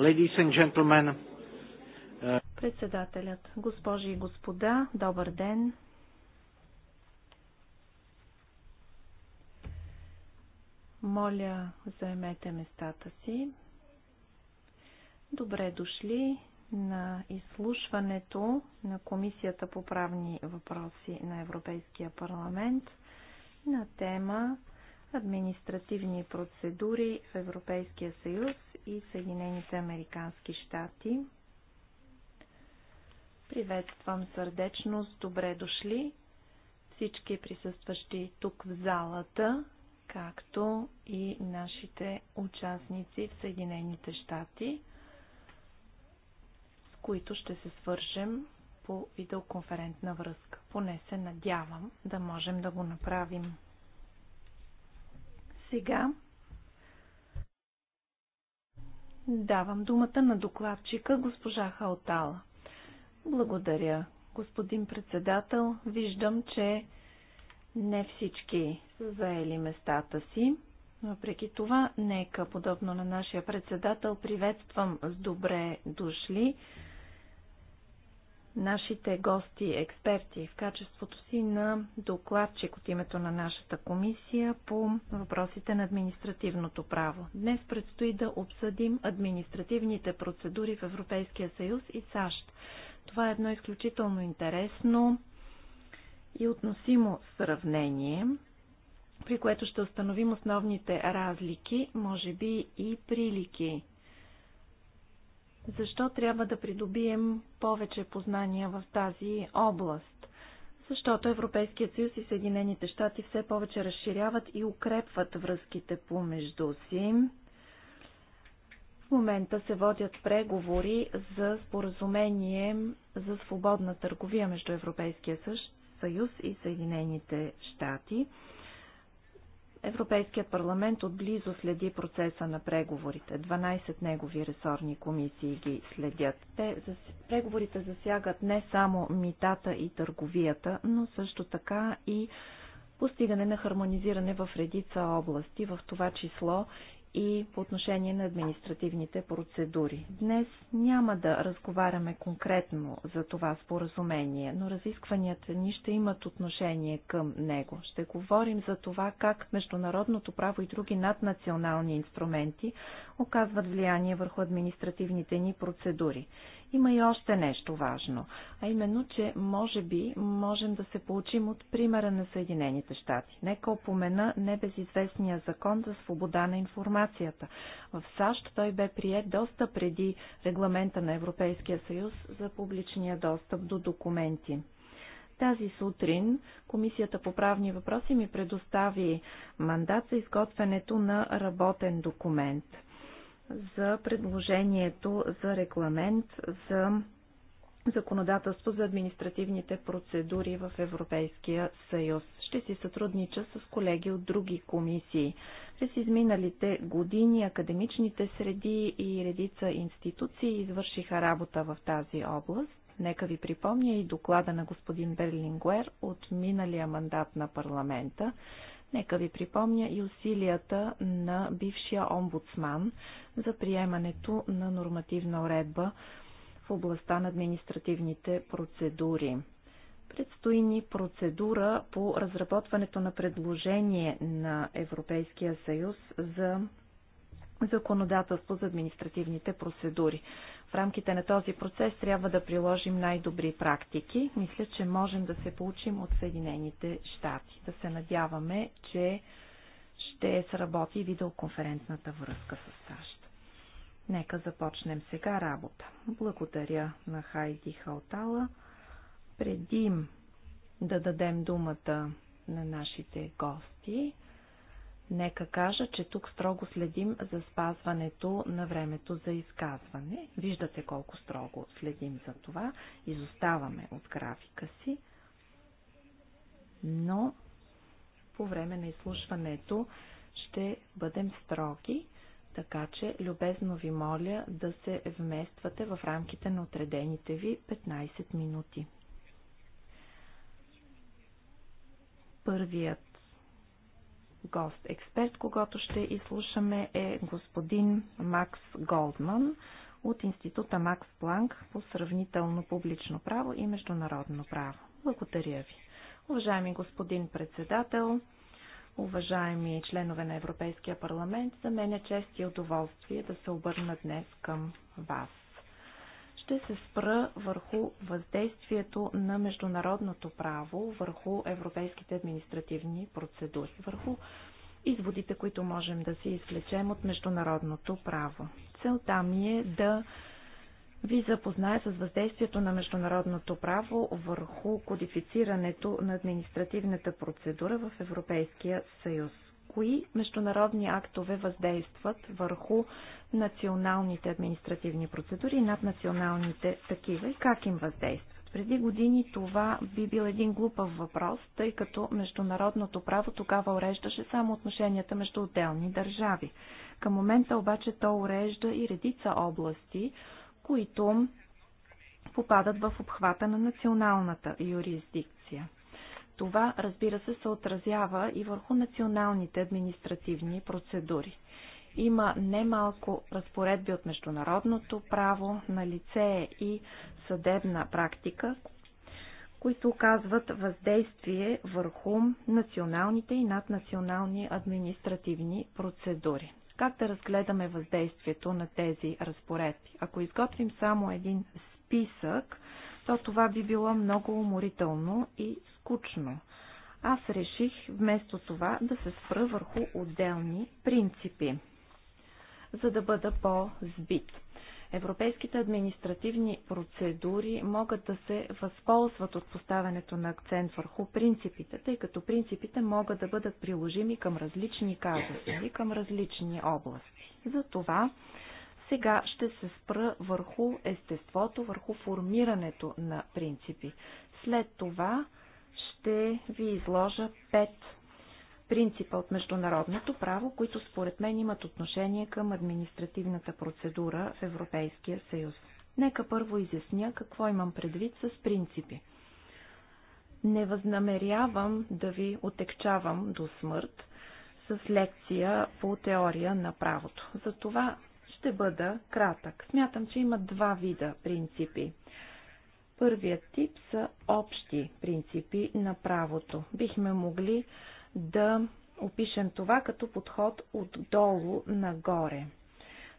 Ladies and gentlemen. Uh, Председателят, госпожи и господа, добър ден. Моля, заемете местата си. Добре дошли на изслушването на Комисията по правни въпроси на Европейския парламент на тема административни процедури в Европейския съюз и Съединените Американски щати. Приветствам сърдечно, с добре дошли всички присъстващи тук в залата, както и нашите участници в Съединените щати, с които ще се свържем по видеоконферентна връзка. Поне се надявам да можем да го направим. Сега давам думата на докладчика госпожа Халтала. Благодаря, господин председател. Виждам, че не всички са заели местата си. Въпреки това, нека, подобно на нашия председател, приветствам с добре дошли нашите гости и експерти в качеството си на докладчик от името на нашата комисия по въпросите на административното право. Днес предстои да обсъдим административните процедури в Европейския съюз и САЩ. Това е едно изключително интересно и относимо сравнение, при което ще установим основните разлики, може би и прилики защо трябва да придобием повече познания в тази област? Защото Европейският съюз и Съединените щати все повече разширяват и укрепват връзките помежду си. В момента се водят преговори за споразумение за свободна търговия между Европейския съюз и Съединените щати. Европейският парламент отблизо следи процеса на преговорите. 12 негови ресорни комисии ги следят. Те, преговорите засягат не само митата и търговията, но също така и постигане на хармонизиране в редица области, в това число и по отношение на административните процедури. Днес няма да разговаряме конкретно за това споразумение, но разискванията ни ще имат отношение към него. Ще говорим за това как международното право и други наднационални инструменти оказват влияние върху административните ни процедури. Има и още нещо важно, а именно, че може би можем да се получим от примера на Съединените щати. Нека опомена небезизвестния закон за свобода на информацията. В САЩ той бе прият доста преди регламента на Европейския съюз за публичния достъп до документи. Тази сутрин Комисията по правни въпроси ми предостави мандат за изготвянето на работен документ – за предложението за регламент за законодателство за административните процедури в Европейския съюз. Ще си сътруднича с колеги от други комисии. През изминалите години академичните среди и редица институции извършиха работа в тази област. Нека ви припомня и доклада на господин Берлингуер от миналия мандат на парламента. Нека ви припомня и усилията на бившия омбудсман за приемането на нормативна уредба в областта на административните процедури. Предстои ни процедура по разработването на предложение на Европейския съюз за законодателство за административните процедури. В рамките на този процес трябва да приложим най-добри практики. Мисля, че можем да се получим от Съединените щати. Да се надяваме, че ще сработи видеоконферентната връзка с САЩ. Нека започнем сега работа. Благодаря на Хайди Халтала. Преди да дадем думата на нашите гости, Нека кажа, че тук строго следим за спазването на времето за изказване. Виждате колко строго следим за това. Изоставаме от графика си. Но по време на изслушването ще бъдем строги, така че любезно ви моля да се вмествате в рамките на отредените ви 15 минути. Първият гост. Експерт, когато ще изслушаме е господин Макс Голдман от Института Макс Планк по сравнително публично право и международно право. Благодаря ви. Уважаеми господин председател, уважаеми членове на Европейския парламент, за мен е чест и удоволствие да се обърна днес към вас ще се спра върху въздействието на международното право върху европейските административни процедури, върху изводите, които можем да си извлечем от международното право. Целта ми е да ви запозная с въздействието на международното право върху кодифицирането на административната процедура в Европейския съюз кои международни актове въздействат върху националните административни процедури и наднационалните такива и как им въздействат. Преди години това би бил един глупав въпрос, тъй като международното право тогава уреждаше само отношенията между отделни държави. Към момента обаче то урежда и редица области, които попадат в обхвата на националната юрисдикция. Това, разбира се, се отразява и върху националните административни процедури. Има немалко разпоредби от международното право на лице и съдебна практика, които оказват въздействие върху националните и наднационални административни процедури. Как да разгледаме въздействието на тези разпоредби? Ако изготвим само един списък, то това би било много уморително и скучно. Аз реших вместо това да се спра върху отделни принципи, за да бъда по-збит. Европейските административни процедури могат да се възползват от поставянето на акцент върху принципите, тъй като принципите могат да бъдат приложими към различни казуси и към различни области. Затова сега ще се спра върху естеството, върху формирането на принципи. След това ще ви изложа пет принципа от международното право, които според мен имат отношение към административната процедура в Европейския съюз. Нека първо изясня какво имам предвид с принципи. Не възнамерявам да ви отекчавам до смърт с лекция по теория на правото. Затова ще бъда кратък. Смятам, че има два вида принципи. Първият тип са общи принципи на правото. Бихме могли да опишем това като подход отдолу нагоре.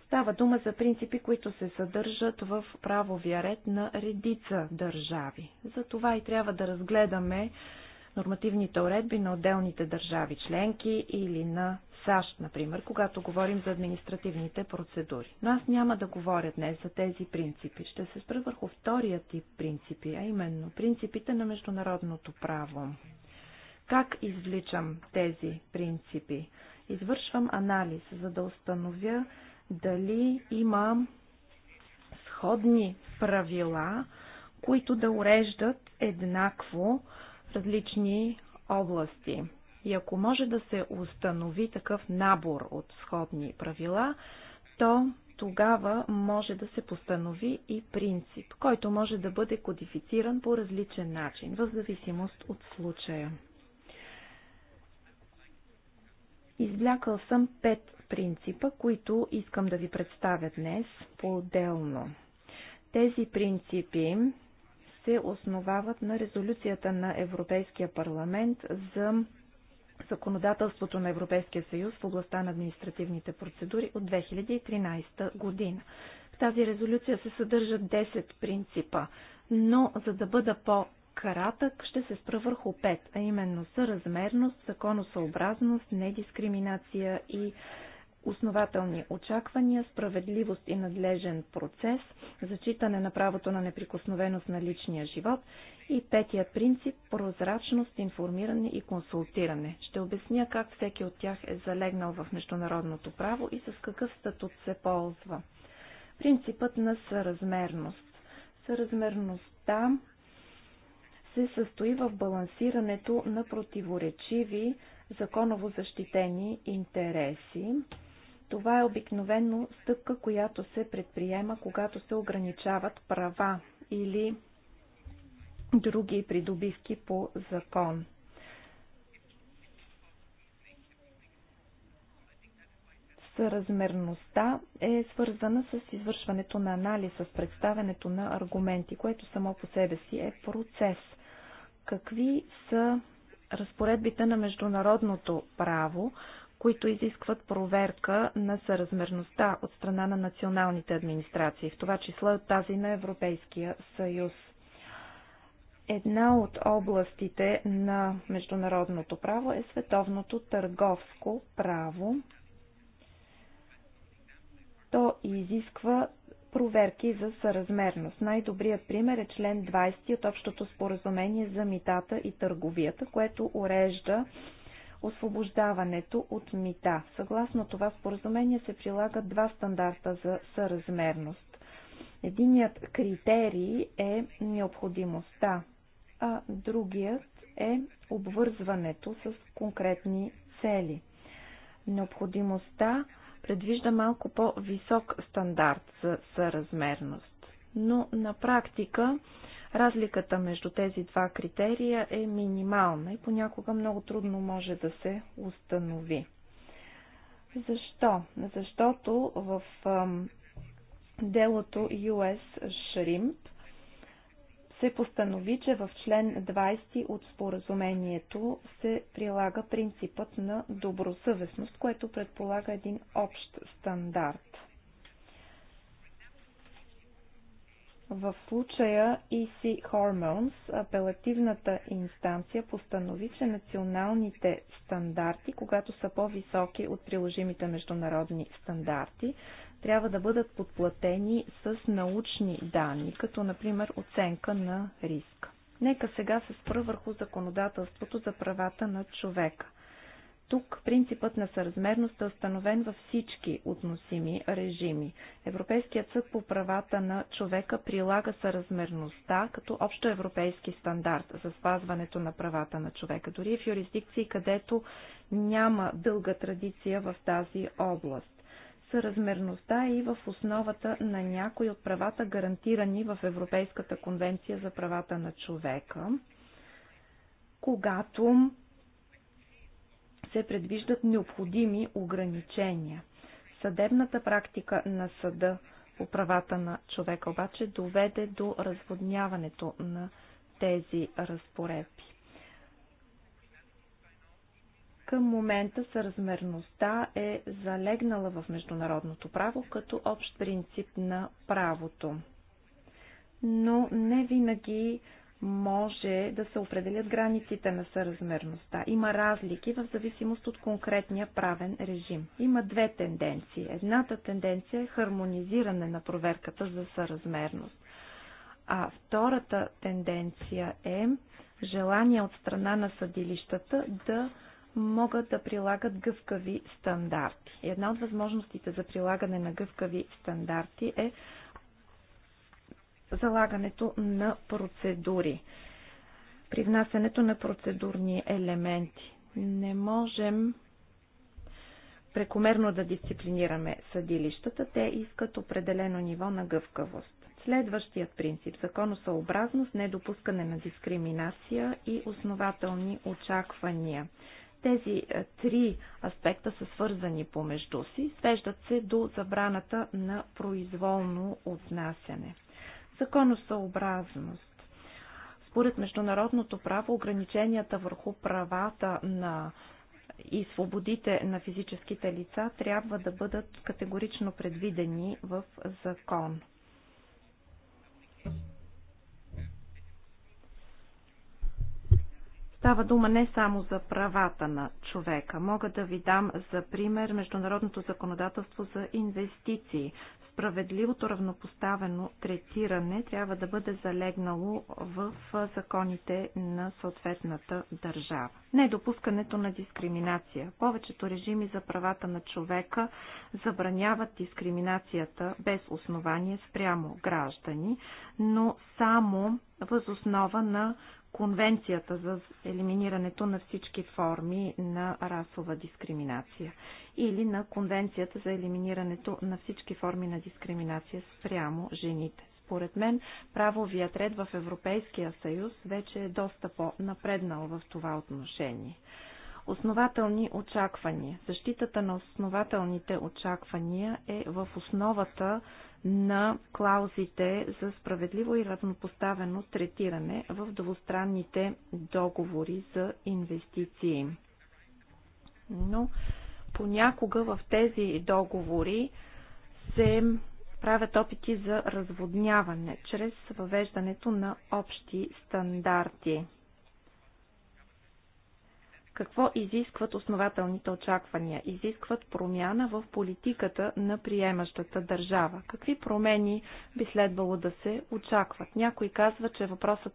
Става дума за принципи, които се съдържат в правовия ред на редица държави. Затова и трябва да разгледаме нормативните уредби на отделните държави членки или на САЩ, например, когато говорим за административните процедури. Но аз няма да говоря днес за тези принципи. Ще се спра върху втория тип принципи, а именно принципите на международното право. Как извличам тези принципи? Извършвам анализ, за да установя дали има сходни правила, които да уреждат еднакво различни области. И ако може да се установи такъв набор от сходни правила, то тогава може да се постанови и принцип, който може да бъде кодифициран по различен начин, в зависимост от случая. Извлякал съм пет принципа, които искам да ви представя днес по-отделно. Тези принципи се основават на резолюцията на Европейския парламент за законодателството на Европейския съюз в областта на административните процедури от 2013 година. В тази резолюция се съдържат 10 принципа, но за да бъда по- кратък ще се спра върху 5, а именно съразмерност, законосъобразност, недискриминация и основателни очаквания, справедливост и надлежен процес, зачитане на правото на неприкосновеност на личния живот и петия принцип – прозрачност, информиране и консултиране. Ще обясня как всеки от тях е залегнал в международното право и с какъв статут се ползва. Принципът на съразмерност. Съразмерността се състои в балансирането на противоречиви законово защитени интереси. Това е обикновено стъпка, която се предприема, когато се ограничават права или други придобивки по закон. Съразмерността е свързана с извършването на анализ, с представянето на аргументи, което само по себе си е процес. Какви са разпоредбите на международното право, които изискват проверка на съразмерността от страна на националните администрации, в това число от тази на Европейския съюз. Една от областите на международното право е световното търговско право. То изисква проверки за съразмерност. Най-добрият пример е член 20 от Общото споразумение за митата и търговията, което урежда освобождаването от мита. Съгласно това споразумение се прилагат два стандарта за съразмерност. Единият критерий е необходимостта, а другият е обвързването с конкретни цели. Необходимостта предвижда малко по-висок стандарт за съразмерност, но на практика Разликата между тези два критерия е минимална и понякога много трудно може да се установи. Защо? Защото в делото US Shrimp се постанови, че в член 20 от споразумението се прилага принципът на добросъвестност, което предполага един общ стандарт – В случая EC Hormones, апелативната инстанция постанови, че националните стандарти, когато са по-високи от приложимите международни стандарти, трябва да бъдат подплатени с научни данни, като например оценка на риск. Нека сега се спра върху законодателството за правата на човека. Тук принципът на съразмерност е установен във всички относими режими. Европейският съд по правата на човека прилага съразмерността като общоевропейски стандарт за спазването на правата на човека, дори в юрисдикции, където няма дълга традиция в тази област. Съразмерността е и в основата на някои от правата, гарантирани в Европейската конвенция за правата на човека, когато се предвиждат необходими ограничения. Съдебната практика на съда по правата на човека обаче доведе до разводняването на тези разпоредби. Към момента съразмерността е залегнала в международното право като общ принцип на правото. Но не винаги може да се определят границите на съразмерността. Има разлики в зависимост от конкретния правен режим. Има две тенденции. Едната тенденция е хармонизиране на проверката за съразмерност. А втората тенденция е желание от страна на съдилищата да могат да прилагат гъвкави стандарти. Една от възможностите за прилагане на гъвкави стандарти е залагането на процедури, при внасянето на процедурни елементи. Не можем прекомерно да дисциплинираме съдилищата, те искат определено ниво на гъвкавост. Следващият принцип – законосъобразност, недопускане на дискриминация и основателни очаквания. Тези е, три аспекта са свързани помежду си, свеждат се до забраната на произволно отнасяне законосъобразност. Според международното право, ограниченията върху правата на и свободите на физическите лица трябва да бъдат категорично предвидени в закон. Става дума не само за правата на човека. Мога да ви дам за пример международното законодателство за инвестиции. Справедливото равнопоставено третиране трябва да бъде залегнало в законите на съответната държава. Недопускането на дискриминация. Повечето режими за правата на човека забраняват дискриминацията без основание спрямо граждани, но само възоснова на Конвенцията за елиминирането на всички форми на расова дискриминация или на Конвенцията за елиминирането на всички форми на дискриминация спрямо жените. Според мен правовият ред в Европейския съюз вече е доста по-напреднал в това отношение. Основателни очаквания. Защитата на основателните очаквания е в основата на клаузите за справедливо и равнопоставено третиране в двустранните договори за инвестиции. Но понякога в тези договори се правят опити за разводняване чрез въвеждането на общи стандарти. Какво изискват основателните очаквания? Изискват промяна в политиката на приемащата държава. Какви промени би следвало да се очакват? Някой казва, че въпросът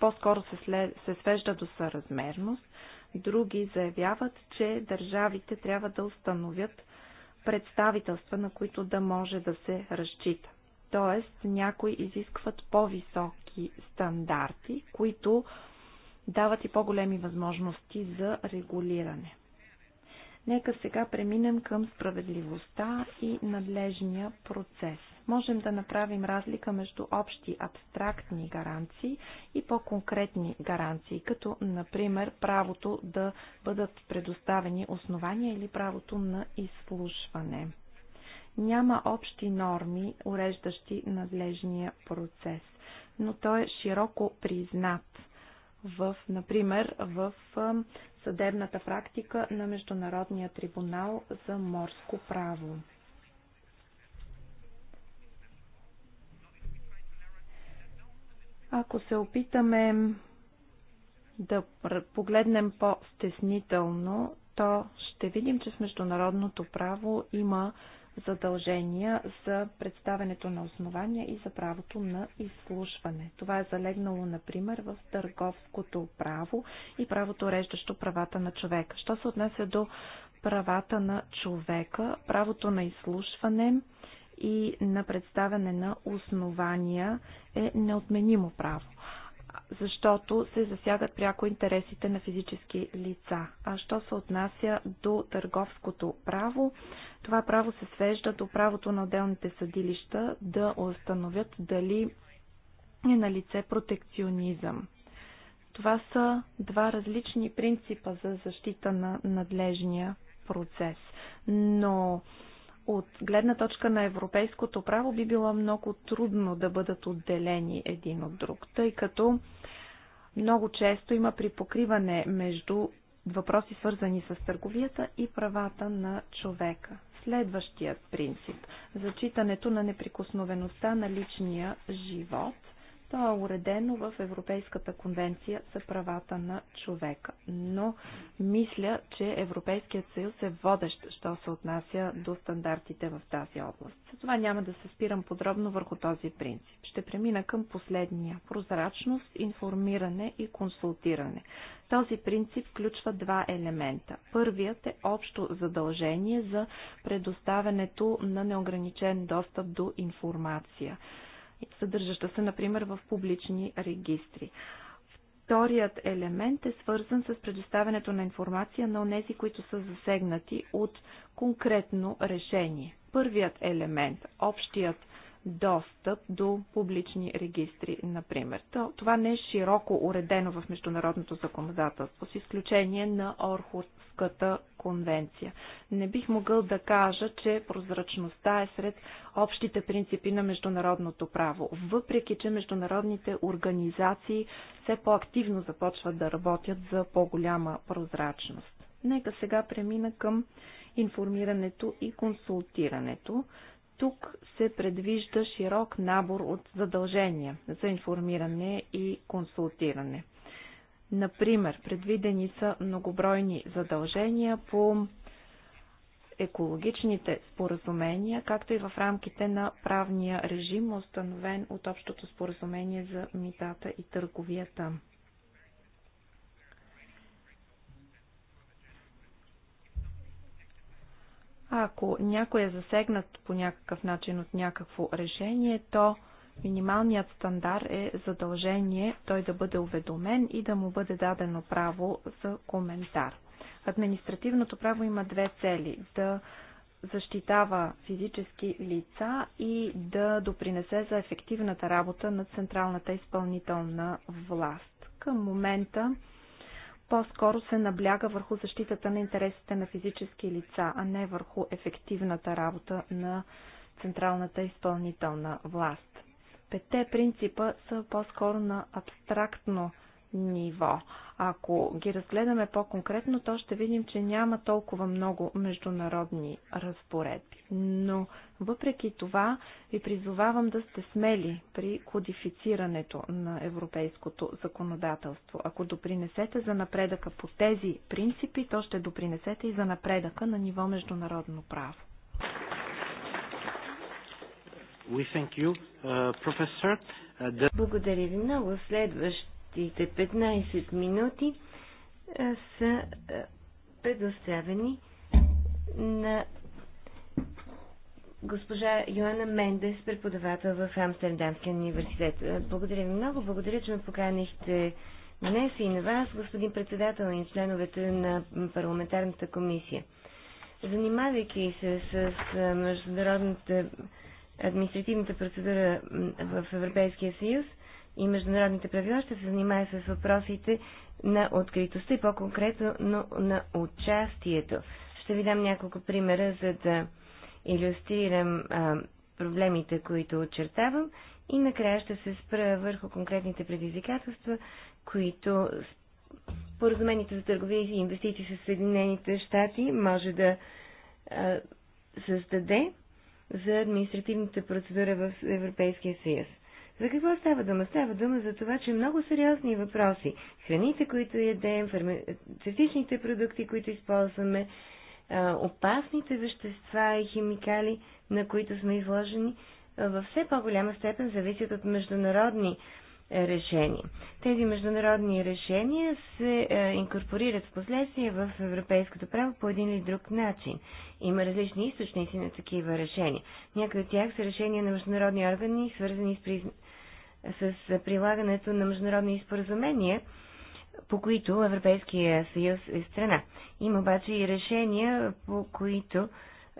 по-скоро -по се, след... се свежда до съразмерност. Други заявяват, че държавите трябва да установят представителства, на които да може да се разчита. Тоест, някои изискват по-високи стандарти, които дават и по-големи възможности за регулиране. Нека сега преминем към справедливостта и надлежния процес. Можем да направим разлика между общи абстрактни гаранции и по-конкретни гаранции, като например правото да бъдат предоставени основания или правото на изслушване. Няма общи норми, уреждащи надлежния процес, но той е широко признат – в, например, в съдебната практика на Международния трибунал за морско право. Ако се опитаме да погледнем по-стеснително, то ще видим, че с международното право има задължения за представенето на основания и за правото на изслушване. Това е залегнало, например, в търговското право и правото реждащо правата на човека. Що се отнася до правата на човека, правото на изслушване и на представяне на основания е неотменимо право защото се засягат пряко интересите на физически лица. А що се отнася до търговското право, това право се свежда до правото на отделните съдилища да установят дали е на лице протекционизъм. Това са два различни принципа за защита на надлежния процес. Но от гледна точка на европейското право би било много трудно да бъдат отделени един от друг, тъй като много често има припокриване между въпроси свързани с търговията и правата на човека. Следващият принцип – зачитането на неприкосновеността на личния живот – то е уредено в Европейската конвенция за правата на човека. Но мисля, че Европейският съюз е водещ, що се отнася до стандартите в тази област. За това няма да се спирам подробно върху този принцип. Ще премина към последния – прозрачност, информиране и консултиране. Този принцип включва два елемента. Първият е общо задължение за предоставянето на неограничен достъп до информация съдържаща се, например, в публични регистри. Вторият елемент е свързан с предоставянето на информация на онези, които са засегнати от конкретно решение. Първият елемент, общият достъп до публични регистри, например. Това не е широко уредено в международното законодателство, с изключение на Орхут Истанбулската конвенция. Не бих могъл да кажа, че прозрачността е сред общите принципи на международното право, въпреки че международните организации все по-активно започват да работят за по-голяма прозрачност. Нека сега премина към информирането и консултирането. Тук се предвижда широк набор от задължения за информиране и консултиране. Например, предвидени са многобройни задължения по екологичните споразумения, както и в рамките на правния режим, установен от Общото споразумение за митата и търговията. Ако някой е засегнат по някакъв начин от някакво решение, то Минималният стандарт е задължение той да бъде уведомен и да му бъде дадено право за коментар. Административното право има две цели да защитава физически лица и да допринесе за ефективната работа на централната изпълнителна власт. Към момента по-скоро се набляга върху защитата на интересите на физически лица, а не върху ефективната работа на централната изпълнителна власт. Петте принципа са по-скоро на абстрактно ниво. Ако ги разгледаме по-конкретно, то ще видим, че няма толкова много международни разпоредби. Но въпреки това ви призовавам да сте смели при кодифицирането на европейското законодателство. Ако допринесете за напредъка по тези принципи, то ще допринесете и за напредъка на ниво международно право. We thank you, uh, professor. Uh, the... Благодаря ви много. Следващите 15 минути uh, са uh, предоставени на госпожа Йоанна Мендес, преподавател в Амстердамския университет. Благодаря ви много. Благодаря, че ме поканихте днес и на вас, господин председател и членовете на парламентарната комисия. Занимавайки се с международната административната процедура в Европейския съюз и международните правила ще се занимае с въпросите на откритостта и по-конкретно на участието. Ще ви дам няколко примера, за да иллюстрирам а, проблемите, които очертавам и накрая ще се спра върху конкретните предизвикателства, които споразумението за търговия и инвестиции с Съединените щати може да а, създаде за административните процедури в Европейския съюз. За какво става дума? Става дума за това, че много сериозни въпроси, храните, които ядем, фармацевтичните продукти, които използваме, опасните вещества и химикали, на които сме изложени, във все по-голяма степен зависят от международни решение. Тези международни решения се е, инкорпорират в последствие в европейското право по един или друг начин. Има различни източници на такива решения. Някои от тях са решения на международни органи, свързани с, приз... с прилагането на международни споразумения, по които Европейския съюз е страна. Има обаче и решения, по които,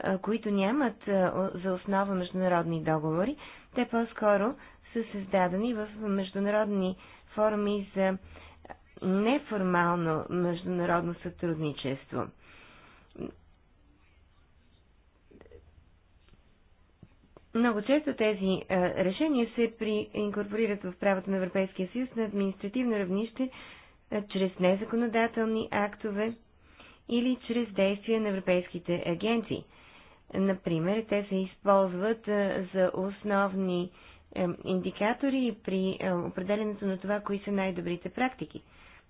е, които нямат е, за основа международни договори. Те по-скоро са създадени в международни форми за неформално международно сътрудничество. Много често тези а, решения се при, инкорпорират в правото на Европейския съюз на административно равнище а, чрез незаконодателни актове или чрез действия на европейските агенции. Например, те се използват а, за основни е, индикатори при е, определенето на това, кои са най-добрите практики.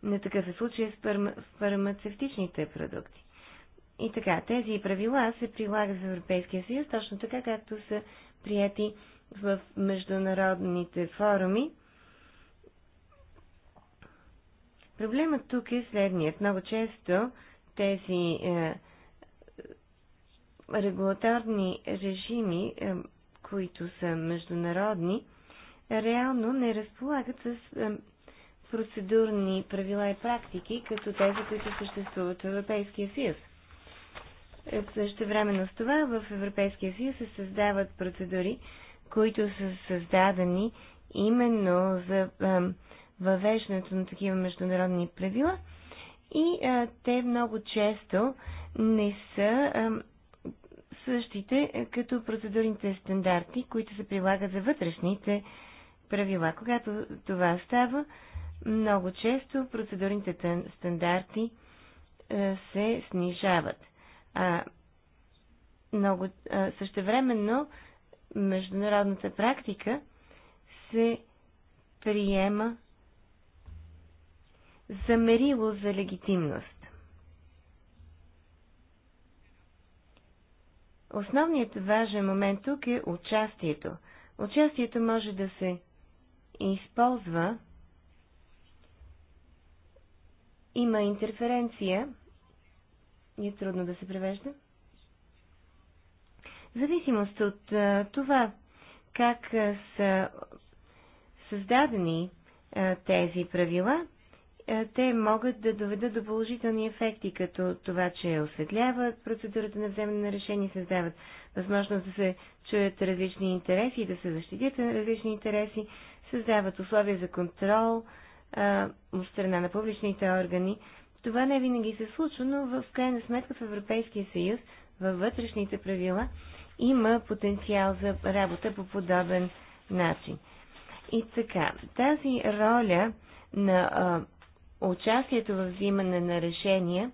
На такъв е случай с фармацевтичните продукти. И така, тези правила се прилагат в Европейския съюз, точно така, както са прияти в международните форуми. Проблемът тук е следният. Много често тези е, регулаторни режими е, които са международни, реално не разполагат с е, процедурни правила и практики, като тези, които съществуват в Европейския съюз. Е, Също времено с това в Европейския съюз се създават процедури, които са създадени именно за е, въвеждането на такива международни правила и а, те много често не са а, същите е, като процедурните стандарти, които се прилагат за вътрешните правила. Когато това става, много често процедурните стандарти е, се снижават. А много същевременно международната практика се приема за мерило за легитимност. Основният важен момент тук е участието. Участието може да се използва. Има интерференция. не е трудно да се превежда. Зависимост от това, как са създадени тези правила, е, те могат да доведат до положителни ефекти, като това, че осветляват процедурата на вземане на решение, създават възможност да се чуят различни интереси и да се защитят различни интереси, създават условия за контрол а, е, от страна на публичните органи. Това не винаги се случва, но в крайна сметка в Европейския съюз, във вътрешните правила, има потенциал за работа по подобен начин. И така, тази роля на а, участието в взимане на решения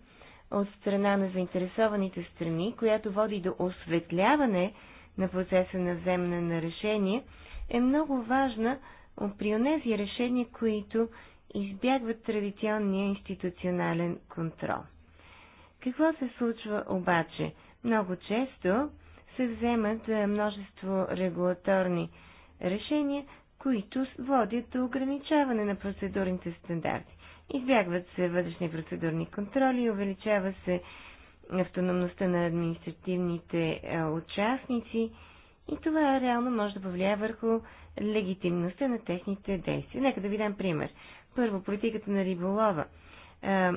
от страна на заинтересованите страни, която води до осветляване на процеса на вземане на решение, е много важна при онези решения, които избягват традиционния институционален контрол. Какво се случва обаче? Много често се вземат е, множество регулаторни решения, които водят до ограничаване на процедурните стандарти. Избягват се вътрешни процедурни контроли, увеличава се автономността на административните е, участници и това реално може да повлияе върху легитимността на техните действия. Нека да ви дам пример. Първо, политиката на риболова е,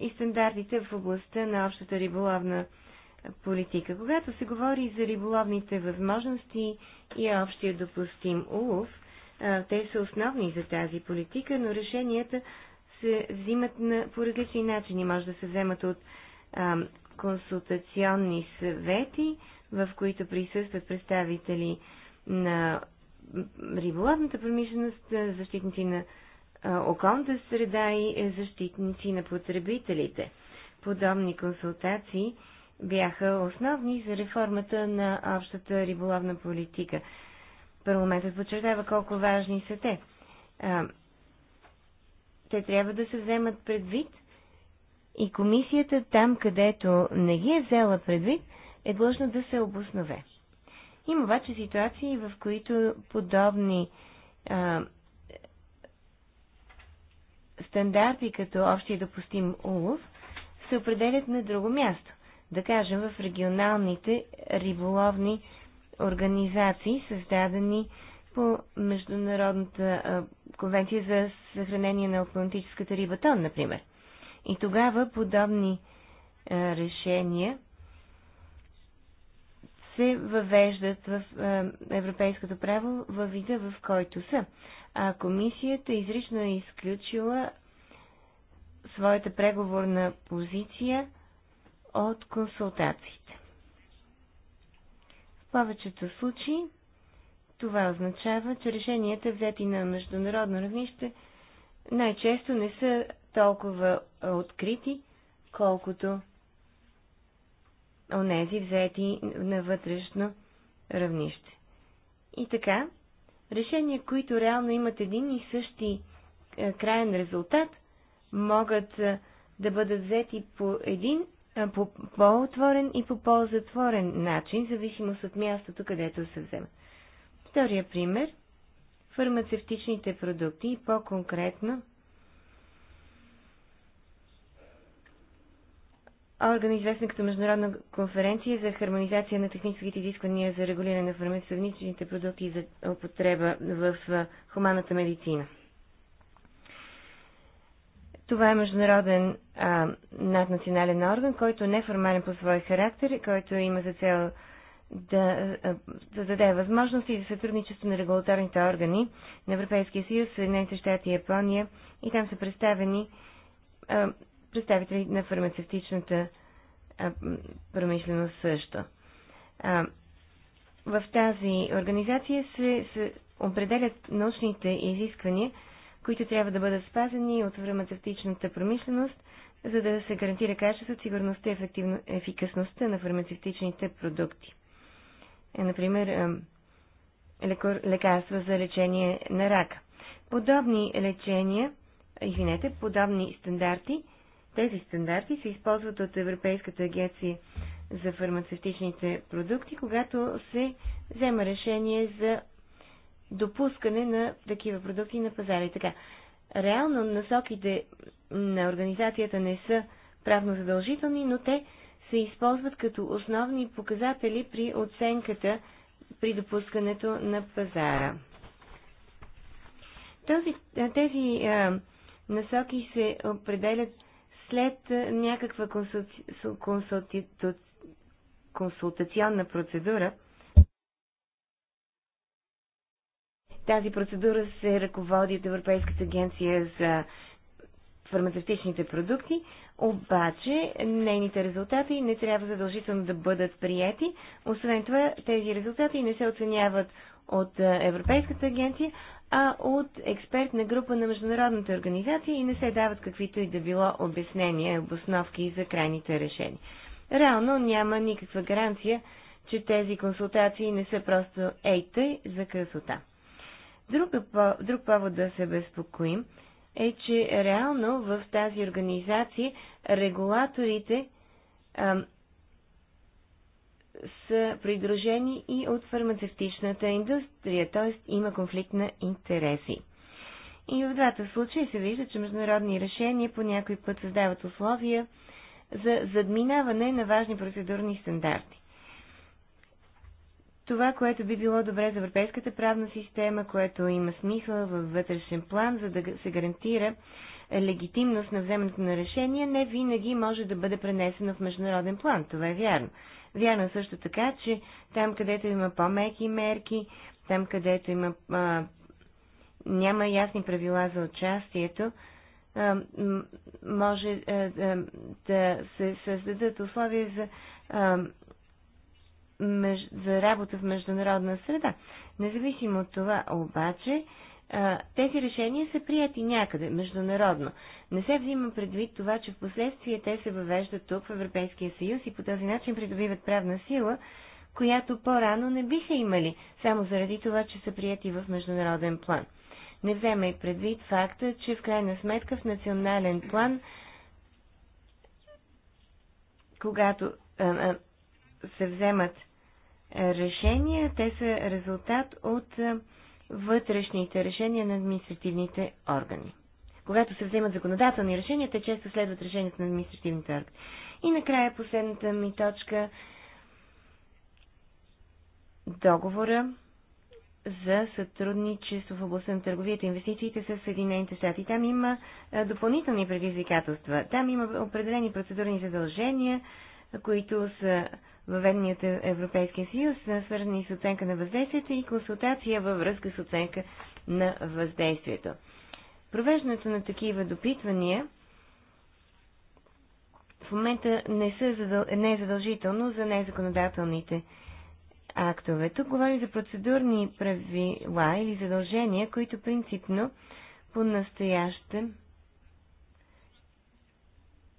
и стандартите в областта на общата риболовна политика. Когато се говори за риболовните възможности и общия допустим улов, е, те са основни за тази политика, но решенията се взимат на, по различни начини. Може да се вземат от а, консултационни съвети, в които присъстват представители на риболовната промишленост, защитници на околната среда и е, защитници на потребителите. Подобни консултации бяха основни за реформата на общата риболовна политика. Парламентът подчертава колко важни са те те трябва да се вземат предвид и комисията там, където не ги е взела предвид, е длъжна да се обоснове. Има обаче ситуации, в които подобни а, стандарти като общия допустим улов се определят на друго място. Да кажем в регионалните риболовни организации, създадени по международната конвенция за съхранение на атлантическата рибатон, например. И тогава подобни а, е, решения се въвеждат в а, е, европейското право във вида, в който са. А комисията изрично е изключила своята преговорна позиция от консултациите. В повечето случаи това означава, че решенията, взети на международно равнище, най-често не са толкова открити, колкото онези взети на вътрешно равнище. И така, решения, които реално имат един и същи краен резултат, могат да бъдат взети по един, по по-отворен и по по-затворен начин, зависимост от мястото, където се вземат. Втория пример – фармацевтичните продукти и по-конкретно орган, известен като Международна конференция за хармонизация на техническите изисквания за регулиране на фармацевтичните продукти за употреба в хуманната медицина. Това е международен а, наднационален орган, който не е формален по своя характер, който има за цел да, да даде възможности за сътрудничество на регулаторните органи на Европейския съюз, Съединените щати и Япония и там са представени а, представители на фармацевтичната а, промишленост също. А, в тази организация се, се определят научните изисквания, които трябва да бъдат спазени от фармацевтичната промишленост, за да се гарантира качеството, сигурността и ефикасността на фармацевтичните продукти. Е, например, лекарства за лечение на рака. Подобни лечения, извинете, подобни стандарти, тези стандарти се използват от Европейската агенция за фармацевтичните продукти, когато се взема решение за допускане на такива продукти на пазари. така. Реално насоките на организацията не са правно задължителни, но те се използват като основни показатели при оценката при допускането на пазара. Този, тези а, насоки се определят след някаква консулти, консулти, консултационна процедура. Тази процедура се ръководи от Европейската агенция за фармацевтичните продукти, обаче нейните резултати не трябва задължително да бъдат прияти. Освен това, тези резултати не се оценяват от е, Европейската агенция, а от експертна група на международната организация и не се дават каквито и да било обяснения обосновки за крайните решения. Реално няма никаква гаранция, че тези консултации не са просто ей тъй за красота. Друг, друг повод да се безпокоим е, че реално в тази организация регулаторите а, са придружени и от фармацевтичната индустрия, т.е. има конфликт на интереси. И в двата случая се вижда, че международни решения по някой път създават условия за задминаване на важни процедурни стандарти това, което би било добре за европейската правна система, което има смисъл във вътрешен план, за да се гарантира легитимност на вземането на решение, не винаги може да бъде пренесено в международен план. Това е вярно. Вярно е също така, че там, където има по-меки мерки, там, където има, а, няма ясни правила за участието, а, може а, да, да се създадат условия за а, за работа в международна среда. Независимо от това, обаче, тези решения са прияти някъде, международно. Не се взима предвид това, че в последствие те се въвеждат тук в Европейския съюз и по този начин придобиват правна сила, която по-рано не биха имали, само заради това, че са прияти в международен план. Не взема и предвид факта, че в крайна сметка в национален план, когато а, а, се вземат решения. Те са резултат от вътрешните решения на административните органи. Когато се вземат законодателни решения, те често следват решението на административните органи. И накрая последната ми точка договора за сътрудничество в областта на търговията и инвестициите с Съединените щати. Там има допълнителни предизвикателства. Там има определени процедурни задължения, които са въведеният Европейския съюз, свързани с оценка на въздействието и консултация във връзка с оценка на въздействието. Провеждането на такива допитвания в момента не, са задъл... не е задължително за незаконодателните актове. Тук говорим за процедурни правила или задължения, които принципно по настоящем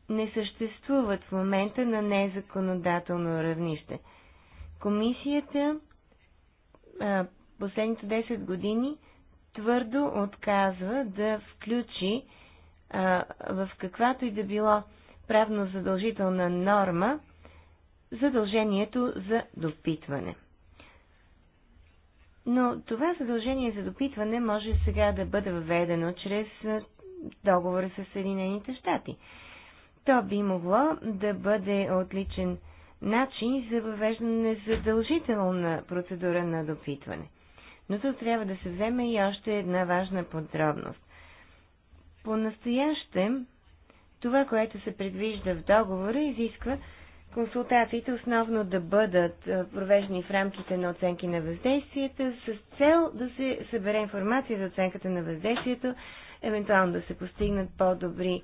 не съществуват в момента на незаконодателно равнище. Комисията а, последните 10 години твърдо отказва да включи а, в каквато и да било правно задължителна норма задължението за допитване. Но това задължение за допитване може сега да бъде въведено чрез договора с Съединените щати. То би могло да бъде отличен начин за въвеждане задължителна процедура на допитване. Но тук трябва да се вземе и още една важна подробност. По-настоящем това, което се предвижда в договора, изисква консултациите основно да бъдат провеждани в рамките на оценки на въздействията с цел да се събере информация за оценката на въздействието, евентуално да се постигнат по-добри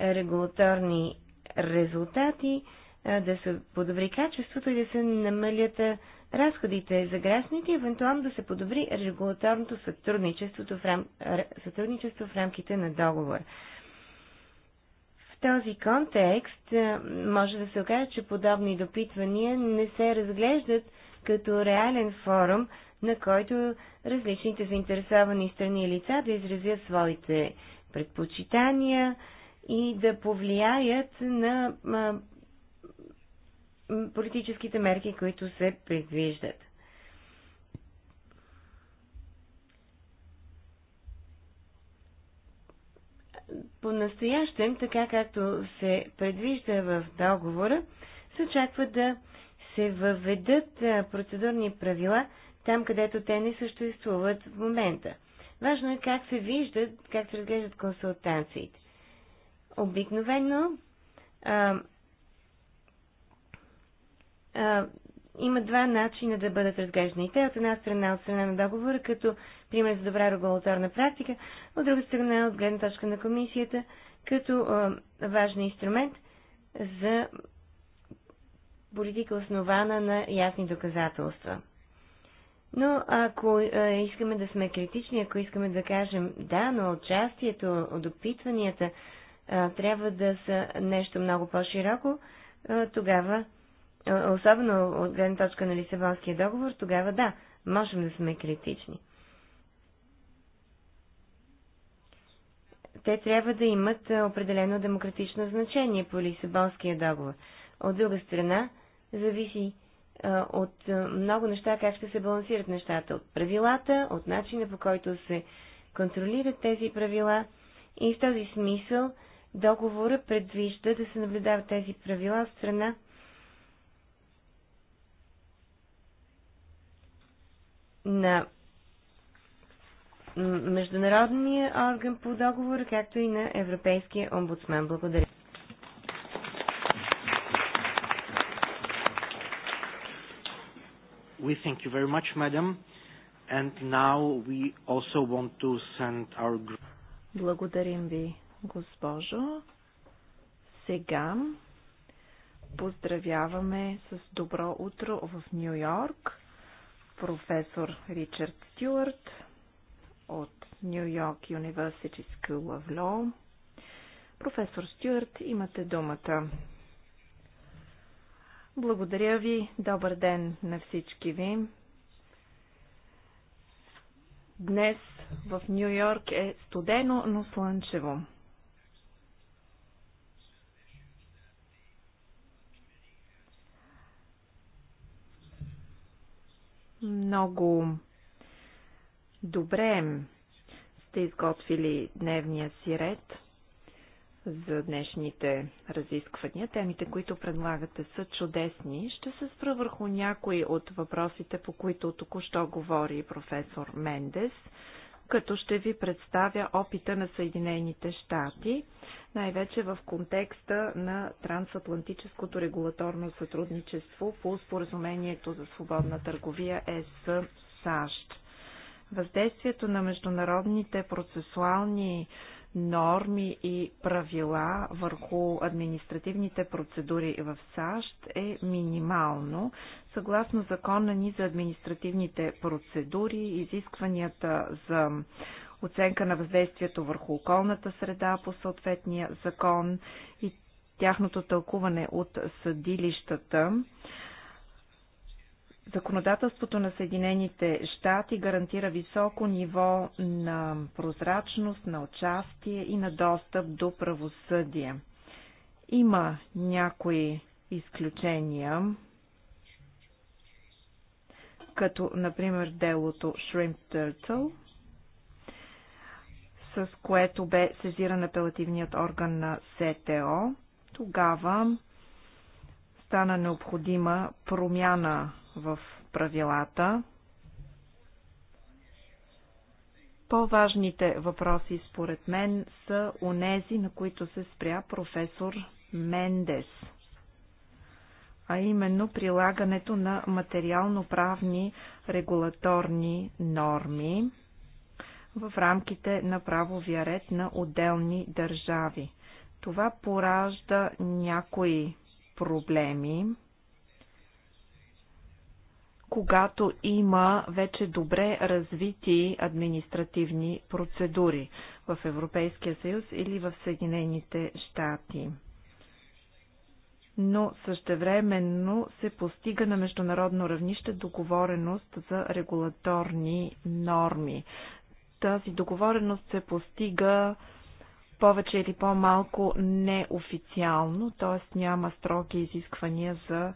регулаторни резултати, да се подобри качеството и да се намалят разходите за гражданите евентуално да се подобри регулаторното сътрудничество в, рам... сътрудничество в рамките на договор. В този контекст може да се окаже, че подобни допитвания не се разглеждат като реален форум, на който различните заинтересовани страни и лица да изразят своите предпочитания, и да повлияят на политическите мерки, които се предвиждат. По-настоящем, така както се предвижда в договора, се очаква да се въведат процедурни правила там, където те не съществуват в момента. Важно е как се виждат, как се разглеждат консултациите обикновено а, а, има два начина да бъдат разглеждани. Те от една страна, от страна на договора, като пример за добра регулаторна практика, от друга страна, от гледна точка на комисията, като а, важен инструмент за политика основана на ясни доказателства. Но ако а, искаме да сме критични, ако искаме да кажем да, но участието, допитванията, трябва да са нещо много по-широко, тогава, особено от гледна точка на Лисабонския договор, тогава да, можем да сме критични. Те трябва да имат определено демократично значение по Лисабонския договор. От друга страна, зависи от много неща, как ще се балансират нещата. От правилата, от начина по който се контролират тези правила. И в този смисъл договора предвижда да се наблюдават тези правила от страна на Международния орган по договора, както и на Европейския омбудсмен. Благодаря. We thank you very much, madam. And now we also want to send our Благодарим ви госпожо. Сега поздравяваме с добро утро в Нью Йорк професор Ричард Стюарт от Нью Йорк University School of Law. Професор Стюарт, имате думата. Благодаря ви. Добър ден на всички ви. Днес в Нью Йорк е студено, но слънчево. Много добре сте изготвили дневния си ред за днешните разисквания. Темите, които предлагате, са чудесни. Ще се спра върху някои от въпросите, по които току-що говори професор Мендес като ще ви представя опита на Съединените щати, най-вече в контекста на трансатлантическото регулаторно сътрудничество по споразумението за свободна търговия ЕС САЩ. Въздействието на международните процесуални норми и правила върху административните процедури в САЩ е минимално. Съгласно закона ни за административните процедури, изискванията за оценка на въздействието върху околната среда по съответния закон и тяхното тълкуване от съдилищата Законодателството на Съединените щати гарантира високо ниво на прозрачност, на участие и на достъп до правосъдие. Има някои изключения, като например делото Shrimp Turtle, с което бе сезиран апелативният орган на СТО. Тогава стана необходима промяна в правилата. По-важните въпроси, според мен, са онези, на които се спря професор Мендес, а именно прилагането на материално-правни регулаторни норми в рамките на правовия ред на отделни държави. Това поражда някои проблеми, когато има вече добре развити административни процедури в Европейския съюз или в Съединените щати. Но същевременно се постига на международно равнище договореност за регулаторни норми. Тази договореност се постига повече или по-малко неофициално, т.е. няма строги изисквания за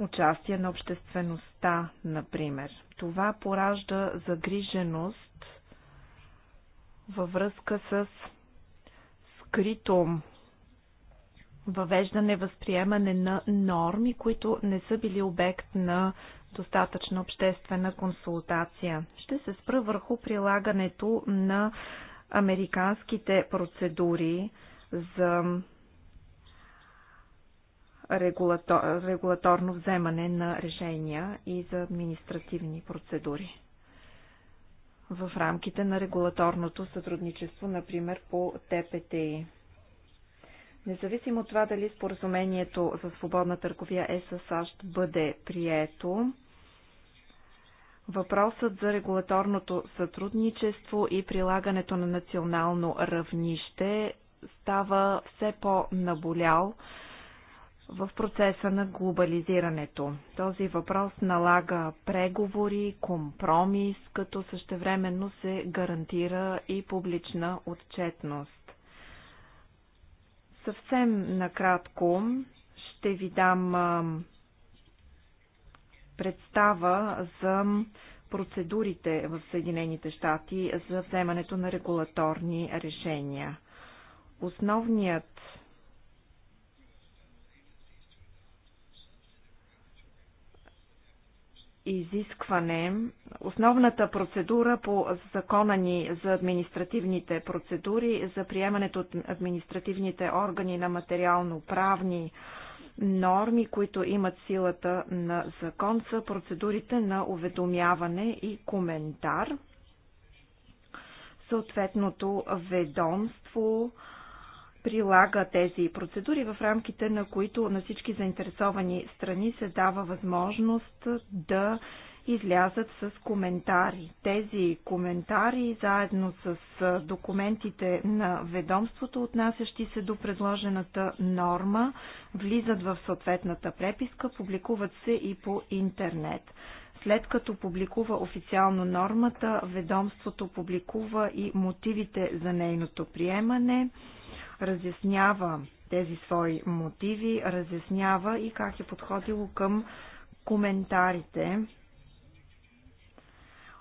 участие на обществеността, например. Това поражда загриженост във връзка с скрито въвеждане, възприемане на норми, които не са били обект на достатъчна обществена консултация. Ще се спра върху прилагането на американските процедури за регулатор, регулаторно вземане на решения и за административни процедури в рамките на регулаторното сътрудничество, например по ТПТИ. Независимо от това дали споразумението за свободна търговия е със САЩ бъде прието, въпросът за регулаторното сътрудничество и прилагането на национално равнище става все по-наболял в процеса на глобализирането. Този въпрос налага преговори, компромис, като същевременно се гарантира и публична отчетност. Съвсем накратко ще ви дам представа за процедурите в Съединените щати за вземането на регулаторни решения. Основният изискване, основната процедура по закона ни за административните процедури за приемането от административните органи на материално-правни норми, които имат силата на закон, са процедурите на уведомяване и коментар. Съответното ведомство прилага тези процедури, в рамките на които на всички заинтересовани страни се дава възможност да излязат с коментари. Тези коментари, заедно с документите на ведомството, отнасящи се до предложената норма, влизат в съответната преписка, публикуват се и по интернет. След като публикува официално нормата, ведомството публикува и мотивите за нейното приемане, разяснява тези свои мотиви, разяснява и как е подходило към коментарите.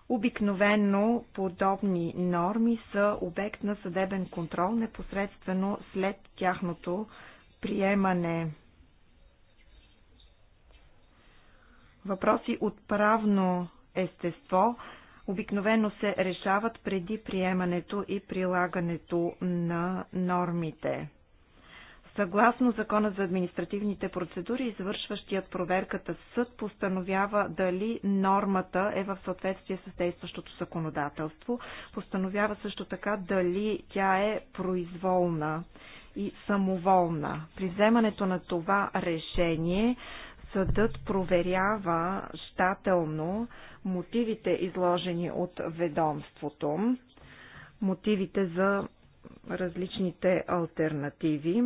Обикновенно подобни норми са обект на съдебен контрол непосредствено след тяхното приемане. Въпроси от правно естество обикновено се решават преди приемането и прилагането на нормите. Съгласно Закона за административните процедури, извършващият проверката съд постановява дали нормата е в съответствие с действащото законодателство, постановява също така дали тя е произволна и самоволна. При вземането на това решение Съдът проверява щателно мотивите, изложени от ведомството, мотивите за различните альтернативи,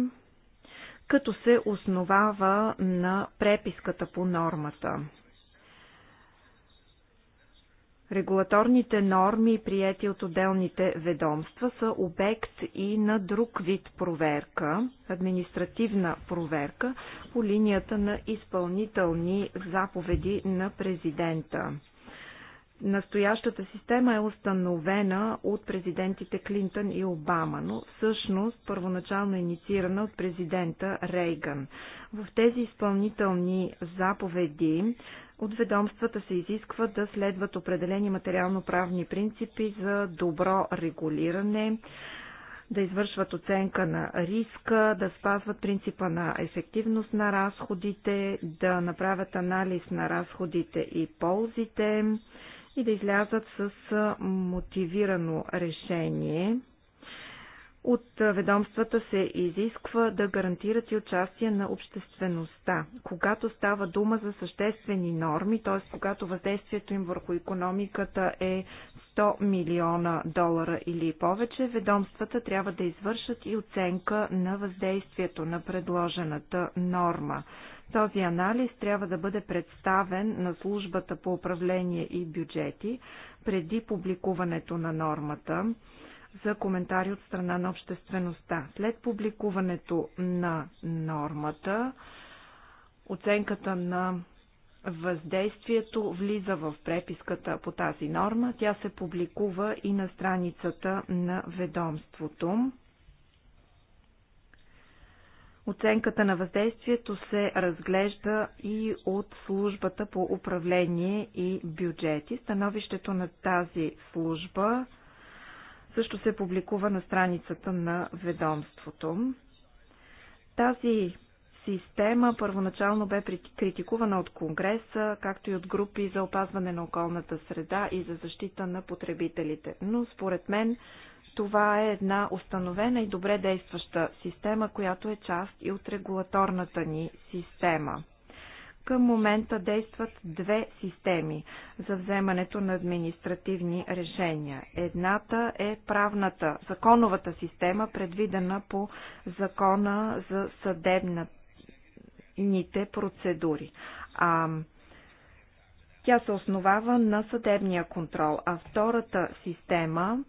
като се основава на преписката по нормата. Регулаторните норми, прияти от отделните ведомства, са обект и на друг вид проверка, административна проверка по линията на изпълнителни заповеди на президента. Настоящата система е установена от президентите Клинтън и Обама, но всъщност първоначално е инициирана от президента Рейган. В тези изпълнителни заповеди от ведомствата се изисква да следват определени материално-правни принципи за добро регулиране, да извършват оценка на риска, да спазват принципа на ефективност на разходите, да направят анализ на разходите и ползите и да излязат с мотивирано решение от ведомствата се изисква да гарантират и участие на обществеността. Когато става дума за съществени норми, т.е. когато въздействието им върху економиката е 100 милиона долара или повече, ведомствата трябва да извършат и оценка на въздействието на предложената норма. Този анализ трябва да бъде представен на службата по управление и бюджети преди публикуването на нормата за коментари от страна на обществеността. След публикуването на нормата, оценката на въздействието влиза в преписката по тази норма. Тя се публикува и на страницата на ведомството. Оценката на въздействието се разглежда и от службата по управление и бюджети. Становището на тази служба също се публикува на страницата на ведомството. Тази система първоначално бе критикувана от Конгреса, както и от групи за опазване на околната среда и за защита на потребителите. Но според мен това е една установена и добре действаща система, която е част и от регулаторната ни система. Към момента действат две системи за вземането на административни решения. Едната е правната, законовата система, предвидена по закона за съдебните процедури. А, тя се основава на съдебния контрол, а втората система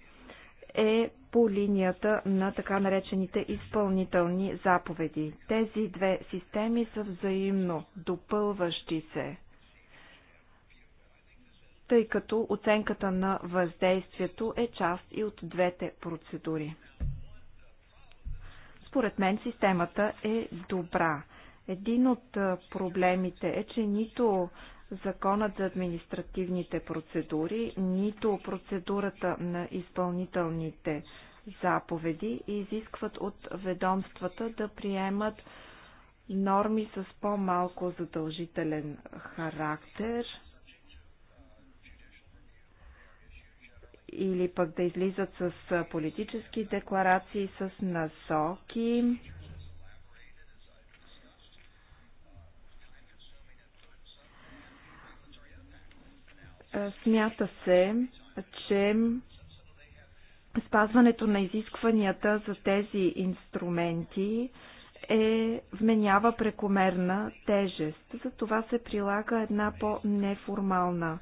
е по линията на така наречените изпълнителни заповеди. Тези две системи са взаимно допълващи се, тъй като оценката на въздействието е част и от двете процедури. Според мен системата е добра. Един от проблемите е, че нито законът за административните процедури, нито процедурата на изпълнителните заповеди изискват от ведомствата да приемат норми с по-малко задължителен характер или пък да излизат с политически декларации, с насоки. Е, смята се, че спазването на изискванията за тези инструменти е, вменява прекомерна тежест. За това се прилага една по-неформална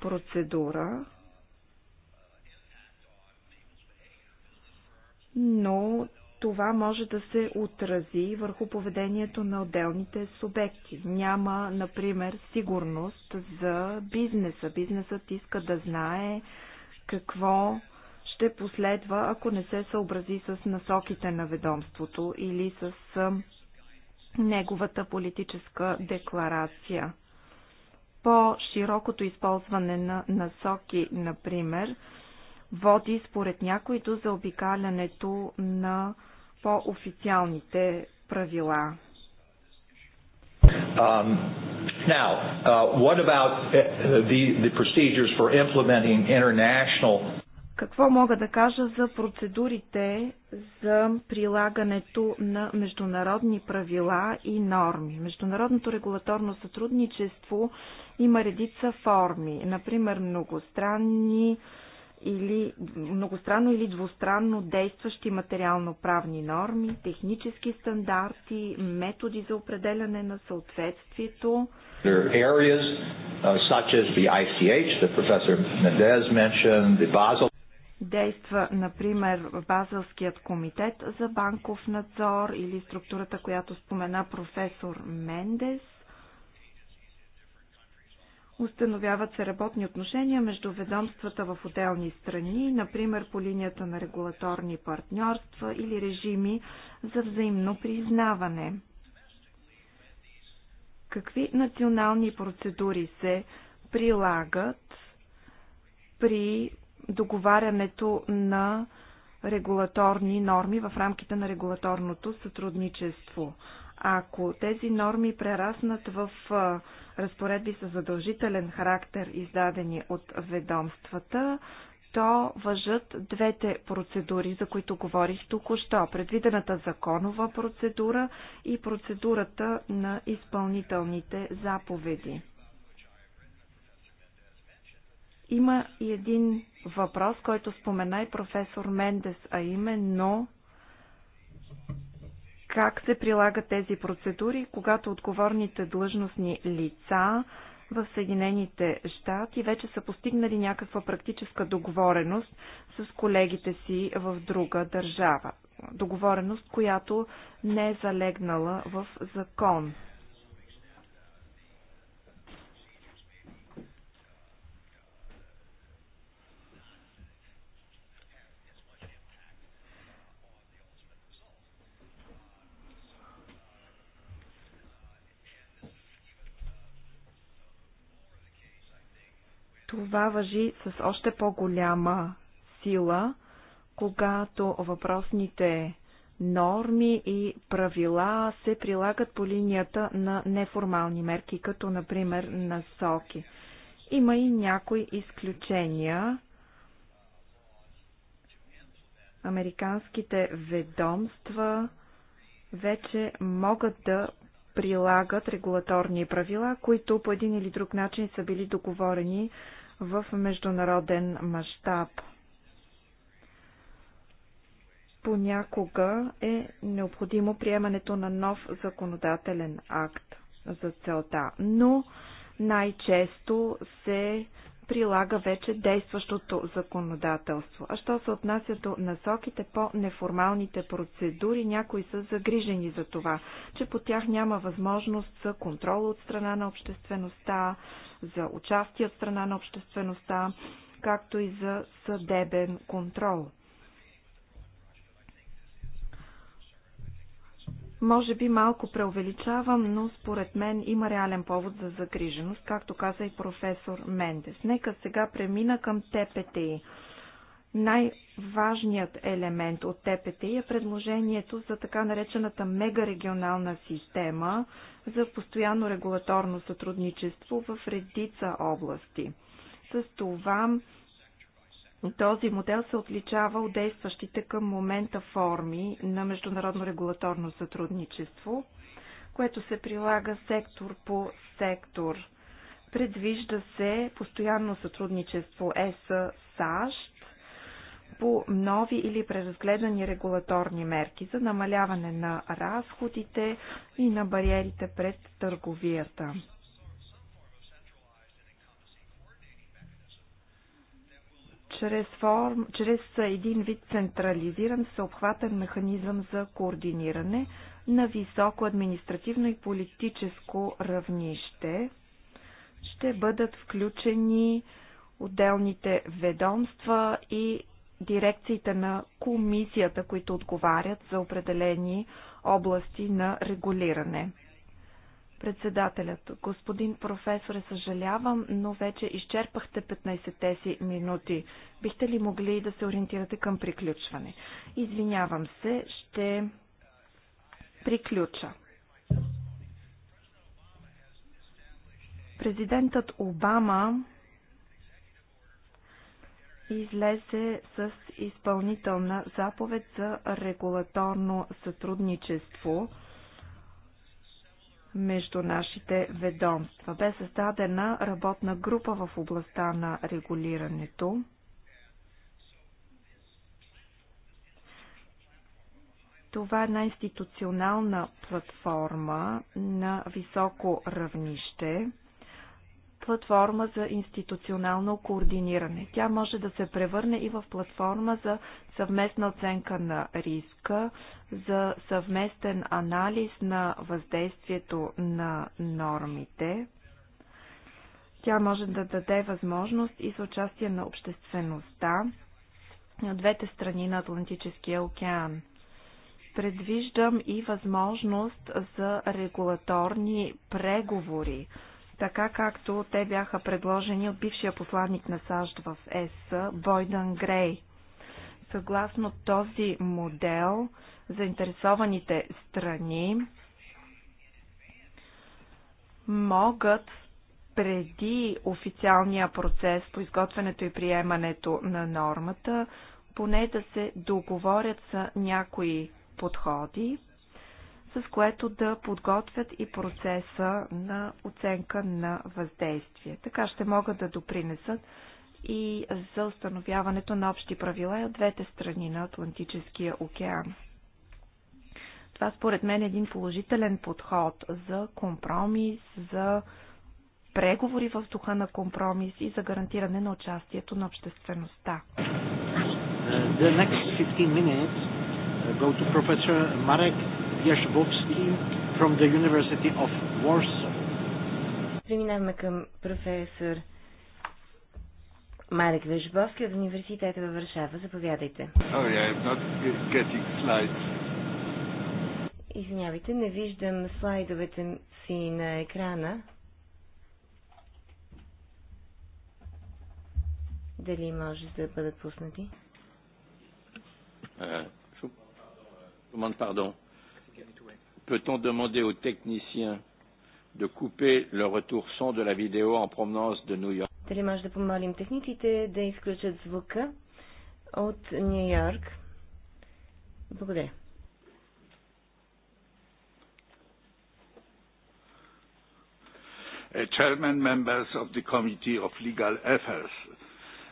процедура, но това може да се отрази върху поведението на отделните субекти. Няма, например, сигурност за бизнеса. Бизнесът иска да знае какво ще последва, ако не се съобрази с насоките на ведомството или с неговата политическа декларация. По-широкото използване на насоки, например, води според някои до заобикалянето на по официалните правила. Um... Now, uh, what about uh, the, the procedures for implementing international какво мога да кажа за процедурите за прилагането на международни правила и норми? Международното регулаторно сътрудничество има редица форми, например многостранни или многостранно или двустранно действащи материално-правни норми, технически стандарти, методи за определяне на съответствието. Areas, uh, ICH, Действа, например, Базелският комитет за банков надзор или структурата, която спомена професор Мендес – Установяват се работни отношения между ведомствата в отделни страни, например по линията на регулаторни партньорства или режими за взаимно признаване. Какви национални процедури се прилагат при договарянето на регулаторни норми в рамките на регулаторното сътрудничество? Ако тези норми прераснат в разпоредби с задължителен характер, издадени от ведомствата, то въжат двете процедури, за които говорих току-що. Предвидената законова процедура и процедурата на изпълнителните заповеди. Има и един въпрос, който спомена и професор Мендес, а именно как се прилагат тези процедури, когато отговорните длъжностни лица в Съединените щати вече са постигнали някаква практическа договореност с колегите си в друга държава. Договореност, която не е залегнала в закон. Това въжи с още по-голяма сила, когато въпросните норми и правила се прилагат по линията на неформални мерки, като например насоки. Има и някои изключения. Американските ведомства вече могат да прилагат регулаторни правила, които по един или друг начин са били договорени в международен мащаб. Понякога е необходимо приемането на нов законодателен акт за целта, но най-често се прилага вече действащото законодателство. А що се отнася до насоките по неформалните процедури, някои са загрижени за това, че по тях няма възможност за контрол от страна на обществеността, за участие от страна на обществеността, както и за съдебен контрол. Може би малко преувеличавам, но според мен има реален повод за загриженост, както каза и професор Мендес. Нека сега премина към ТПТИ. Най-важният елемент от ТПТИ е предложението за така наречената мегарегионална система за постоянно регулаторно сътрудничество в редица области. С това този модел се отличава от действащите към момента форми на международно регулаторно сътрудничество, което се прилага сектор по сектор. Предвижда се постоянно сътрудничество ЕС-САЩ по нови или преразгледани регулаторни мерки за намаляване на разходите и на бариерите пред търговията. чрез, форм, чрез един вид централизиран съобхватен механизъм за координиране на високо административно и политическо равнище. Ще бъдат включени отделните ведомства и дирекциите на комисията, които отговарят за определени области на регулиране. Председателят, господин професор, съжалявам, но вече изчерпахте 15-те си минути. Бихте ли могли да се ориентирате към приключване? Извинявам се, ще приключа. Президентът Обама излезе с изпълнителна заповед за регулаторно сътрудничество – между нашите ведомства. Бе създадена работна група в областта на регулирането. Това е една институционална платформа на високо равнище – платформа за институционално координиране. Тя може да се превърне и в платформа за съвместна оценка на риска, за съвместен анализ на въздействието на нормите. Тя може да даде възможност и за участие на обществеността на двете страни на Атлантическия океан предвиждам и възможност за регулаторни преговори така както те бяха предложени от бившия посланник на САЩ в ЕС Бойдън Грей. Съгласно този модел, заинтересованите страни могат преди официалния процес по изготвянето и приемането на нормата, поне да се договорят за някои подходи, с което да подготвят и процеса на оценка на въздействие. Така ще могат да допринесат и за установяването на общи правила и от двете страни на Атлантическия океан. Това според мен е един положителен подход за компромис, за преговори в духа на компромис и за гарантиране на участието на обществеността. The next 15 minutes uh, go to Professor Marek Jaśbowski from the University of Warsaw. Преминаваме към професор Марек Вежбовски от университета във Варшава. Заповядайте. Oh, yeah, Извинявайте, не виждам слайдовете си на екрана. Дали може да бъдат пуснати? Uh, pardon. Peut-on demander aux techniciens de couper le retour son de la vidéo en provenance de New York? Дали може да помолим техниците да изключат звука от Нью Йорк? Благодаря. Chairman members of the Committee of Legal Affairs.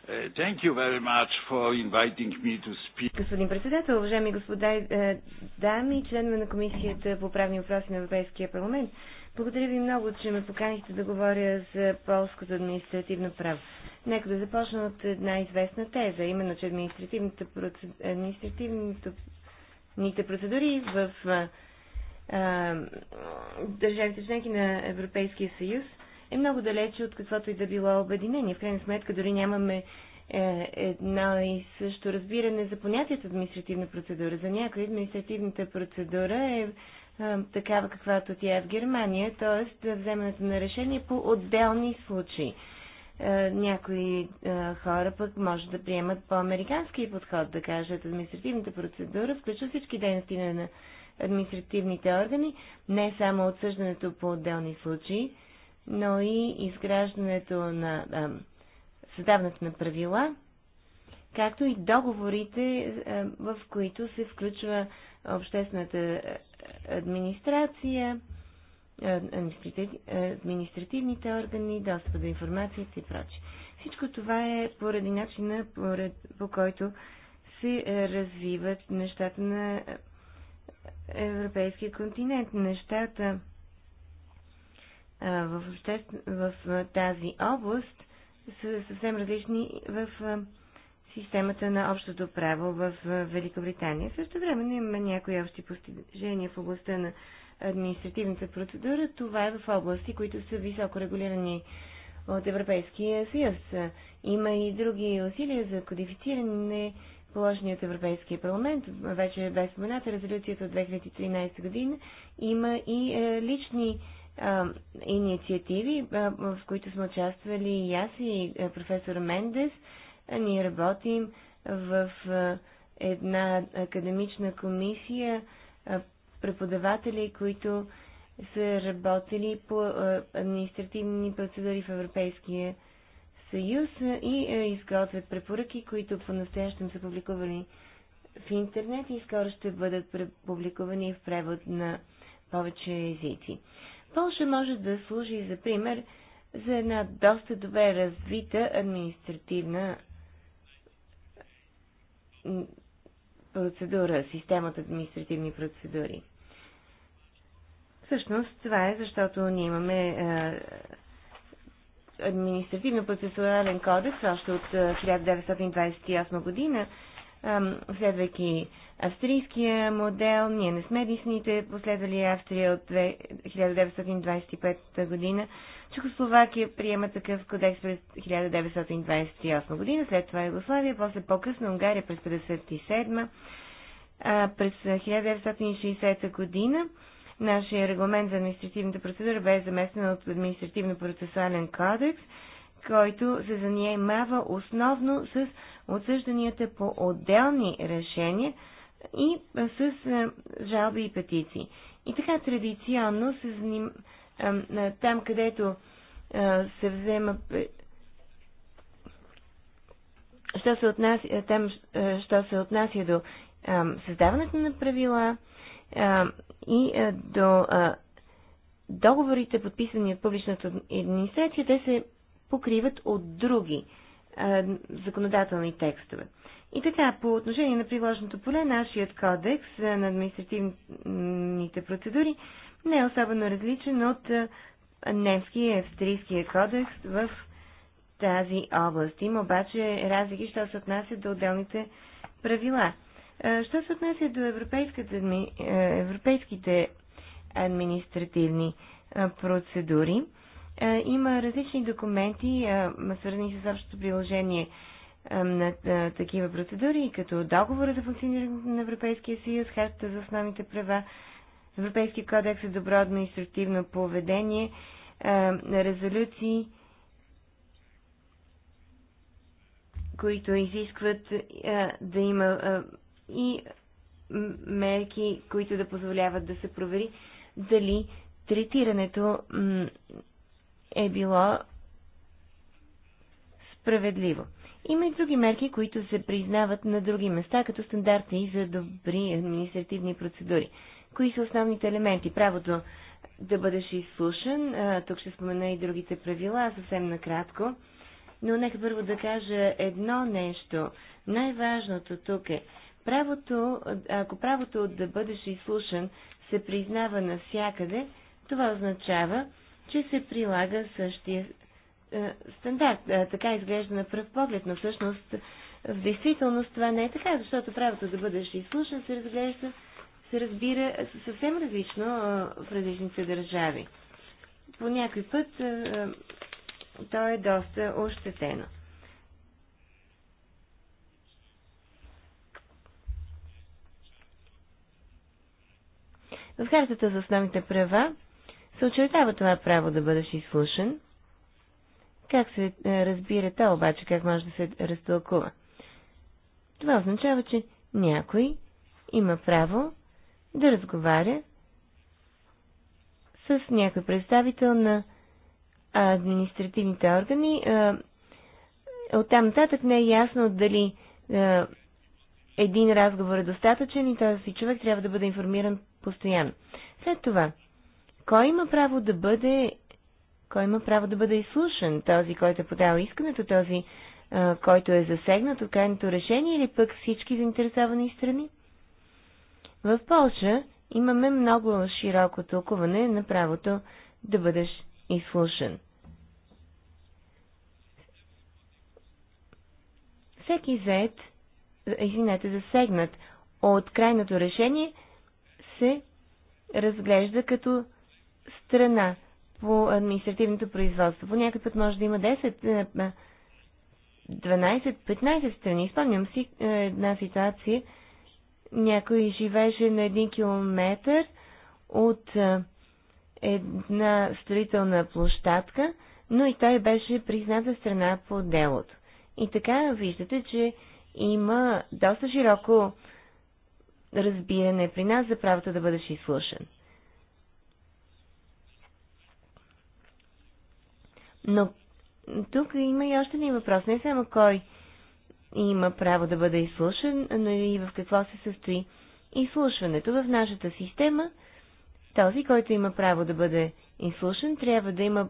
Uh, thank you very much for inviting me to speak. Господин председател, уважаеми господа и е, дами, членове на Комисията по правни въпроси на Европейския парламент, благодаря ви много, че ме поканихте да говоря за полското административно право. Нека да започна от една известна теза, именно, че административните, процед... административните процедури в а, а, държавите членки на Европейския съюз – е много далече от каквото и да било обединение. В крайна сметка дори нямаме е, едно и също разбиране за понятието административна процедура. За някои административната процедура е, е такава каквато тя е в Германия, т.е. вземането на решение по отделни случаи. Е, някои е, хора пък може да приемат по-американски подход, да кажат административната процедура включва всички дейности на административните органи, не само отсъждането по отделни случаи, но и изграждането на създаването на правила, както и договорите, в които се включва обществената администрация, административните органи, достъп до информацията и прочее. Всичко това е поради начина, поред, по който се развиват нещата на европейския континент. Нещата в, обществ... в тази област са съвсем различни в системата на общото право в Великобритания. Също време има някои общи постижения в областта на административната процедура. Това е в области, които са високо регулирани от Европейския съюз. Има и други усилия за кодифициране положени от Европейския парламент. Вече без спомената резолюцията от 2013 година. Има и е, лични а, инициативи, а, в които сме участвали и аз и професор Мендес. А, ние работим в а, една академична комисия а, преподаватели, които са работили по а, административни процедури в Европейския съюз а, и а, изготвят препоръки, които по-настоящем са публикувани в интернет и скоро ще бъдат публикувани в превод на повече езици. Полша може да служи за пример за една доста добре развита административна процедура, система от административни процедури. Всъщност това е защото ние имаме административно-процесуален кодекс още от 1928 година, следвайки австрийския модел. Ние не сме единствените последвали Австрия от 1925 година. Чехословакия приема такъв кодекс през 1928 година, след това Югославия, после по-късно Унгария през 1957, през 1960 година нашия регламент за административната процедура бе заместен от административно-процесуален кодекс, който се занимава основно с отсъжданията по отделни решения и с жалби и петиции. И така традиционно се заним... там, където се взема що се отнася, там, що се отнася до създаването на правила и до договорите, подписани от публичната администрация, те се покриват от други законодателни текстове. И така, по отношение на приложното поле, нашият кодекс на административните процедури не е особено различен от немския и австрийския кодекс в тази област. Има обаче разлики, що се отнася до отделните правила. Що се отнася до европейските административни процедури, е, има различни документи, е, свързани с общото приложение е, на такива процедури, като договора за функциониране на Европейския съюз, Хартата за основните права, Европейския кодекс за добро административно поведение, резолюции, които изискват да има и мерки, които да позволяват да се провери дали третирането е било справедливо. Има и други мерки, които се признават на други места, като стандарти за добри административни процедури. Кои са основните елементи? Правото да бъдеш изслушан. Тук ще спомена и другите правила, съвсем накратко. Но нека първо да кажа едно нещо. Най-важното тук е, правото, ако правото да бъдеш изслушан се признава навсякъде, това означава, че се прилага същия е, стандарт. Е, така изглежда на пръв поглед, но всъщност е, в действителност това не е така, защото правото да бъдеш изслушан се разглежда, се разбира съвсем различно в различните държави. По някой път то е доста ощетено. В картата за основните права се очертава това право да бъдеш изслушан. Как се е, разбира то обаче, как може да се разтълкува? Това означава, че някой има право да разговаря с някой представител на административните органи. Е, Оттам нататък не е ясно дали е, един разговор е достатъчен и този човек трябва да бъде информиран постоянно. След това, кой има право да бъде кой има право да бъде изслушан? Този, който е подал искането, този, който е засегнат от крайното решение или пък всички заинтересовани страни? В Польша имаме много широко тълкуване на правото да бъдеш изслушан. Всеки заед, извинете, засегнат от крайното решение се разглежда като страна по административното производство. По някакъв път може да има 10, 12, 15 страни. Спомням си е, една ситуация. Някой живеше на един километр от е, една строителна площадка, но и той беше призната страна по делото. И така виждате, че има доста широко разбиране при нас за правото да бъдеш изслушан. Но тук има и още един въпрос. Не само кой има право да бъде изслушан, но и в какво се състои изслушването. В нашата система този, който има право да бъде изслушан, трябва да има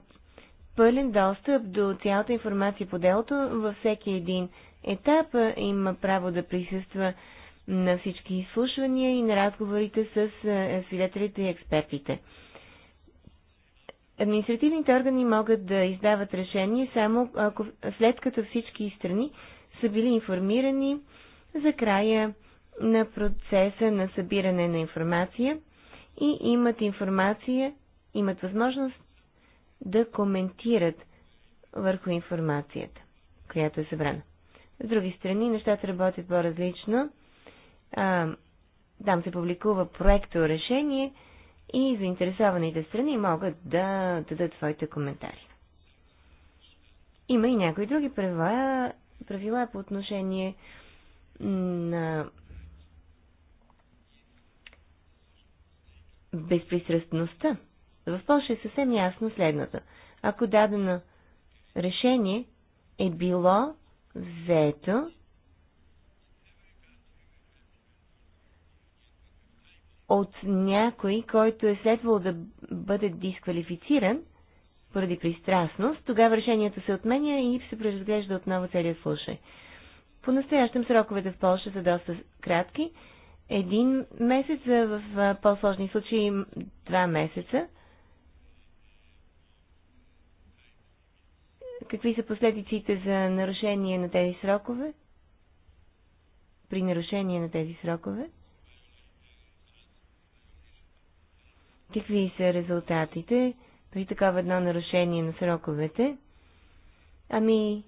пълен достъп до цялата информация по делото във всеки един етап, има право да присъства на всички изслушвания и на разговорите с свидетелите и експертите. Административните органи могат да издават решение само ако, след като всички страни са били информирани за края на процеса на събиране на информация и имат информация, имат възможност да коментират върху информацията, която е събрана. С други страни нещата работят по-различно. там се публикува проекто решение, и заинтересованите страни могат да дадат своите коментари. Има и някои други правила, правила по отношение на безпристрастността. В Польша е съвсем ясно следното. Ако дадено решение е било взето от някой, който е следвал да бъде дисквалифициран поради пристрастност, тогава решението се отменя и се преразглежда отново целият случай. По-настоящем сроковете в Польша са доста кратки. Един месец, в по-сложни случаи два месеца. Какви са последиците за нарушение на тези срокове? При нарушение на тези срокове? Какви са резултатите при такова едно нарушение на сроковете? Ами,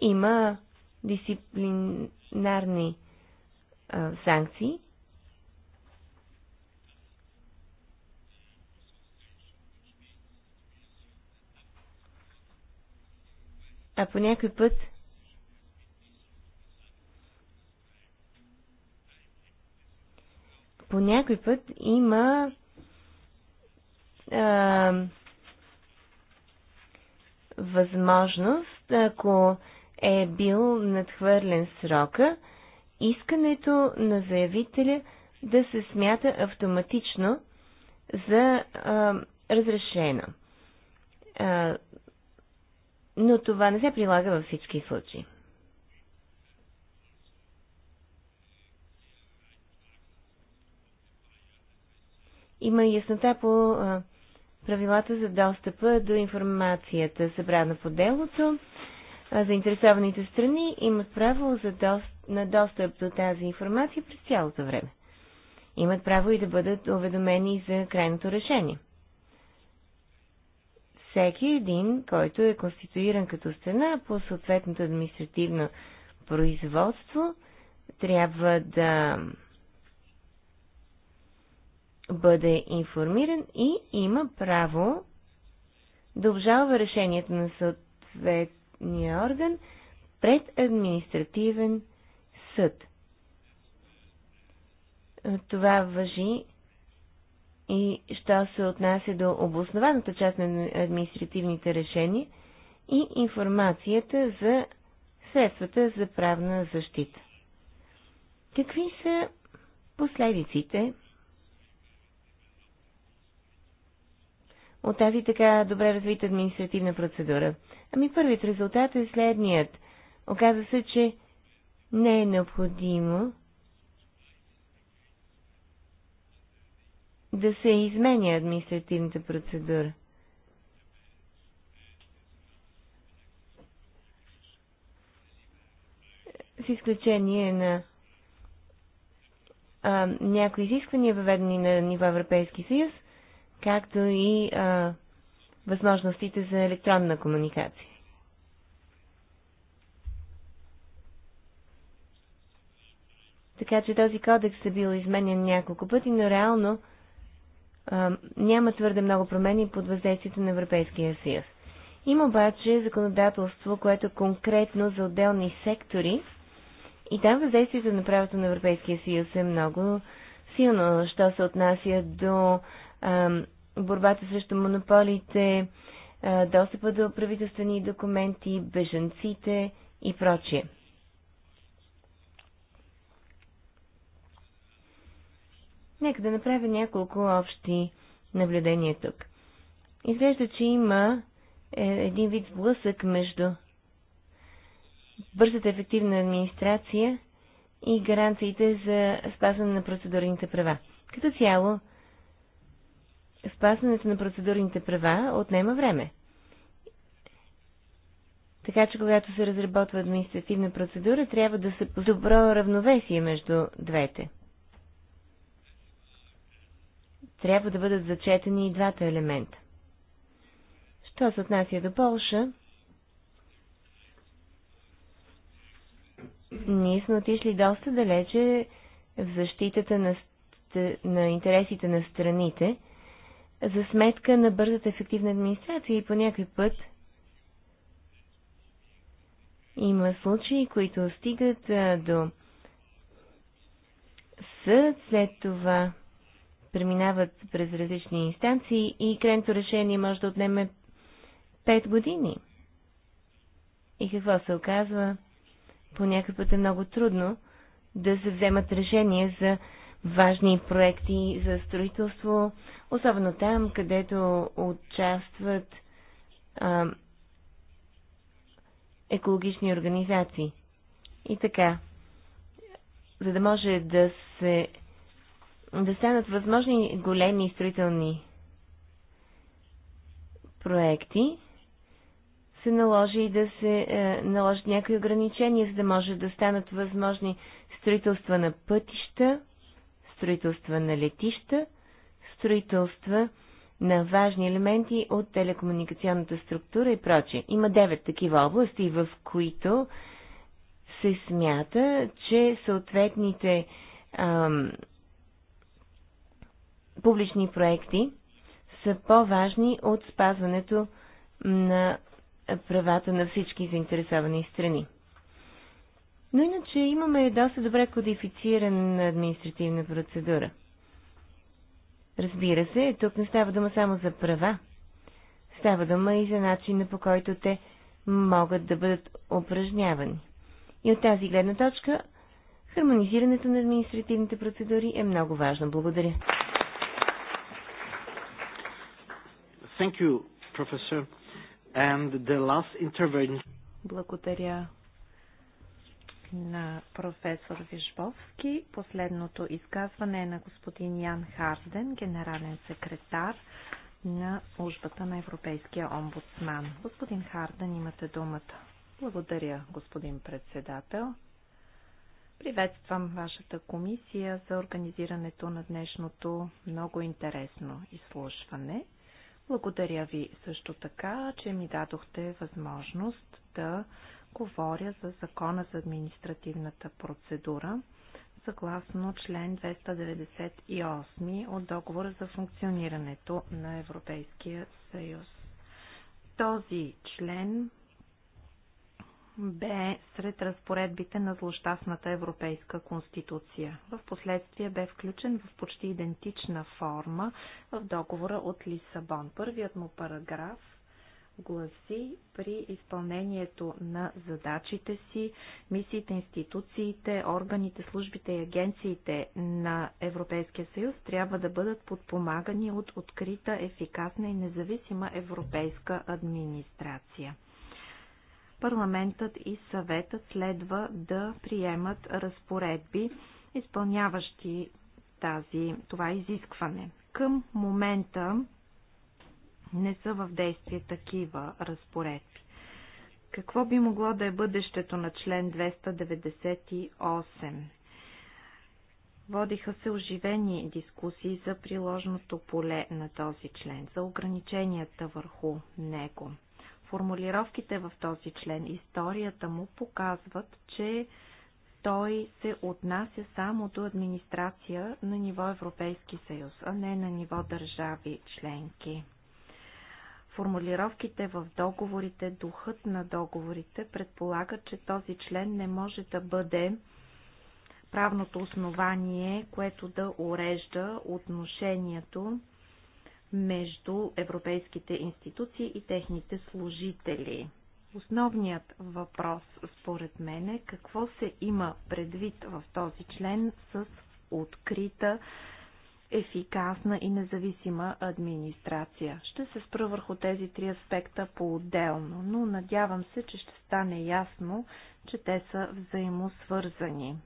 има дисциплинарни а, санкции. А по някой път по някой път има а, възможност, ако е бил надхвърлен срока, искането на заявителя да се смята автоматично за а, разрешено. А, но това не се прилага във всички случаи. има яснота по правилата за достъпа до информацията, събрана по делото. Заинтересованите страни имат право за дост... на достъп до тази информация през цялото време. Имат право и да бъдат уведомени за крайното решение. Всеки един, който е конституиран като страна по съответното административно производство, трябва да бъде информиран и има право да обжалва решението на съответния орган пред административен съд. Това въжи и що се отнася до обоснованата част на административните решения и информацията за средствата за правна защита. Какви са последиците от тази така добре развита административна процедура? Ами първият резултат е следният. Оказва се, че не е необходимо да се изменя административната процедура. С изключение на а, някои изисквания, въведени на ниво Европейски съюз – както и а, възможностите за електронна комуникация. Така че този кодекс е бил изменен няколко пъти, но реално а, няма твърде много промени под въздействието на Европейския съюз. Има обаче законодателство, което е конкретно за отделни сектори и там въздействието на правото на Европейския съюз е много силно, що се отнася до борбата срещу монополите, достъпа до правителствени документи, бежанците и прочие. Нека да направя няколко общи наблюдения тук. Изглежда, че има е, един вид сблъсък между бързата ефективна администрация и гаранциите за спазване на процедурните права. Като цяло, спазването на процедурните права отнема време. Така че, когато се разработва административна процедура, трябва да се добро равновесие между двете. Трябва да бъдат зачетени и двата елемента. Що се отнася до Полша, ние сме отишли доста далече в защитата на, на интересите на страните – за сметка на бързата ефективна администрация и по някой път има случаи, които стигат а, до съд, след това преминават през различни инстанции и крайното решение може да отнеме 5 години. И какво се оказва? По някакъв път е много трудно да се вземат решения за важни проекти за строителство, особено там, където участват а, екологични организации. И така, за да може да се да станат възможни големи строителни проекти, се наложи и да се е, наложат някои ограничения, за да може да станат възможни строителства на пътища, строителства на летища, строителства на важни елементи от телекомуникационната структура и прочее. Има девет такива области, в които се смята, че съответните ам, публични проекти са по-важни от спазването на правата на всички заинтересовани страни. Но иначе имаме доста добре кодифицирана административна процедура. Разбира се, тук не става дума само за права. Става дума и за начина по който те могат да бъдат упражнявани. И от тази гледна точка, хармонизирането на административните процедури е много важно. Благодаря. Thank you, professor. And the last intervention. Благодаря, на професор Вижбовски. Последното изказване е на господин Ян Харден, генерален секретар на службата на Европейския омбудсман. Господин Харден, имате думата. Благодаря, господин председател. Приветствам вашата комисия за организирането на днешното много интересно изслушване. Благодаря ви също така, че ми дадохте възможност да Говоря за Закона за административната процедура, съгласно член 298 от Договора за функционирането на Европейския съюз. Този член бе сред разпоредбите на злощастната Европейска конституция. В последствие бе включен в почти идентична форма в договора от Лисабон. Първият му параграф гласи при изпълнението на задачите си, мисиите, институциите, органите, службите и агенциите на Европейския съюз трябва да бъдат подпомагани от открита, ефикасна и независима европейска администрация. Парламентът и съветът следва да приемат разпоредби, изпълняващи тази, това изискване. Към момента не са в действие такива разпоредби. Какво би могло да е бъдещето на член 298? Водиха се оживени дискусии за приложното поле на този член, за ограниченията върху него. Формулировките в този член, историята му показват, че той се отнася само до администрация на ниво Европейски съюз, а не на ниво държави членки. Формулировките в договорите, духът на договорите предполага, че този член не може да бъде правното основание, което да урежда отношението между европейските институции и техните служители. Основният въпрос, според мен, е какво се има предвид в този член с открита ефикасна и независима администрация. Ще се спра върху тези три аспекта по-отделно, но надявам се, че ще стане ясно, че те са взаимосвързани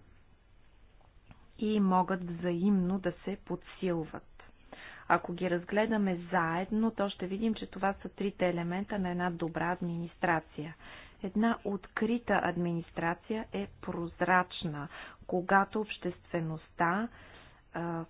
и могат взаимно да се подсилват. Ако ги разгледаме заедно, то ще видим, че това са трите елемента на една добра администрация. Една открита администрация е прозрачна, когато обществеността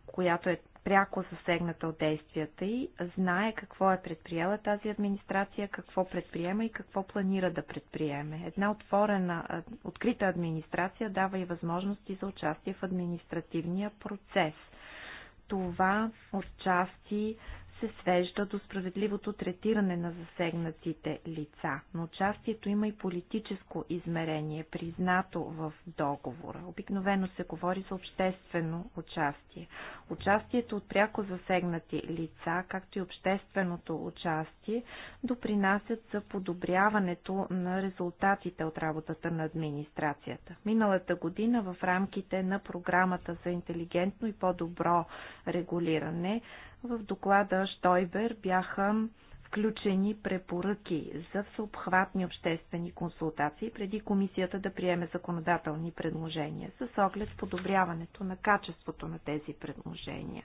която е пряко засегната от действията й, знае какво е предприела тази администрация, какво предприема и какво планира да предприеме. Една отворена, открита администрация дава и възможности за участие в административния процес. Това отчасти се свежда до справедливото третиране на засегнатите лица, но участието има и политическо измерение, признато в договора. Обикновено се говори за обществено участие. Участието от пряко засегнати лица, както и общественото участие, допринасят за подобряването на резултатите от работата на администрацията. Миналата година в рамките на програмата за интелигентно и по-добро регулиране в доклада Штойбер бяха включени препоръки за всеобхватни обществени консултации преди комисията да приеме законодателни предложения с оглед подобряването на качеството на тези предложения.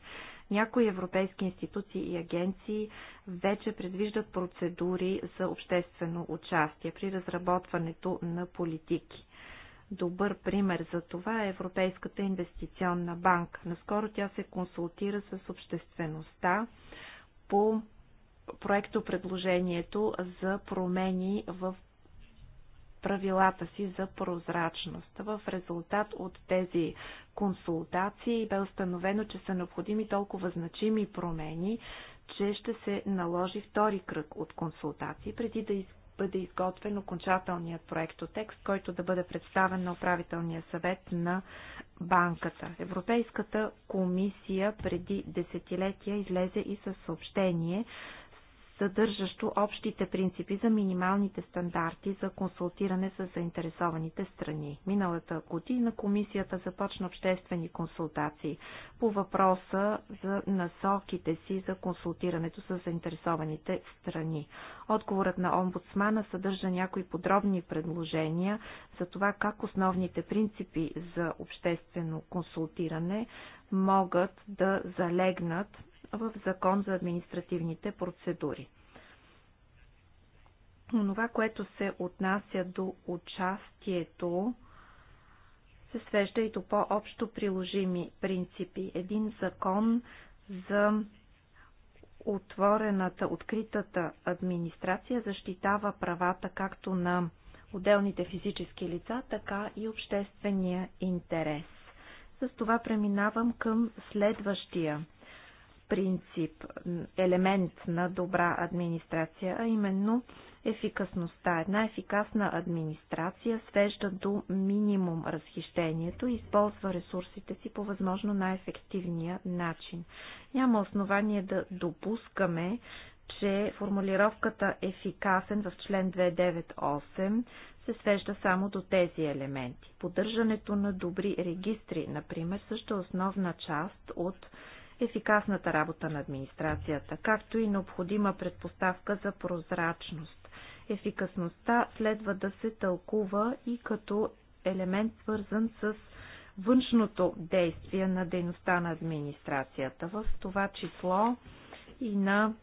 Някои европейски институции и агенции вече предвиждат процедури за обществено участие при разработването на политики. Добър пример за това е Европейската инвестиционна банка. Наскоро тя се консултира с обществеността по проекто предложението за промени в правилата си за прозрачност. В резултат от тези консултации бе установено, че са необходими толкова значими промени, че ще се наложи втори кръг от консултации, преди да бъде изготвен окончателният проектотекст, който да бъде представен на управителния съвет на банката. Европейската комисия преди десетилетия излезе и със съобщение съдържащо общите принципи за минималните стандарти за консултиране с заинтересованите страни. Миналата година комисията започна обществени консултации по въпроса за насоките си за консултирането с заинтересованите страни. Отговорът на омбудсмана съдържа някои подробни предложения за това как основните принципи за обществено консултиране могат да залегнат в Закон за административните процедури. Онова, което се отнася до участието, се свежда и до по-общо приложими принципи. Един закон за отворената, откритата администрация защитава правата както на отделните физически лица, така и обществения интерес. С това преминавам към следващия принцип, елемент на добра администрация, а именно ефикасността. Една ефикасна администрация свежда до минимум разхищението и използва ресурсите си по възможно най-ефективния начин. Няма основание да допускаме, че формулировката ефикасен в член 298 се свежда само до тези елементи. Поддържането на добри регистри, например, също е основна част от ефикасната работа на администрацията, както и необходима предпоставка за прозрачност. Ефикасността следва да се тълкува и като елемент свързан с външното действие на дейността на администрацията, в това число и на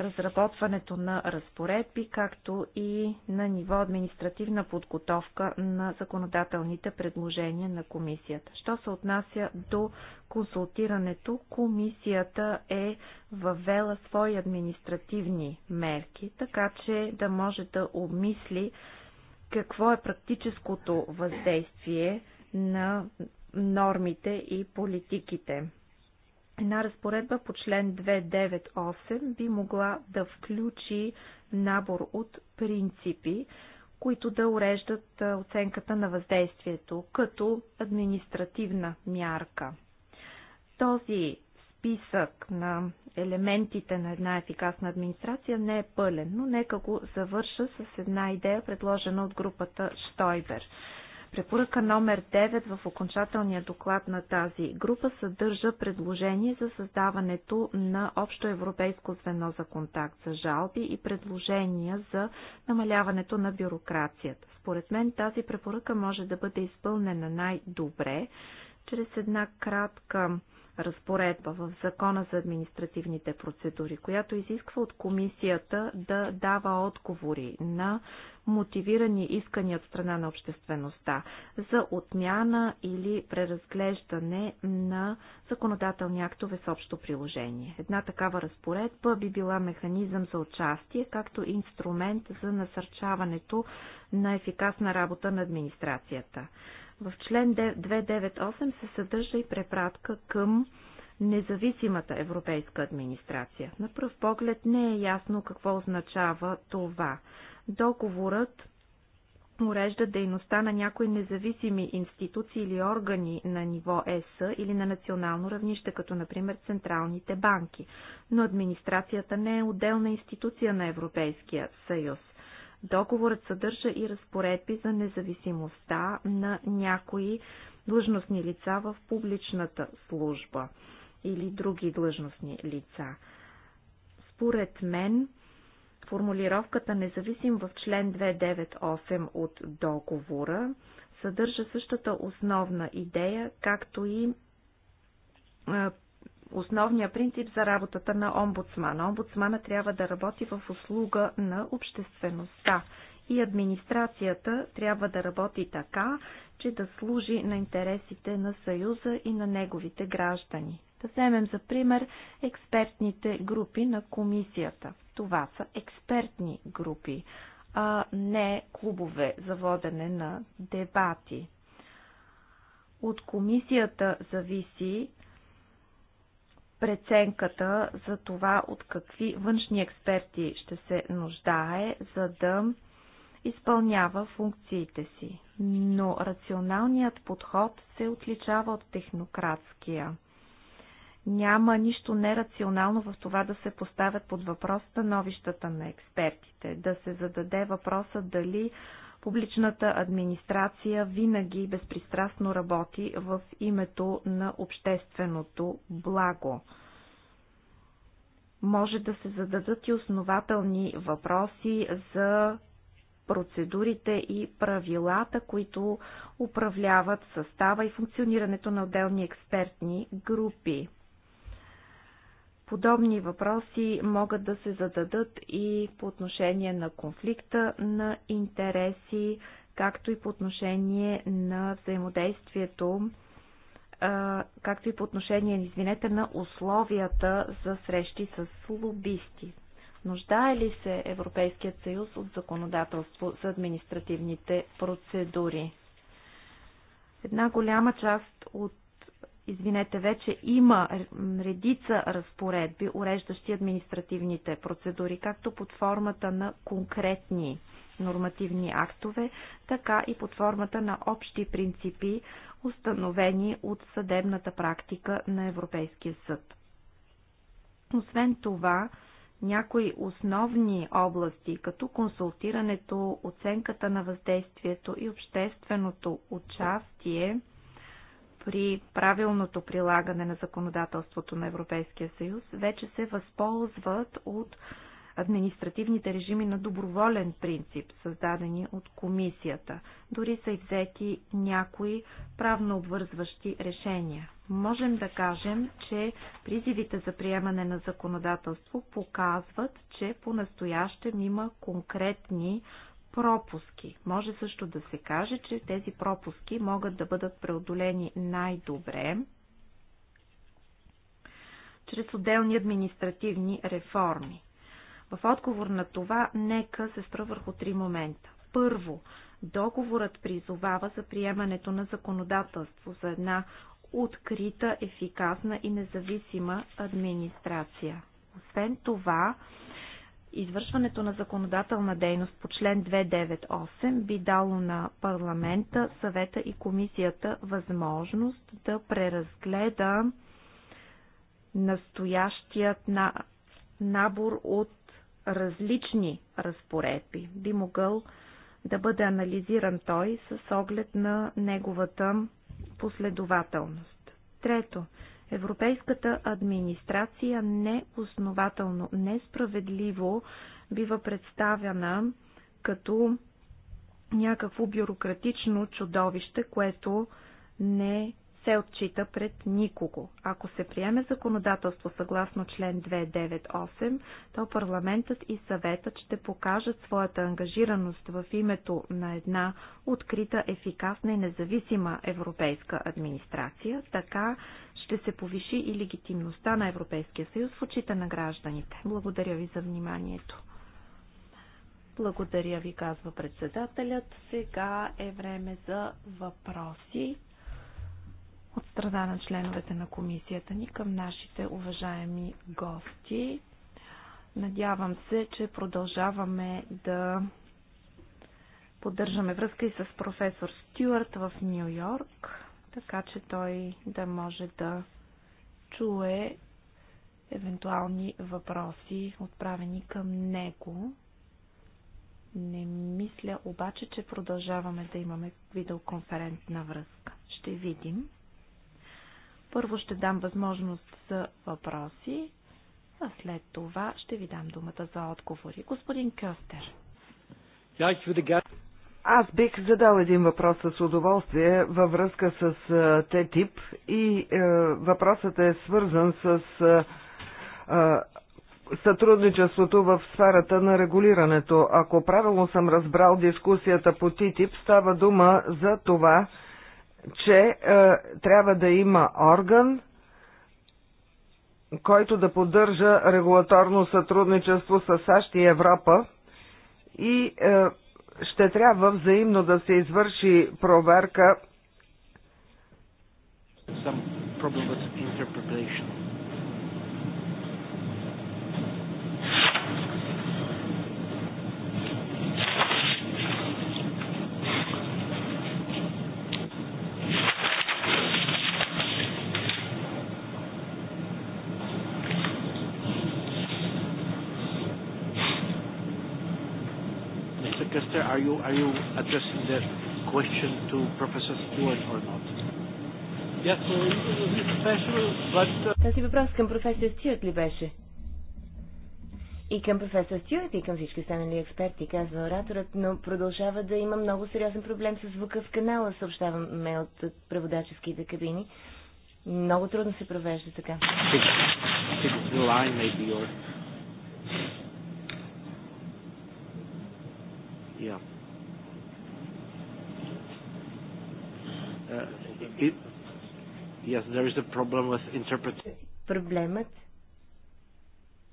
разработването на разпоредби, както и на ниво административна подготовка на законодателните предложения на комисията. Що се отнася до консултирането, комисията е въвела свои административни мерки, така че да може да обмисли какво е практическото въздействие на нормите и политиките една разпоредба по член 298 би могла да включи набор от принципи, които да уреждат оценката на въздействието като административна мярка. Този списък на елементите на една ефикасна администрация не е пълен, но нека го завърша с една идея, предложена от групата Штойбер. Препоръка номер 9 в окончателния доклад на тази група съдържа предложение за създаването на общо европейско звено за контакт за жалби и предложения за намаляването на бюрокрацията. Според мен тази препоръка може да бъде изпълнена най-добре чрез една кратка разпоредба в Закона за административните процедури, която изисква от комисията да дава отговори на мотивирани искания от страна на обществеността за отмяна или преразглеждане на законодателни актове с общо приложение. Една такава разпоредба би била механизъм за участие, както инструмент за насърчаването на ефикасна работа на администрацията. В член 298 се съдържа и препратка към независимата европейска администрация. На пръв поглед не е ясно какво означава това. Договорът урежда дейността на някои независими институции или органи на ниво ЕС или на национално равнище, като например централните банки, но администрацията не е отделна институция на Европейския съюз. Договорът съдържа и разпоредби за независимостта на някои длъжностни лица в публичната служба или други длъжностни лица. Според мен, формулировката независим в член 298 от договора съдържа същата основна идея, както и основния принцип за работата на омбудсмана. Омбудсмана трябва да работи в услуга на обществеността и администрацията трябва да работи така, че да служи на интересите на Съюза и на неговите граждани. Да вземем за пример експертните групи на комисията. Това са експертни групи, а не клубове за водене на дебати. От комисията зависи преценката за това от какви външни експерти ще се нуждае, за да изпълнява функциите си. Но рационалният подход се отличава от технократския. Няма нищо нерационално в това да се поставят под въпрос становищата на експертите, да се зададе въпроса дали Публичната администрация винаги безпристрастно работи в името на общественото благо. Може да се зададат и основателни въпроси за процедурите и правилата, които управляват състава и функционирането на отделни експертни групи. Подобни въпроси могат да се зададат и по отношение на конфликта на интереси, както и по отношение на взаимодействието, както и по отношение, извинете, на условията за срещи с лобисти. Нуждае ли се Европейският съюз от законодателство за административните процедури? Една голяма част от извинете, вече има редица разпоредби, уреждащи административните процедури, както под формата на конкретни нормативни актове, така и под формата на общи принципи, установени от съдебната практика на Европейския съд. Освен това, някои основни области, като консултирането, оценката на въздействието и общественото участие – при правилното прилагане на законодателството на Европейския съюз, вече се възползват от административните режими на доброволен принцип, създадени от комисията. Дори са и взети някои правно обвързващи решения. Можем да кажем, че призивите за приемане на законодателство показват, че по-настоящем има конкретни пропуски. Може също да се каже, че тези пропуски могат да бъдат преодолени най-добре чрез отделни административни реформи. В отговор на това, нека се спра върху три момента. Първо, договорът призовава за приемането на законодателство за една открита, ефикасна и независима администрация. Освен това, Извършването на законодателна дейност по член 298 би дало на парламента, съвета и комисията възможност да преразгледа настоящият на... набор от различни разпоредби. Би могъл да бъде анализиран той с оглед на неговата последователност. Трето, Европейската администрация неоснователно, несправедливо бива представена като някакво бюрократично чудовище, което не се отчита пред никого. Ако се приеме законодателство съгласно член 298, то парламентът и съветът ще покажат своята ангажираност в името на една открита, ефикасна и независима европейска администрация. Така ще се повиши и легитимността на Европейския съюз в очите на гражданите. Благодаря ви за вниманието. Благодаря ви, казва председателят. Сега е време за въпроси от страна на членовете на комисията ни към нашите уважаеми гости. Надявам се, че продължаваме да поддържаме връзка и с професор Стюарт в Нью Йорк, така че той да може да чуе евентуални въпроси, отправени към него. Не мисля обаче, че продължаваме да имаме видеоконферентна връзка. Ще видим. Първо ще дам възможност за въпроси, а след това ще ви дам думата за отговори. Господин Кюстер. Аз бих задал един въпрос с удоволствие във връзка с ТТИП и е, въпросът е свързан с е, е, сътрудничеството в сферата на регулирането. Ако правилно съм разбрал дискусията по ТТИП, става дума за това, че е, трябва да има орган, който да поддържа регулаторно сътрудничество с САЩ и Европа и е, ще трябва взаимно да се извърши проверка. Some are you are you addressing the question to Professor Stewart or not? Yes, but... Uh, Този въпрос към професор Стюарт ли беше? И към професор Стюарт, и към всички останали експерти, казва ораторът, но продължава да има много сериозен проблем с звука в канала, съобщаваме от преводаческите кабини. Много трудно се провежда така. Yeah. Uh, yes, there is a problem with interpretation. Проблемът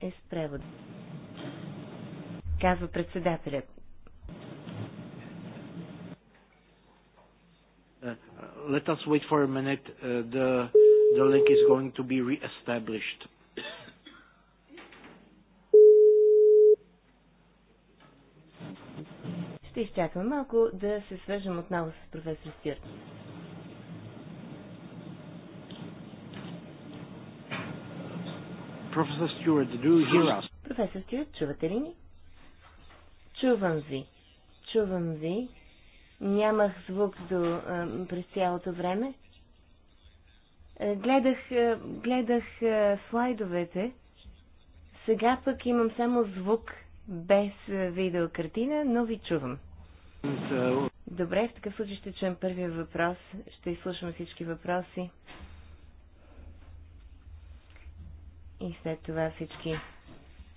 е с превода. Казва председателят. Uh, let us wait for a minute. Uh, the, the link is going to be re-established. Ще изчакам малко да се свържем отново с професор Стюарт. Професор Стюарт, do you Професор Стюарт, чувате ли ни? Чувам ви. Чувам ви. Нямах звук до, а, през цялото време. Е, гледах, гледах слайдовете. Сега пък имам само звук без видеокартина, но ви чувам. Добре, в такъв случай ще чуем първия въпрос. Ще изслушам всички въпроси. И след това всички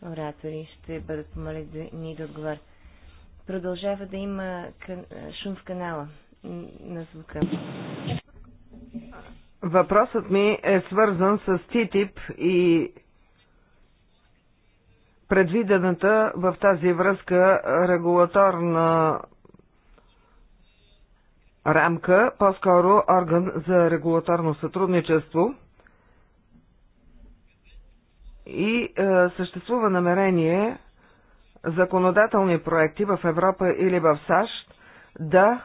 оратори ще бъдат помолени да отговарят. Продължава да има шум в канала на звука. Въпросът ми е свързан с ТИТИП и предвидената в тази връзка регулаторна рамка, по-скоро орган за регулаторно сътрудничество и е, съществува намерение законодателни проекти в Европа или в САЩ да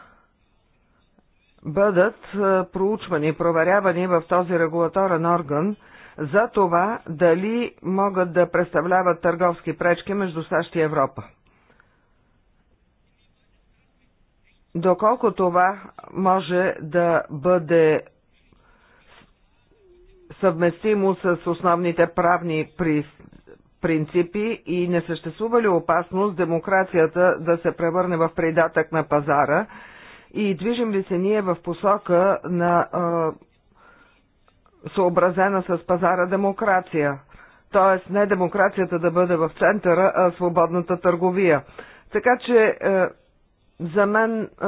бъдат е, проучвани, проверявани в този регулаторен орган – за това дали могат да представляват търговски пречки между САЩ и Европа. Доколко това може да бъде съвместимо с основните правни принципи и не съществува ли опасност демокрацията да се превърне в предатък на пазара и движим ли се ние в посока на съобразена с пазара демокрация. Тоест не демокрацията да бъде в центъра, а свободната търговия. Така че е, за мен е,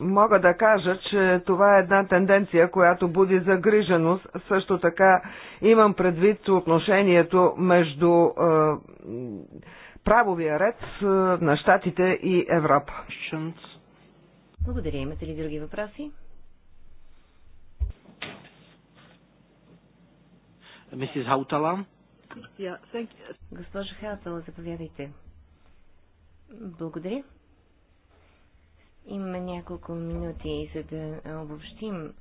мога да кажа, че това е една тенденция, която буди загриженост. Също така имам предвид отношението между е, правовия ред е, на Штатите и Европа. Благодаря. Имате ли други въпроси? Мисис Хаутала. Госпожо Госпожа Хаутала, заповядайте. Благодаря. Имаме няколко минути, за да обобщим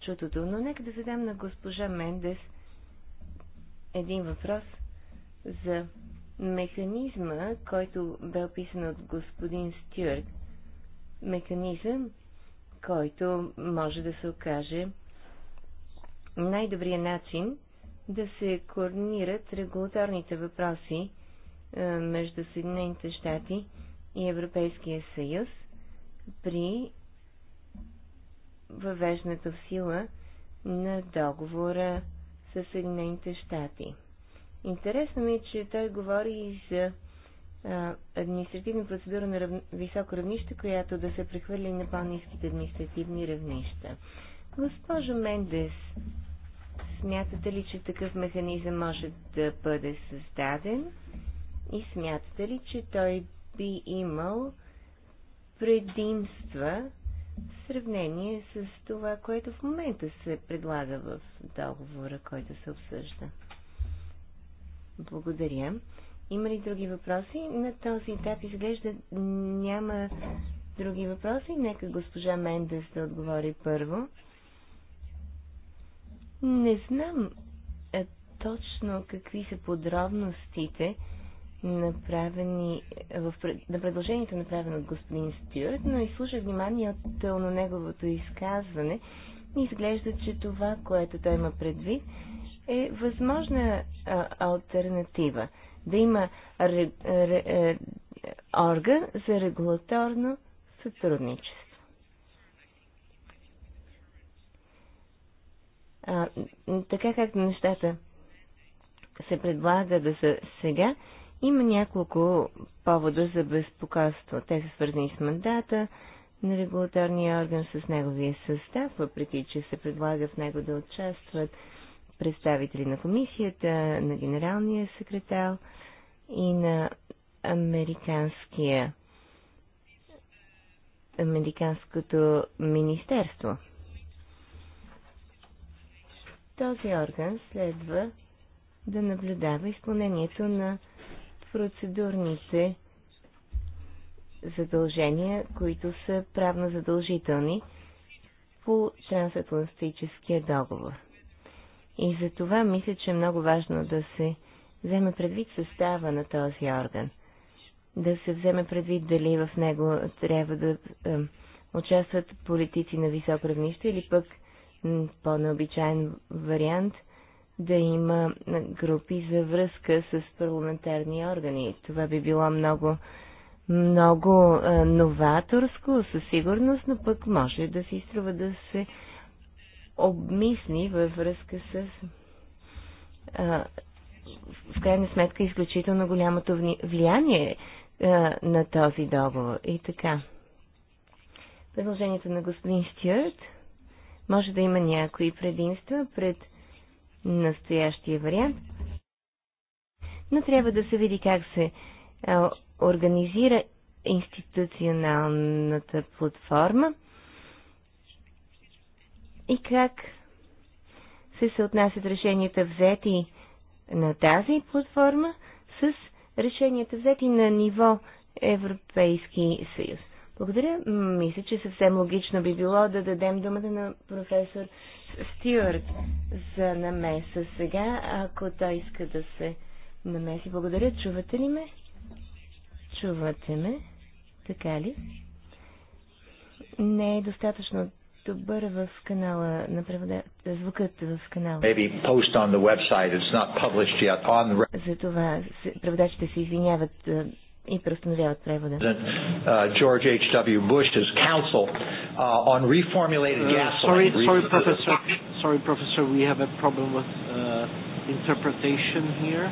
чутото, но нека да задам на госпожа Мендес един въпрос за механизма, който бе описан от господин Стюарт. Механизъм, който може да се окаже най-добрия начин да се координират регулаторните въпроси е, между Съединените щати и Европейския съюз при въвеждането в сила на договора с Съединените щати. Интересно ми е, че той говори и за е, административна процедура на рав... високо равнище, която да се прехвърли на по-низките административни равнища. Госпожо Мендес, Смятате ли, че такъв механизъм може да бъде създаден? И смятате ли, че той би имал предимства в сравнение с това, което в момента се предлага в договора, който се обсъжда? Благодаря. Има ли други въпроси? На този етап изглежда няма други въпроси. Нека госпожа Мендес да отговори първо. Не знам е, точно какви са подробностите направени е, в, на предложението направено от господин Стюарт, но изслушах внимателно неговото изказване и изглежда, че това, което той има предвид, е възможна а, альтернатива. Да има ре, ре, ре, орган за регулаторно сътрудничество. А, така както нещата се предлага да са сега, има няколко повода за безпокойство. Те са свързани с мандата на регулаторния орган с неговия състав, въпреки че се предлага в него да участват представители на комисията, на генералния секретар и на американския американското министерство този орган следва да наблюдава изпълнението на процедурните задължения, които са правно задължителни по трансатлантическия договор. И за това мисля, че е много важно да се вземе предвид състава на този орган. Да се вземе предвид дали в него трябва да е, участват политици на високо равнище или пък по-необичайен вариант да има групи за връзка с парламентарни органи. Това би било много, много а, новаторско, със сигурност, но пък може да се изтрува да се обмисли във връзка с а, в крайна сметка изключително голямото влияние а, на този договор. И така. Предложението на господин Стюарт може да има някои предимства пред настоящия вариант, но трябва да се види как се а, организира институционалната платформа и как се съотнасят решенията взети на тази платформа с решенията взети на ниво Европейски съюз. Благодаря. Мисля, че съвсем логично би било да дадем думата на професор Стюарт за намеса сега, ако той иска да се намеси. Благодаря. Чувате ли ме? Чувате ме? Така ли? Не е достатъчно добър в канала на превода... звукът в канала. Maybe post on the website. It's not published yet on the... Затова преводачите се извиняват и преустановяват превода. George H.W. Bush's council uh, on reformulated uh, gasoline. Sorry, sorry, professor. Sorry, professor. We have a problem with uh, interpretation here.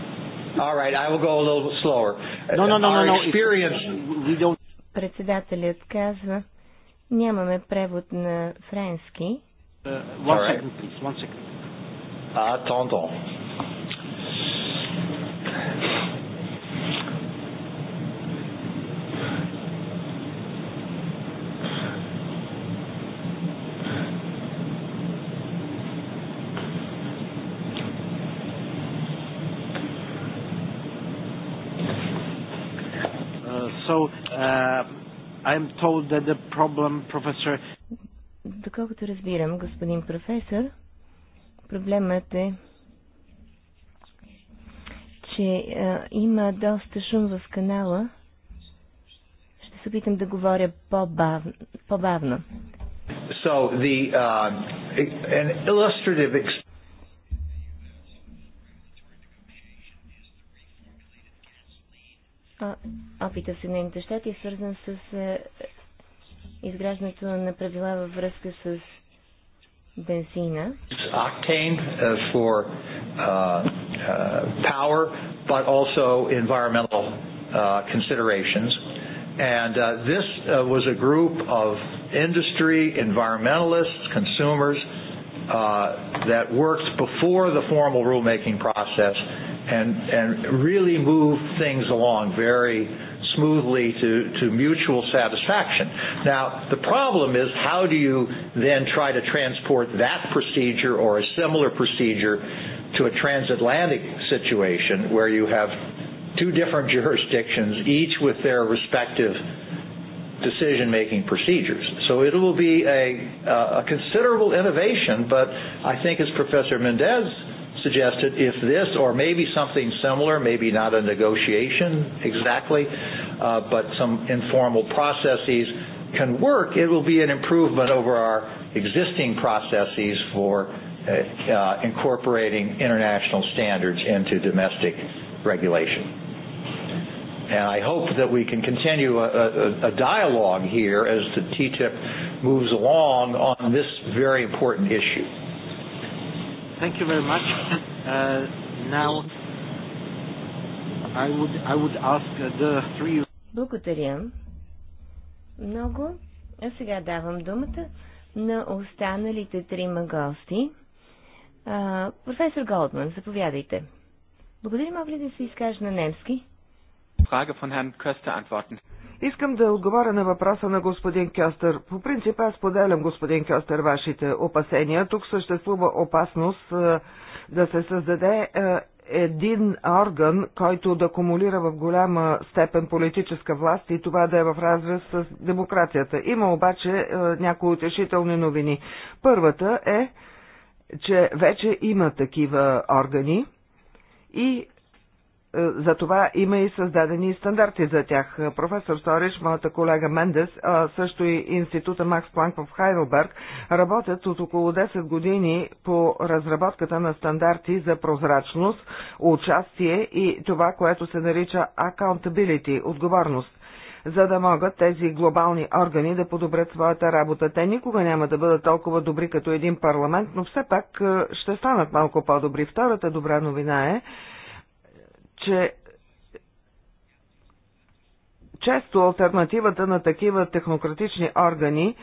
All right, I will go a little bit slower. No, no, no, no, no. Experience... We don't... Председателят казва, нямаме превод на френски. Uh, one second, please. One second. Uh, Uh, I'm told that the problem, professor... Доколкото разбирам, господин професор, проблемът е, че а, има доста шум в канала. Ще се опитам да говоря по-бавно. по-бавно. So the, uh, an illustrative experience... опита в Съединените щати е свързан с изграждането на правила във връзка с бензина. Octane for uh, uh, power, but also environmental uh, considerations. And uh, this uh, was a group of industry, environmentalists, consumers uh, that worked before the formal rulemaking process and, and really move things along very smoothly to, to mutual satisfaction. Now, the problem is how do you then try to transport that procedure or a similar procedure to a transatlantic situation where you have two different jurisdictions, each with their respective decision making procedures. So it will be a, a considerable innovation, but I think as Professor Mendez suggested if this or maybe something similar, maybe not a negotiation exactly, uh but some informal processes can work, it will be an improvement over our existing processes for uh incorporating international standards into domestic regulation. And I hope that we can continue a a a dialogue here as the TTIP moves along on this very important issue. Thank you very much. Uh, now I would, I would ask uh, the three... Благодаря много. А сега давам думата на останалите трима гости. А, професор Голдман, заповядайте. Благодаря, мога ли да се изкажа на немски? Frage von Herrn Köster antworten. Искам да отговоря на въпроса на господин Кьостър. По принцип аз поделям, господин Кьостър, вашите опасения. Тук съществува опасност е, да се създаде е, един орган, който да кумулира в голяма степен политическа власт и това да е в разрез с демокрацията. Има обаче е, някои утешителни новини. Първата е, че вече има такива органи и е, за това има и създадени стандарти за тях. Професор Сториш, моята колега Мендес, а също и Института Макс Планк в Хайделберг, работят от около 10 години по разработката на стандарти за прозрачност, участие и това, което се нарича accountability, отговорност за да могат тези глобални органи да подобрят своята работа. Те никога няма да бъдат толкова добри като един парламент, но все пак е, ще станат малко по-добри. Втората добра новина е, че често альтернативата на такива технократични органи е,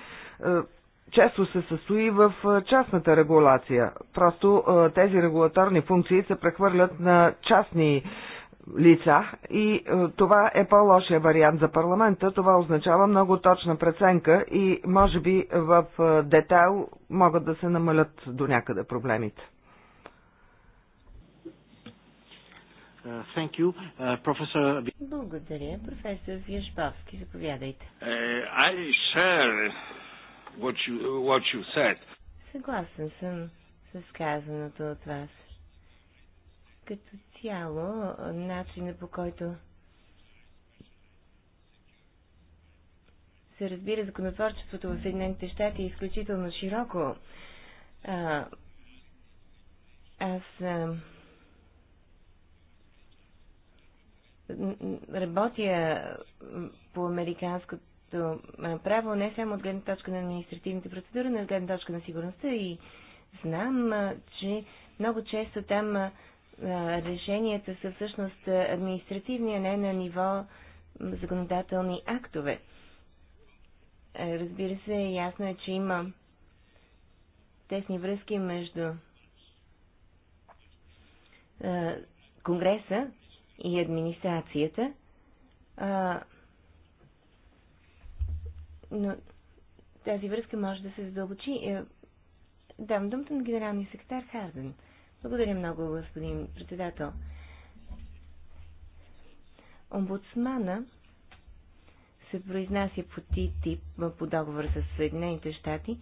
често се състои в е, частната регулация. Просто е, тези регулаторни функции се прехвърлят на частни лица и това е по-лошия вариант за парламента. Това означава много точна преценка и може би в детайл могат да се намалят до някъде проблемите. Uh, thank you, uh, Благодаря, професор Вишбовски. Заповядайте. Uh, I share what you, what you said. Съгласен съм с казаното от вас. Като цяло, начина по който се разбира законотворчеството в Съединените щати е изключително широко. А, аз а, работя по американското право не само от гледна точка на административните процедури, но и от гледна точка на сигурността и знам, че много често там решенията са всъщност административни, а не на ниво законодателни актове. Разбира се, ясно е, че има тесни връзки между Конгреса и администрацията. А, но тази връзка може да се задълбочи. Е, Давам думата на генералния секретар Харден. Благодаря много, господин председател. Омбудсмана се произнася по ТИТИП по договор с Съединените щати,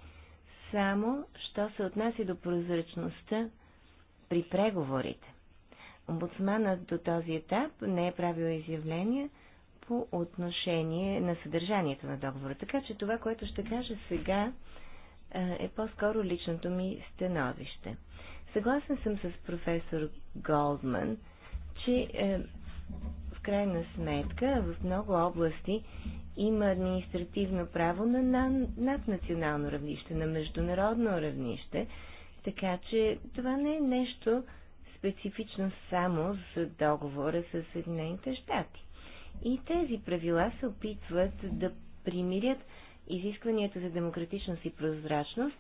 само що се отнася до прозрачността при преговорите. Омбудсманът до този етап не е правил изявления по отношение на съдържанието на договора. Така че това, което ще кажа сега, е по-скоро личното ми становище. Съгласен съм с професор Голдман, че е, в крайна сметка в много области има административно право на, на наднационално равнище, на международно равнище, така че това не е нещо, специфично само за договора с Съединените щати. И тези правила се опитват да примирят изискванията за демократичност и прозрачност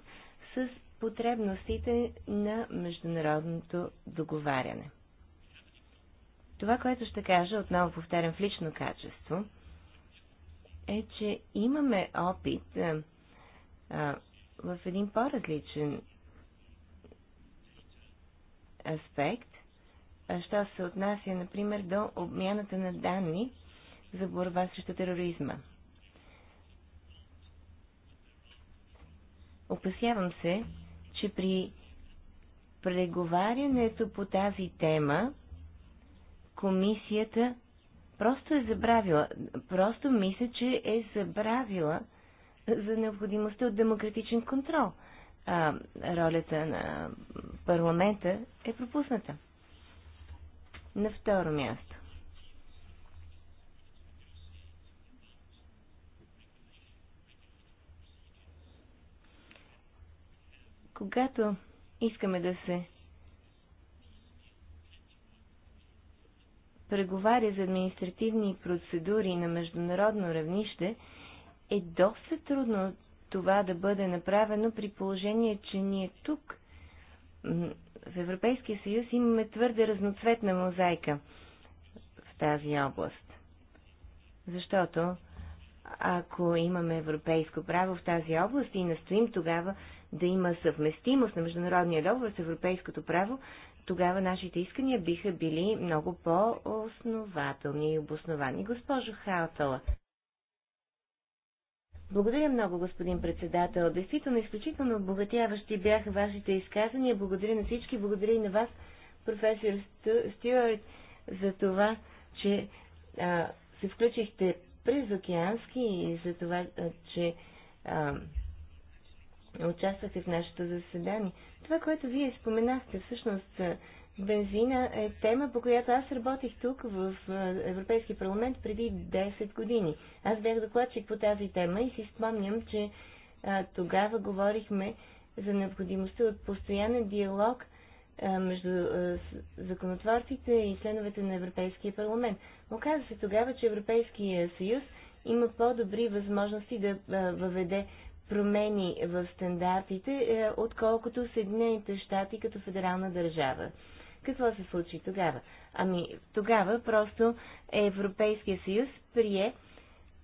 с потребностите на международното договаряне. Това, което ще кажа, отново повтарям в лично качество, е, че имаме опит а, а, в един по-различен аспект, що се отнася, например, до обмяната на данни за борба срещу тероризма. Опасявам се, че при преговарянето по тази тема комисията просто е забравила, просто мисля, че е забравила за необходимостта от демократичен контрол а, ролята на парламента е пропусната. На второ място. Когато искаме да се преговаря за административни процедури на международно равнище, е доста трудно това да бъде направено при положение, че ние тук в Европейския съюз имаме твърде разноцветна мозайка в тази област. Защото ако имаме европейско право в тази област и настоим тогава да има съвместимост на международния договор с европейското право, тогава нашите искания биха били много по-основателни и обосновани. Госпожо Халтала, благодаря много, господин председател. Действително, изключително обогатяващи бяха вашите изказания. Благодаря на всички. Благодаря и на вас, професор Стюарт, за това, че а, се включихте през океански и за това, а, че а, участвате в нашето заседание. Това, което вие споменахте, всъщност бензина е тема, по която аз работих тук в Европейски парламент преди 10 години. Аз бях докладчик по тази тема и си спомням, че а, тогава говорихме за необходимостта от постоянен диалог а, между а, законотворците и членовете на Европейския парламент. Оказва се тогава, че Европейския съюз има по-добри възможности да а, въведе промени в стандартите, отколкото Съединените щати като федерална държава. Какво се случи тогава? Ами тогава просто Европейския съюз прие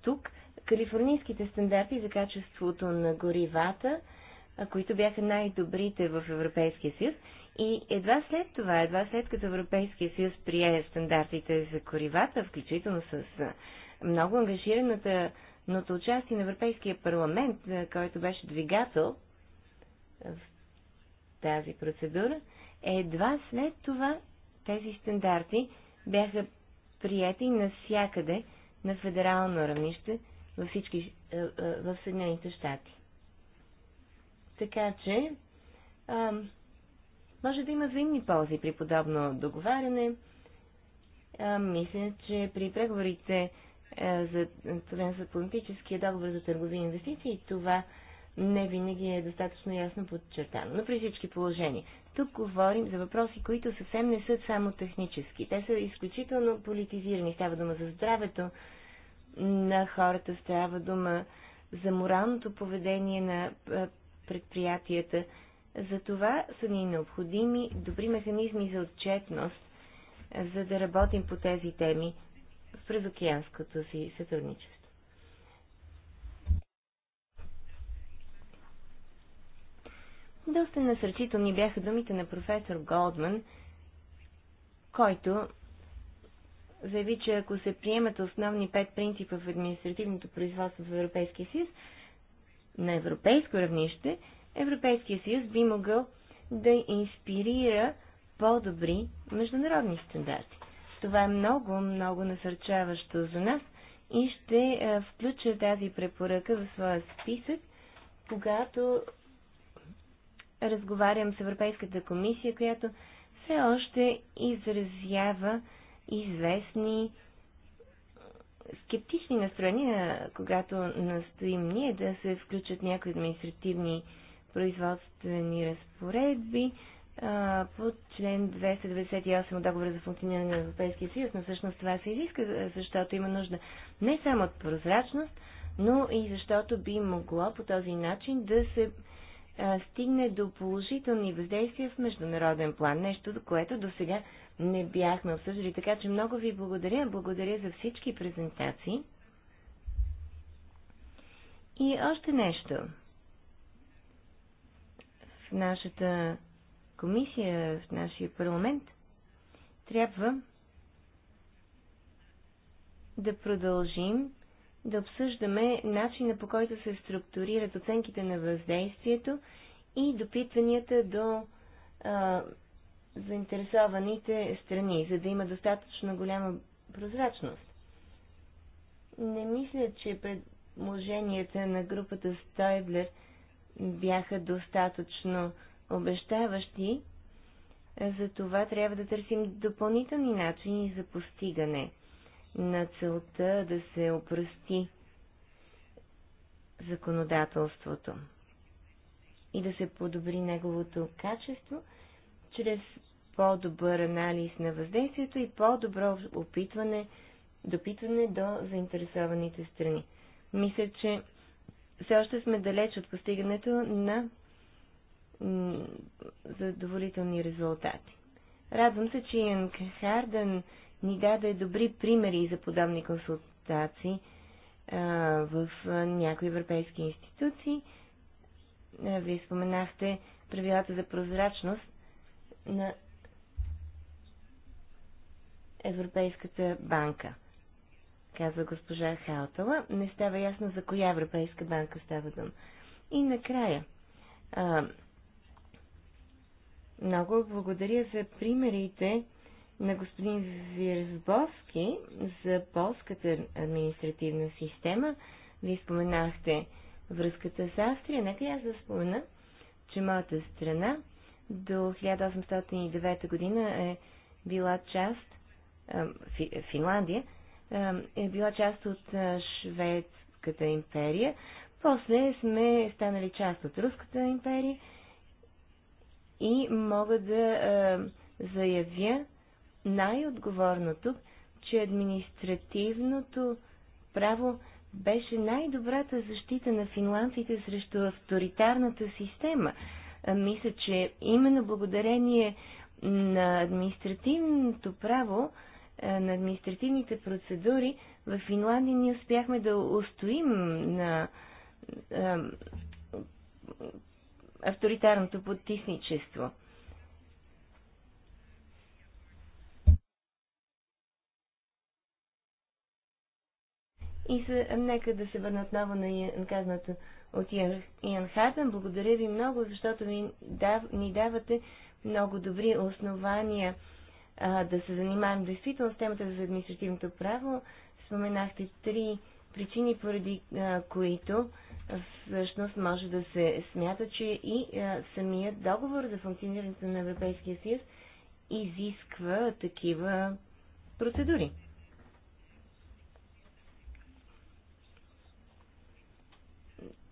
тук калифорнийските стандарти за качеството на горивата, които бяха най-добрите в Европейския съюз. И едва след това, едва след като Европейския съюз прие стандартите за горивата, включително с много ангажираната но от участие на Европейския парламент, който беше двигател в тази процедура, едва след това тези стандарти бяха приятели навсякъде на федерално равнище във всички е, е, в Съединените щати. Така че, а, може да има взаимни ползи при подобно договаряне. А, мисля, че при преговорите е, за, за политическия договор за търговия и инвестиции това не винаги е достатъчно ясно подчертано, но при всички положения. Тук говорим за въпроси, които съвсем не са само технически. Те са изключително политизирани. Става дума за здравето на хората, става дума за моралното поведение на предприятията. За това са ни необходими добри механизми за отчетност, за да работим по тези теми в предокеанското си сътрудничество. Доста насърчителни бяха думите на професор Голдман, който заяви, че ако се приемат основни пет принципа в административното производство в Европейския съюз, на европейско равнище, Европейския съюз би могъл да инспирира по-добри международни стандарти. Това е много, много насърчаващо за нас и ще включа тази препоръка в своя списък, когато разговарям с Европейската комисия, която все още изразява известни скептични настроения, когато настоим ние да се включат някои административни производствени разпоредби а, по член 298 от договора за функциониране на Европейския съюз, но всъщност това се изиска, защото има нужда не само от прозрачност, но и защото би могло по този начин да се стигне до положителни въздействия в международен план. Нещо, до което до сега не бяхме обсъждали. Така че много ви благодаря. Благодаря за всички презентации. И още нещо. В нашата комисия, в нашия парламент, трябва да продължим да обсъждаме начина по който се структурират оценките на въздействието и допитванията до а, заинтересованите страни, за да има достатъчно голяма прозрачност. Не мисля, че предложенията на групата Стойблер бяха достатъчно обещаващи, затова трябва да търсим допълнителни начини за постигане – на целта да се опрости законодателството и да се подобри неговото качество чрез по-добър анализ на въздействието и по-добро опитване, допитване до заинтересованите страни. Мисля, че все още сме далеч от постигането на задоволителни резултати. Радвам се, че Иан Харден ни даде добри примери за подобни консултации а, в някои европейски институции. А, вие споменахте правилата за прозрачност на Европейската банка, казва госпожа Хаутала. Не става ясно за коя Европейска банка става дума. И накрая. А, много благодаря за примерите на господин Вирзбовски за полската административна система. Вие споменахте връзката с Австрия. Нека аз да спомена, че моята страна до 1809 година е била част, Финландия, е била част от Шведската империя. После сме станали част от Руската империя и мога да заявя, най-отговорно тук, че административното право беше най-добрата защита на финландците срещу авторитарната система. Мисля, че именно благодарение на административното право, на административните процедури, в Финландия ние успяхме да устоим на авторитарното потисничество. И се, нека да се върна отново на казаното от Иан Хартен. Благодаря ви много, защото ви дав, ни давате много добри основания а, да се занимаем действително с темата за административното право. Споменахте три причини, поради а, които всъщност може да се смята, че и а, самият договор за функционирането на Европейския съюз изисква такива процедури.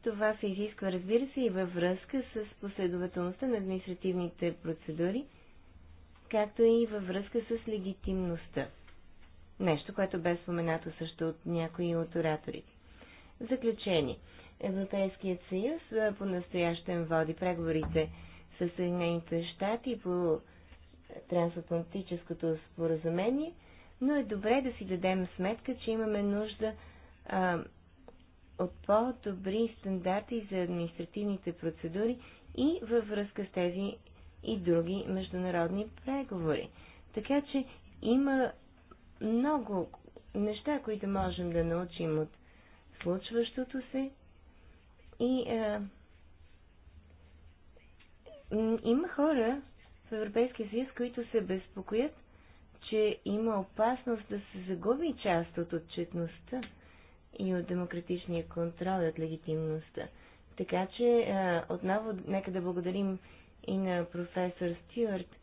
Това се изисква, разбира се, и във връзка с последователността на административните процедури, както и във връзка с легитимността. Нещо, което бе споменато също от някои от ораторите. Заключение. Европейският съюз по-настоящен води преговорите с Съединените щати по трансатлантическото споразумение, но е добре да си дадем сметка, че имаме нужда а, от по-добри стандарти за административните процедури и във връзка с тези и други международни преговори. Така че има много неща, които можем да научим от случващото се и а, има хора в Европейския съюз, които се безпокоят, че има опасност да се загуби част от отчетността и от демократичния контрол и от легитимността. Така че отново нека да благодарим и на професор Стюарт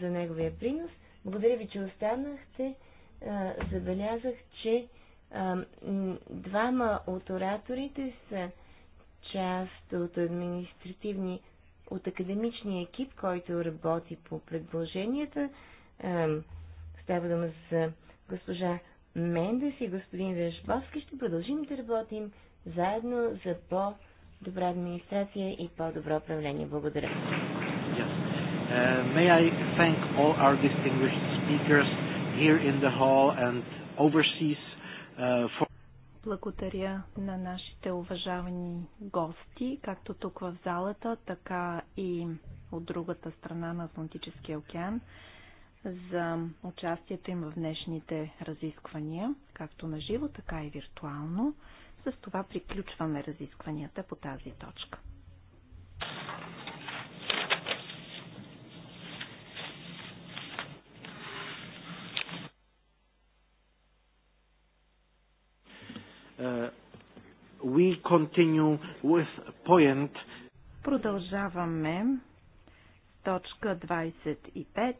за неговия принос. Благодаря ви, че останахте. Забелязах, че двама от ораторите са част от административни, от академичния екип, който работи по предложенията. Става дума за госпожа Мендес и господин Вежбовски ще продължим да работим заедно за по-добра администрация и по-добро управление. Благодаря. Yes. Uh, may I thank all our distinguished speakers here in the hall and overseas uh, for благодаря на нашите уважавани гости, както тук в залата, така и от другата страна на Атлантическия океан за участието им в днешните разисквания, както на живо, така и виртуално. С това приключваме разискванията по тази точка. Uh, we continue with point. Продължаваме точка 25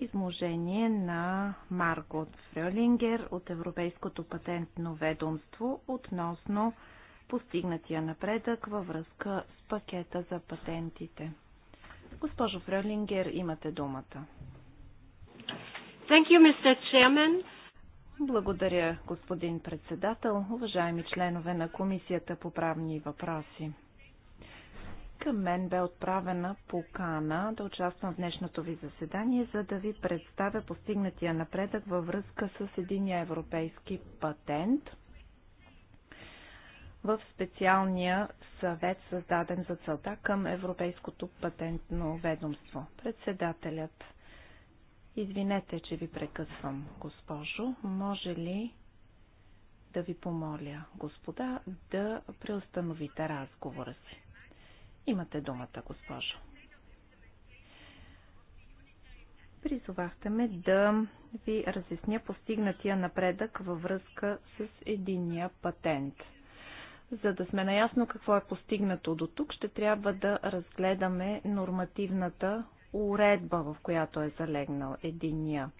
изложение на Маргот Фрелингер от Европейското патентно ведомство относно постигнатия напредък във връзка с пакета за патентите. Госпожо Фрелингер, имате думата. Thank you, Mr. Chairman. Благодаря, господин председател, уважаеми членове на Комисията по правни въпроси. Към мен бе отправена покана да участвам в днешното ви заседание, за да ви представя постигнатия напредък във връзка с единия европейски патент в специалния съвет, създаден за целта към Европейското патентно ведомство. Председателят Извинете, че ви прекъсвам, госпожо. Може ли да ви помоля, господа, да преустановите разговора си? Имате думата, госпожо. Призовахте ме да ви разясня постигнатия напредък във връзка с единия патент. За да сме наясно какво е постигнато до тук, ще трябва да разгледаме нормативната уредба, в която е залегнал единия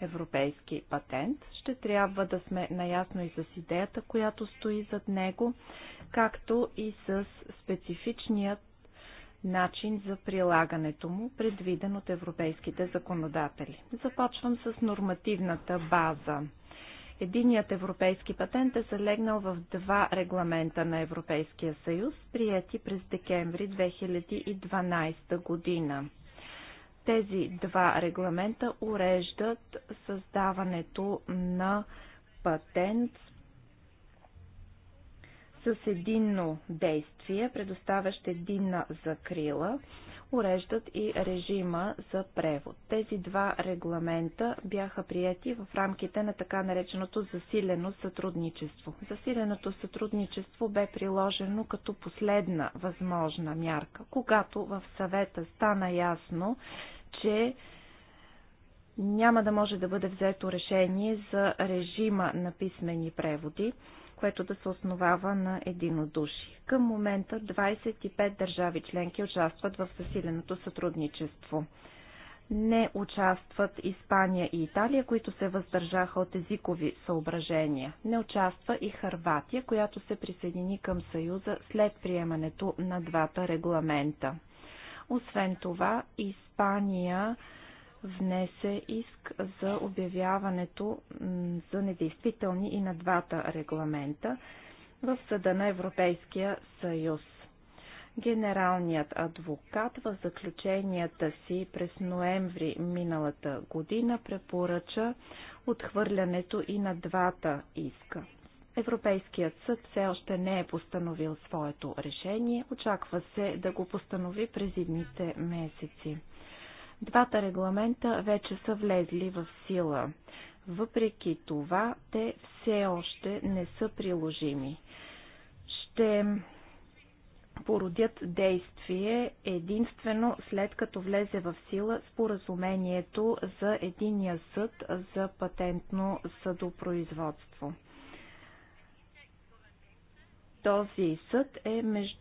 европейски патент. Ще трябва да сме наясно и с идеята, която стои зад него, както и с специфичният начин за прилагането му, предвиден от европейските законодатели. Започвам с нормативната база. Единият европейски патент е залегнал в два регламента на Европейския съюз, прияти през декември 2012 година. Тези два регламента уреждат създаването на патент с единно действие, предоставящ единна закрила, уреждат и режима за превод. Тези два регламента бяха прияти в рамките на така нареченото засилено сътрудничество. Засиленото сътрудничество бе приложено като последна възможна мярка, когато в съвета стана ясно, че няма да може да бъде взето решение за режима на писмени преводи, което да се основава на единодушие. Към момента 25 държави членки участват в засиленото сътрудничество. Не участват Испания и Италия, които се въздържаха от езикови съображения. Не участва и Харватия, която се присъедини към Съюза след приемането на двата регламента. Освен това, Испания внесе иск за обявяването за недействителни и на двата регламента в Съда на Европейския съюз. Генералният адвокат в заключенията си през ноември миналата година препоръча отхвърлянето и на двата иска. Европейският съд все още не е постановил своето решение, очаква се да го постанови през едните месеци. Двата регламента вече са влезли в сила. Въпреки това, те все още не са приложими. Ще породят действие единствено след като влезе в сила споразумението за единия съд за патентно съдопроизводство. Този съд е между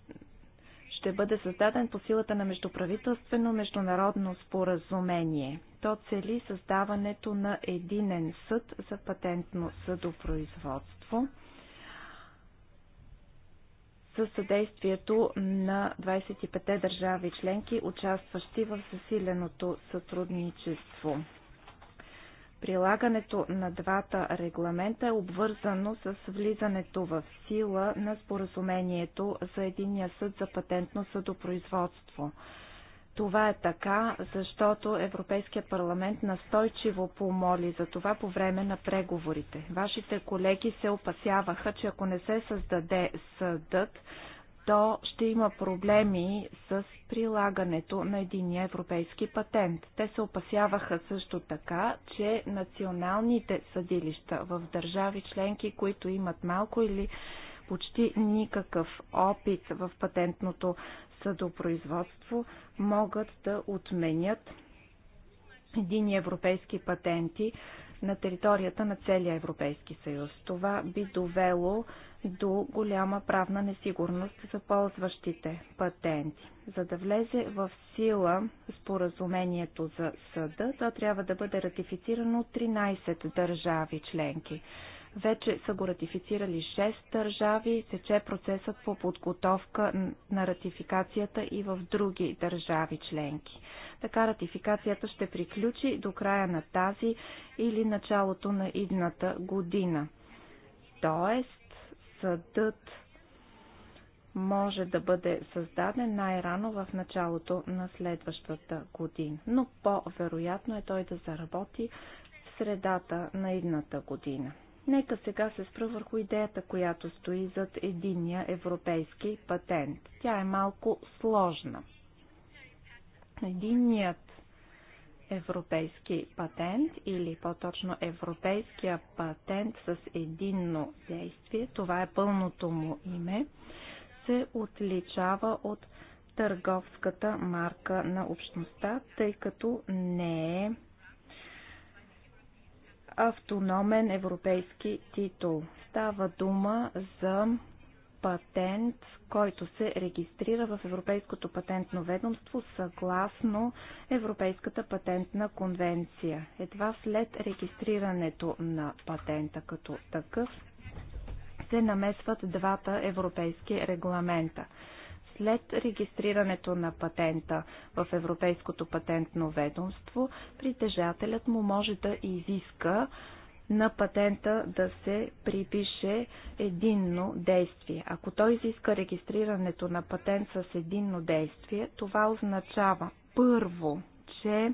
ще бъде създаден по силата на междуправителствено международно споразумение. То цели създаването на единен съд за патентно съдопроизводство със съдействието на 25-те държави членки, участващи в засиленото сътрудничество. Прилагането на двата регламента е обвързано с влизането в сила на споразумението за единия съд за патентно съдопроизводство. Това е така, защото Европейският парламент настойчиво помоли за това по време на преговорите. Вашите колеги се опасяваха, че ако не се създаде съдът, то ще има проблеми с прилагането на единия европейски патент. Те се опасяваха също така, че националните съдилища в държави членки, които имат малко или почти никакъв опит в патентното съдопроизводство, могат да отменят един европейски патенти на територията на целия Европейски съюз. Това би довело до голяма правна несигурност за ползващите патенти. За да влезе в сила споразумението за съда, то трябва да бъде ратифицирано от 13 държави членки. Вече са го ратифицирали 6 държави, тече процесът по подготовка на ратификацията и в други държави членки. Така ратификацията ще приключи до края на тази или началото на идната година. Тоест, съдът може да бъде създаден най-рано в началото на следващата година, но по-вероятно е той да заработи в средата на едната година. Нека сега се спра върху идеята, която стои зад единния европейски патент. Тя е малко сложна. Единният европейски патент или по-точно европейския патент с единно действие, това е пълното му име, се отличава от търговската марка на общността, тъй като не е автономен европейски титул. Става дума за патент, който се регистрира в Европейското патентно ведомство съгласно Европейската патентна конвенция. Едва след регистрирането на патента като такъв се намесват двата европейски регламента след регистрирането на патента в Европейското патентно ведомство, притежателят му може да изиска на патента да се припише единно действие. Ако той изиска регистрирането на патент с единно действие, това означава първо, че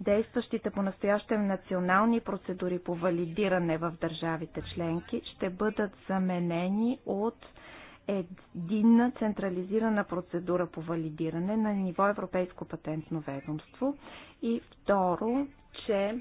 действащите по настоящем национални процедури по валидиране в държавите членки ще бъдат заменени от единна централизирана процедура по валидиране на ниво Европейско патентно ведомство и второ, че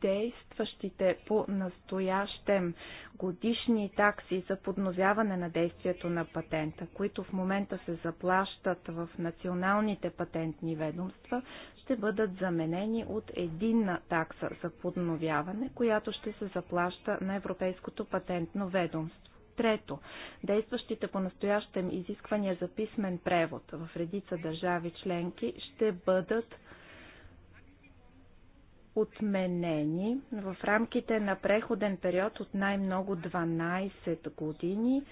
действащите по настоящем годишни такси за подновяване на действието на патента, които в момента се заплащат в националните патентни ведомства, ще бъдат заменени от единна такса за подновяване, която ще се заплаща на Европейското патентно ведомство. Трето, действащите по настоящем изисквания за писмен превод в редица държави членки ще бъдат отменени в рамките на преходен период от най-много 12 години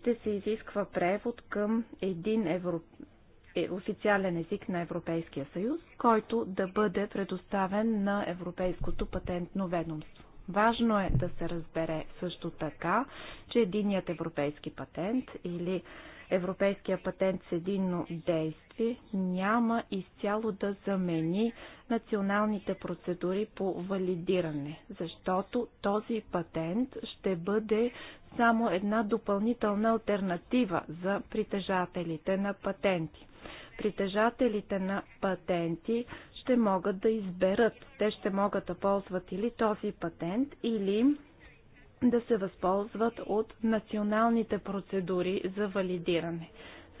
ще се изисква превод към един евро... е, официален език на Европейския съюз, който да бъде предоставен на Европейското патентно ведомство. Важно е да се разбере също така, че единият европейски патент или европейския патент с единно действие няма изцяло да замени националните процедури по валидиране, защото този патент ще бъде само една допълнителна альтернатива за притежателите на патенти. Притежателите на патенти ще могат да изберат. Те ще могат да ползват или този патент, или да се възползват от националните процедури за валидиране.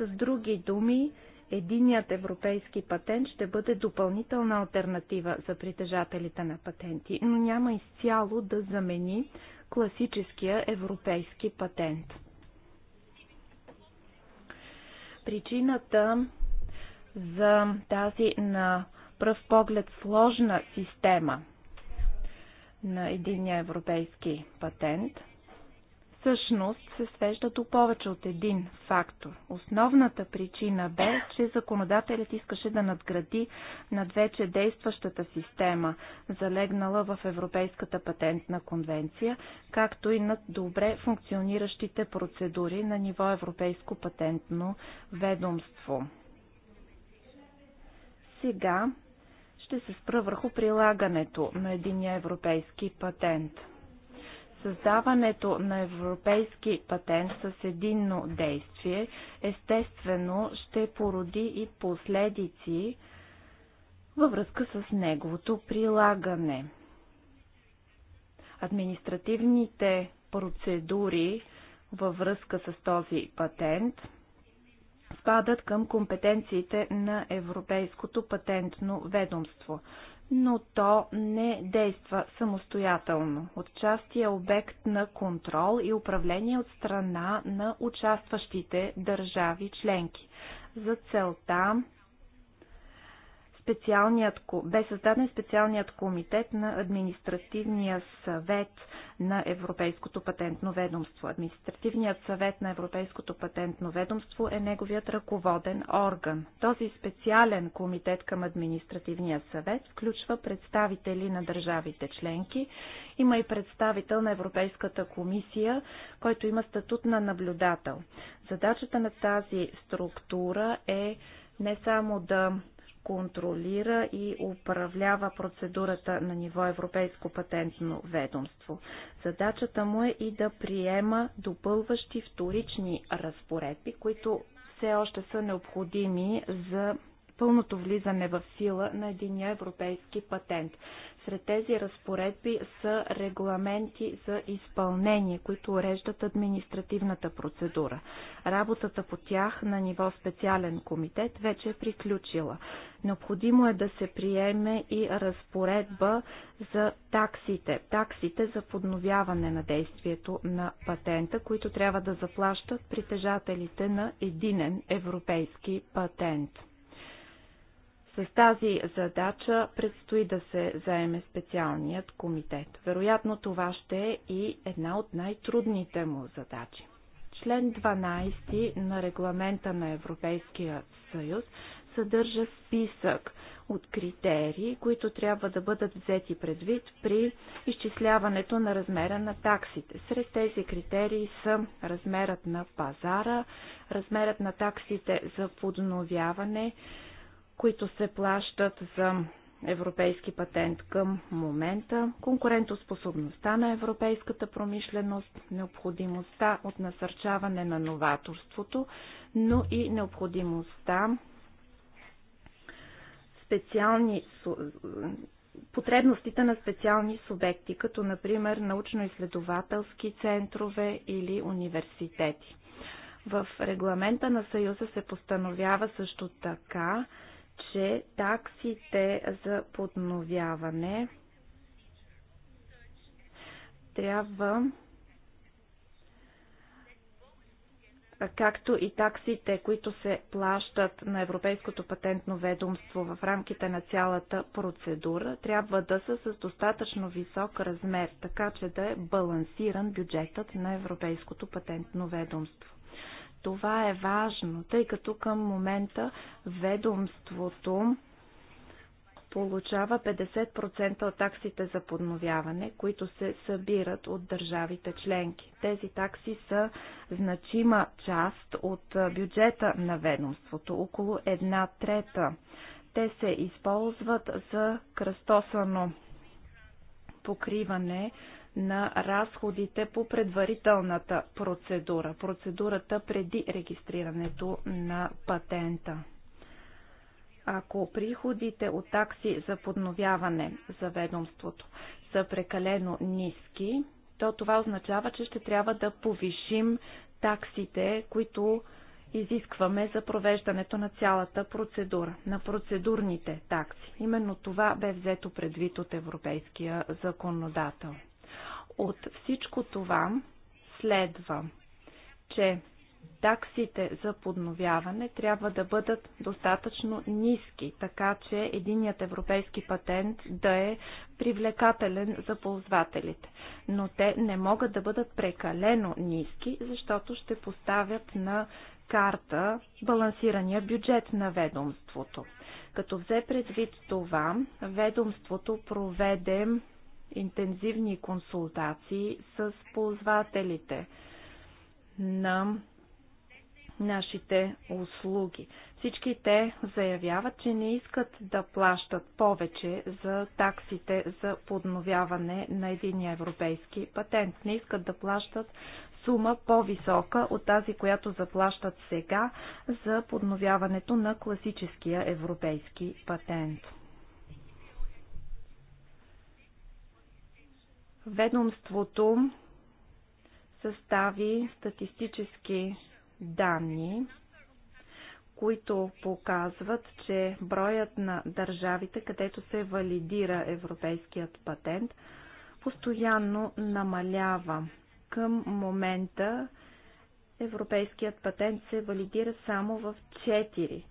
С други думи, единият европейски патент ще бъде допълнителна альтернатива за притежателите на патенти, но няма изцяло да замени класическия европейски патент. Причината за тази на пръв поглед сложна система на единния европейски патент, всъщност се свежда до повече от един фактор. Основната причина бе, че законодателят искаше да надгради над вече действащата система, залегнала в Европейската патентна конвенция, както и над добре функциониращите процедури на ниво Европейско патентно ведомство. Сега ще се спра върху прилагането на единия европейски патент. Създаването на европейски патент с единно действие естествено ще породи и последици във връзка с неговото прилагане. Административните процедури във връзка с този патент – спадат към компетенциите на Европейското патентно ведомство, но то не действа самостоятелно. Отчасти е обект на контрол и управление от страна на участващите държави членки. За целта специалният, бе създаден специалният комитет на административния съвет на Европейското патентно ведомство. Административният съвет на Европейското патентно ведомство е неговият ръководен орган. Този специален комитет към административния съвет включва представители на държавите членки. Има и представител на Европейската комисия, който има статут на наблюдател. Задачата на тази структура е не само да контролира и управлява процедурата на ниво Европейско патентно ведомство. Задачата му е и да приема допълващи вторични разпоредби, които все още са необходими за пълното влизане в сила на единия европейски патент. Сред тези разпоредби са регламенти за изпълнение, които уреждат административната процедура. Работата по тях на ниво специален комитет вече е приключила. Необходимо е да се приеме и разпоредба за таксите. Таксите за подновяване на действието на патента, които трябва да заплащат притежателите на единен европейски патент. С тази задача предстои да се заеме специалният комитет. Вероятно това ще е и една от най-трудните му задачи. Член 12 на регламента на Европейския съюз съдържа списък от критерии, които трябва да бъдат взети предвид при изчисляването на размера на таксите. Сред тези критерии са размерът на пазара, размерът на таксите за подновяване, които се плащат за европейски патент към момента, конкурентоспособността на европейската промишленост, необходимостта от насърчаване на новаторството, но и необходимостта специални потребностите на специални субекти, като например научно-изследователски центрове или университети. В регламента на Съюза се постановява също така, че таксите за подновяване трябва както и таксите, които се плащат на Европейското патентно ведомство в рамките на цялата процедура, трябва да са с достатъчно висок размер, така че да е балансиран бюджетът на Европейското патентно ведомство. Това е важно, тъй като към момента ведомството получава 50% от таксите за подновяване, които се събират от държавите членки. Тези такси са значима част от бюджета на ведомството, около една трета. Те се използват за кръстосано покриване на разходите по предварителната процедура, процедурата преди регистрирането на патента. Ако приходите от такси за подновяване за ведомството са прекалено ниски, то това означава, че ще трябва да повишим таксите, които изискваме за провеждането на цялата процедура, на процедурните такси. Именно това бе взето предвид от европейския законодател. От всичко това следва, че таксите за подновяване трябва да бъдат достатъчно ниски, така че единият европейски патент да е привлекателен за ползвателите. Но те не могат да бъдат прекалено ниски, защото ще поставят на карта балансирания бюджет на ведомството. Като взе предвид това, ведомството проведе интензивни консултации с ползвателите на нашите услуги. Всички те заявяват, че не искат да плащат повече за таксите за подновяване на единия европейски патент. Не искат да плащат сума по-висока от тази, която заплащат сега за подновяването на класическия европейски патент. Ведомството състави статистически данни, които показват, че броят на държавите, където се валидира европейският патент, постоянно намалява. Към момента европейският патент се валидира само в 4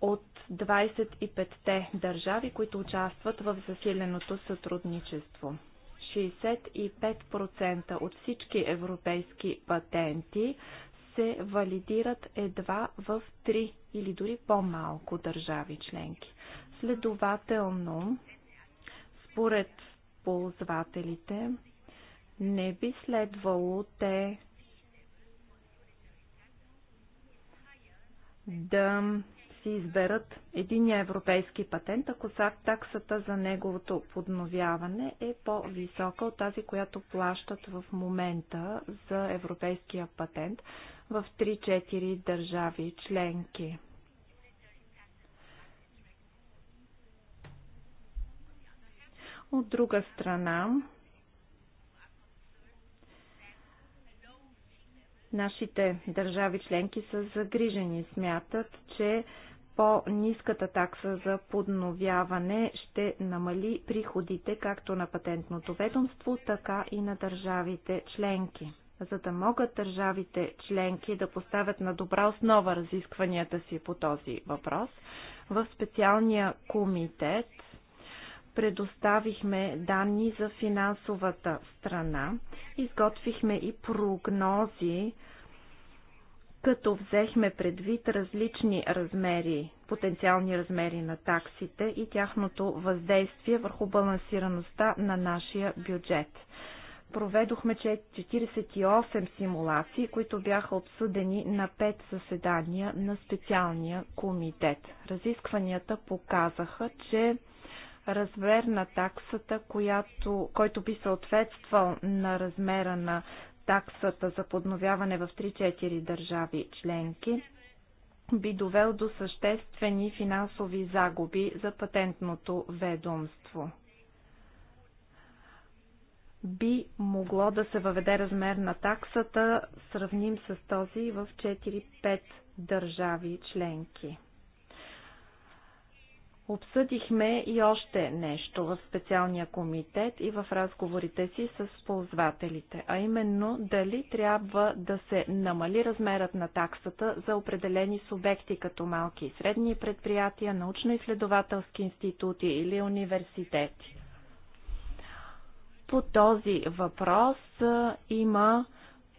от 25-те държави, които участват в засиленото сътрудничество. 65% от всички европейски патенти се валидират едва в 3 или дори по-малко държави членки. Следователно, според ползвателите, не би следвало те да си изберат единия европейски патент, ако таксата за неговото подновяване е по-висока от тази, която плащат в момента за европейския патент в 3-4 държави членки. От друга страна, нашите държави членки са загрижени. Смятат, че по-низката такса за подновяване ще намали приходите както на патентното ведомство, така и на държавите членки. За да могат държавите членки да поставят на добра основа разискванията си по този въпрос, в специалния комитет предоставихме данни за финансовата страна, изготвихме и прогнози като взехме предвид различни размери, потенциални размери на таксите и тяхното въздействие върху балансираността на нашия бюджет. Проведохме 48 симулации, които бяха обсъдени на 5 заседания на специалния комитет. Разискванията показаха, че размер на таксата, която, който би съответствал на размера на таксата за подновяване в 3-4 държави членки би довел до съществени финансови загуби за патентното ведомство. Би могло да се въведе размер на таксата, сравним с този в 4-5 държави членки. Обсъдихме и още нещо в специалния комитет и в разговорите си с ползвателите, а именно дали трябва да се намали размерът на таксата за определени субекти като малки и средни предприятия, научно-изследователски институти или университети. По този въпрос има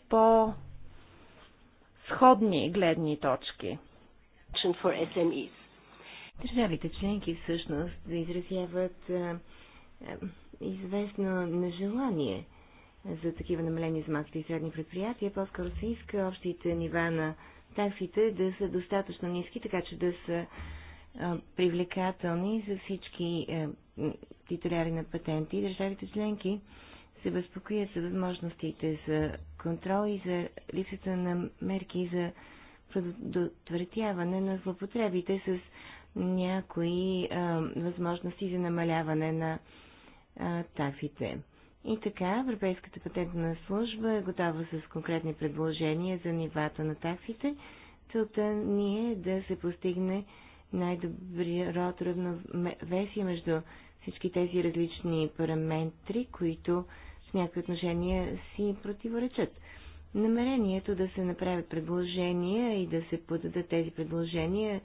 по сходни гледни точки. For SMEs. Държавите членки всъщност изразяват а, а, известно нежелание за такива намалени за малките и средни предприятия. По-скоро се иска общите нива на таксите да са достатъчно ниски, така че да са а, привлекателни за всички а, титуляри на патенти. Държавите членки се безпокоят за възможностите за контрол и за липсата на мерки за предотвратяване на злопотребите с някои а, възможности за намаляване на а, таксите. И така, Европейската патентна служба е готова с конкретни предложения за нивата на таксите. Целта ни е да се постигне най род равновесие между всички тези различни параметри, които в някои отношения си противоречат. Намерението да се направят предложения и да се подадат тези предложения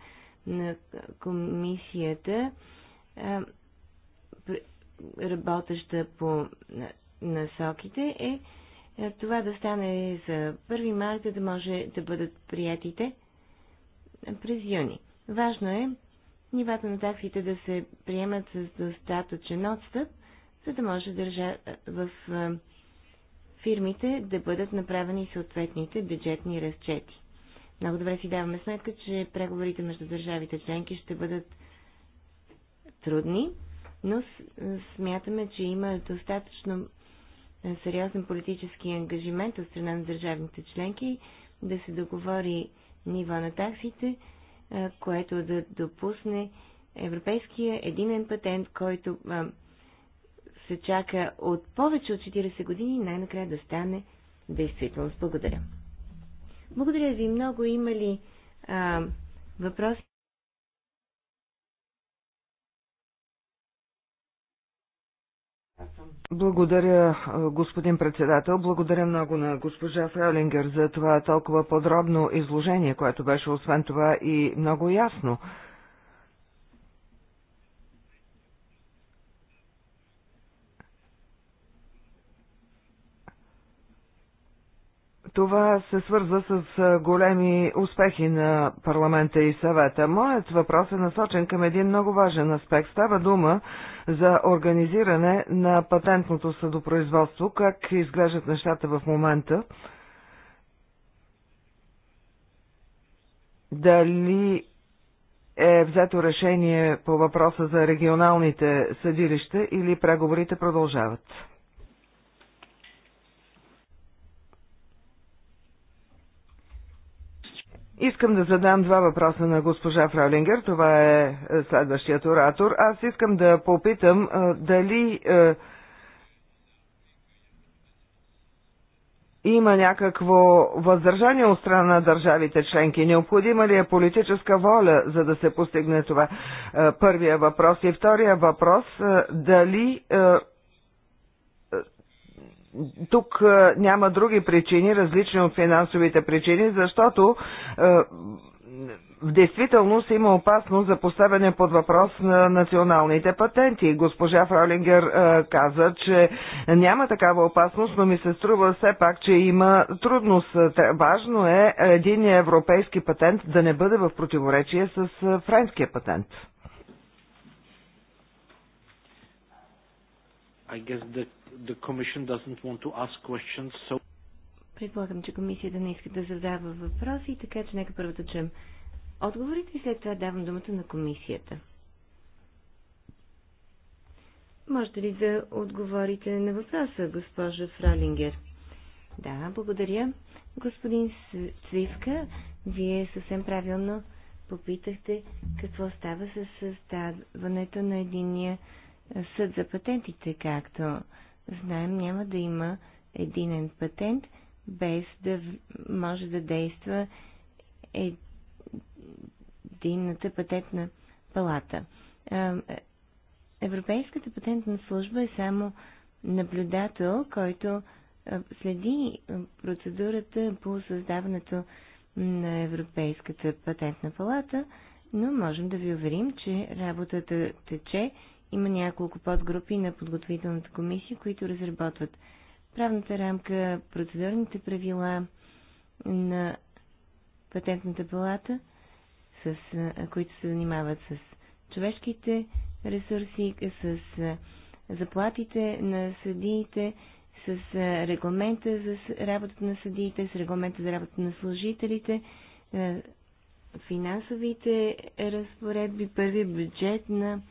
на комисията, работеща по насоките, е това да стане за 1 марта, да може да бъдат приятите през юни. Важно е нивата на таксите да се приемат с достатъчен отстъп, за да може държа... в фирмите да бъдат направени съответните бюджетни разчети. Много добре си даваме сметка, че преговорите между държавите членки ще бъдат трудни, но смятаме, че има достатъчно е, сериозен политически ангажимент от страна на държавните членки да се договори ниво на таксите, е, което да допусне европейския единен патент, който е, се чака от повече от 40 години, най-накрая да стане действителност. Благодаря. Благодаря ви много. Има ли а, въпроси? Благодаря, господин председател. Благодаря много на госпожа Фрелингер за това толкова подробно изложение, което беше освен това и много ясно. Това се свързва с големи успехи на парламента и съвета. Моят въпрос е насочен към един много важен аспект. Става дума за организиране на патентното съдопроизводство. Как изглеждат нещата в момента? Дали е взето решение по въпроса за регионалните съдилища или преговорите продължават? Искам да задам два въпроса на госпожа Фраулингер. Това е, е следващият оратор. Аз искам да попитам е, дали е, има някакво въздържание от страна на държавите членки? Необходима ли е политическа воля, за да се постигне това? Първия въпрос. И втория въпрос, дали тук е, няма други причини, различни от финансовите причини, защото е, в действителност има опасност за поставяне под въпрос на националните патенти. Госпожа Фролингер а, е, каза, че няма такава опасност, но ми се струва все пак, че има трудност. Важно е един европейски патент да не бъде в противоречие с френския патент. I guess the the Commission doesn't want to ask questions, so... Предполагам, че комисията не иска да задава въпроси, така че нека първо да чуем отговорите и след това давам думата на комисията. Можете ли да отговорите на въпроса, госпожа Фралингер? Да, благодаря. Господин Цвивка, вие съвсем правилно попитахте какво става с създаването на единия съд за патентите, както знаем, няма да има единен патент, без да може да действа единната патентна палата. Европейската патентна служба е само наблюдател, който следи процедурата по създаването на Европейската патентна палата, но можем да ви уверим, че работата тече има няколко подгрупи на подготвителната комисия, които разработват правната рамка, процедурните правила на патентната палата, с, които се занимават с човешките ресурси, с заплатите на съдиите, с регламента за работата на съдиите, с регламента за работата на служителите, финансовите разпоредби, първи бюджет на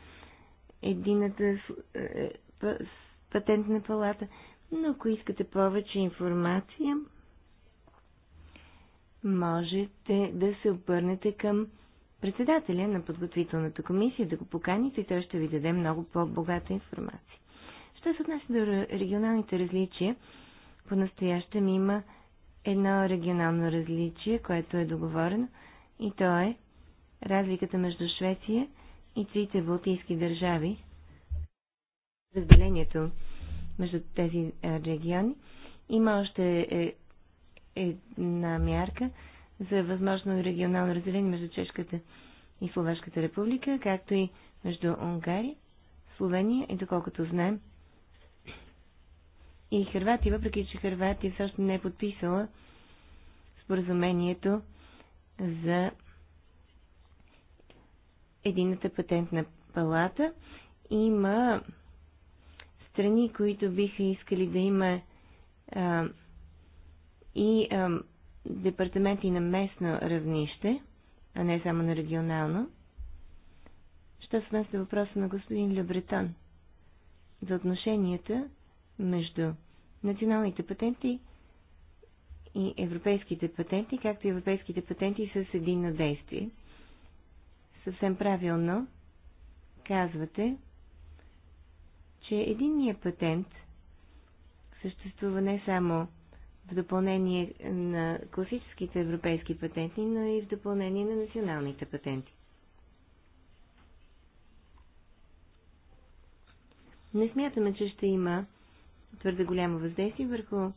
едината е е, патентна палата, но ако искате повече информация, можете да се обърнете към председателя на подготвителната комисия, да го поканите и той ще ви даде много по-богата информация. Що се отнася до регионалните различия, по-настоящем има едно регионално различие, което е договорено и то е разликата между Швеция и трите балтийски държави, разделението между тези региони, има още е, една мярка за възможно регионално разделение между Чешката и Словашката република, както и между Унгария, Словения и доколкото знаем и Хрватия, въпреки че Хрватия все още не е подписала споразумението за едината патентна палата. Има страни, които биха искали да има а, и а, департаменти на местно равнище, а не само на регионално. Що се отнася въпроса на господин Лебретон за отношенията между националните патенти и европейските патенти, както и европейските патенти с единно действие – съвсем правилно казвате, че единния патент съществува не само в допълнение на класическите европейски патенти, но и в допълнение на националните патенти. Не смятаме, че ще има твърде голямо въздействие върху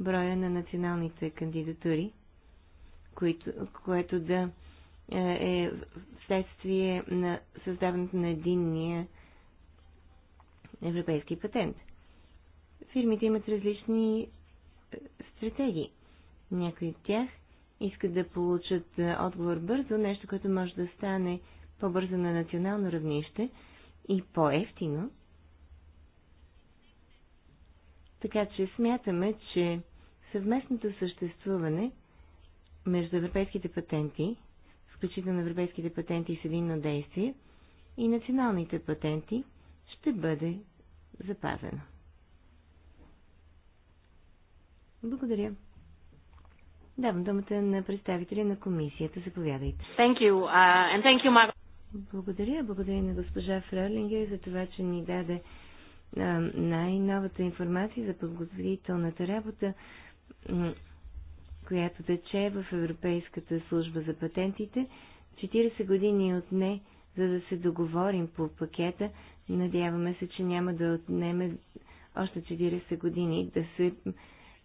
броя на националните кандидатури, което да е, е следствие на създаването на единния европейски патент. Фирмите имат различни е, стратегии. Някои от тях искат да получат е, отговор бързо, нещо, което може да стане по-бързо на национално равнище и по-ефтино. Така че смятаме, че съвместното съществуване между европейските патенти включително европейските патенти с на действие и националните патенти, ще бъде запазено. Благодаря. Давам думата на представителя на комисията. Заповядайте. Thank you, uh, and thank you, Благодаря. Благодаря на госпожа Фрелингер за това, че ни даде най-новата информация за подготовителната работа която тече в Европейската служба за патентите. 40 години от не, за да се договорим по пакета. Надяваме се, че няма да отнеме още 40 години да се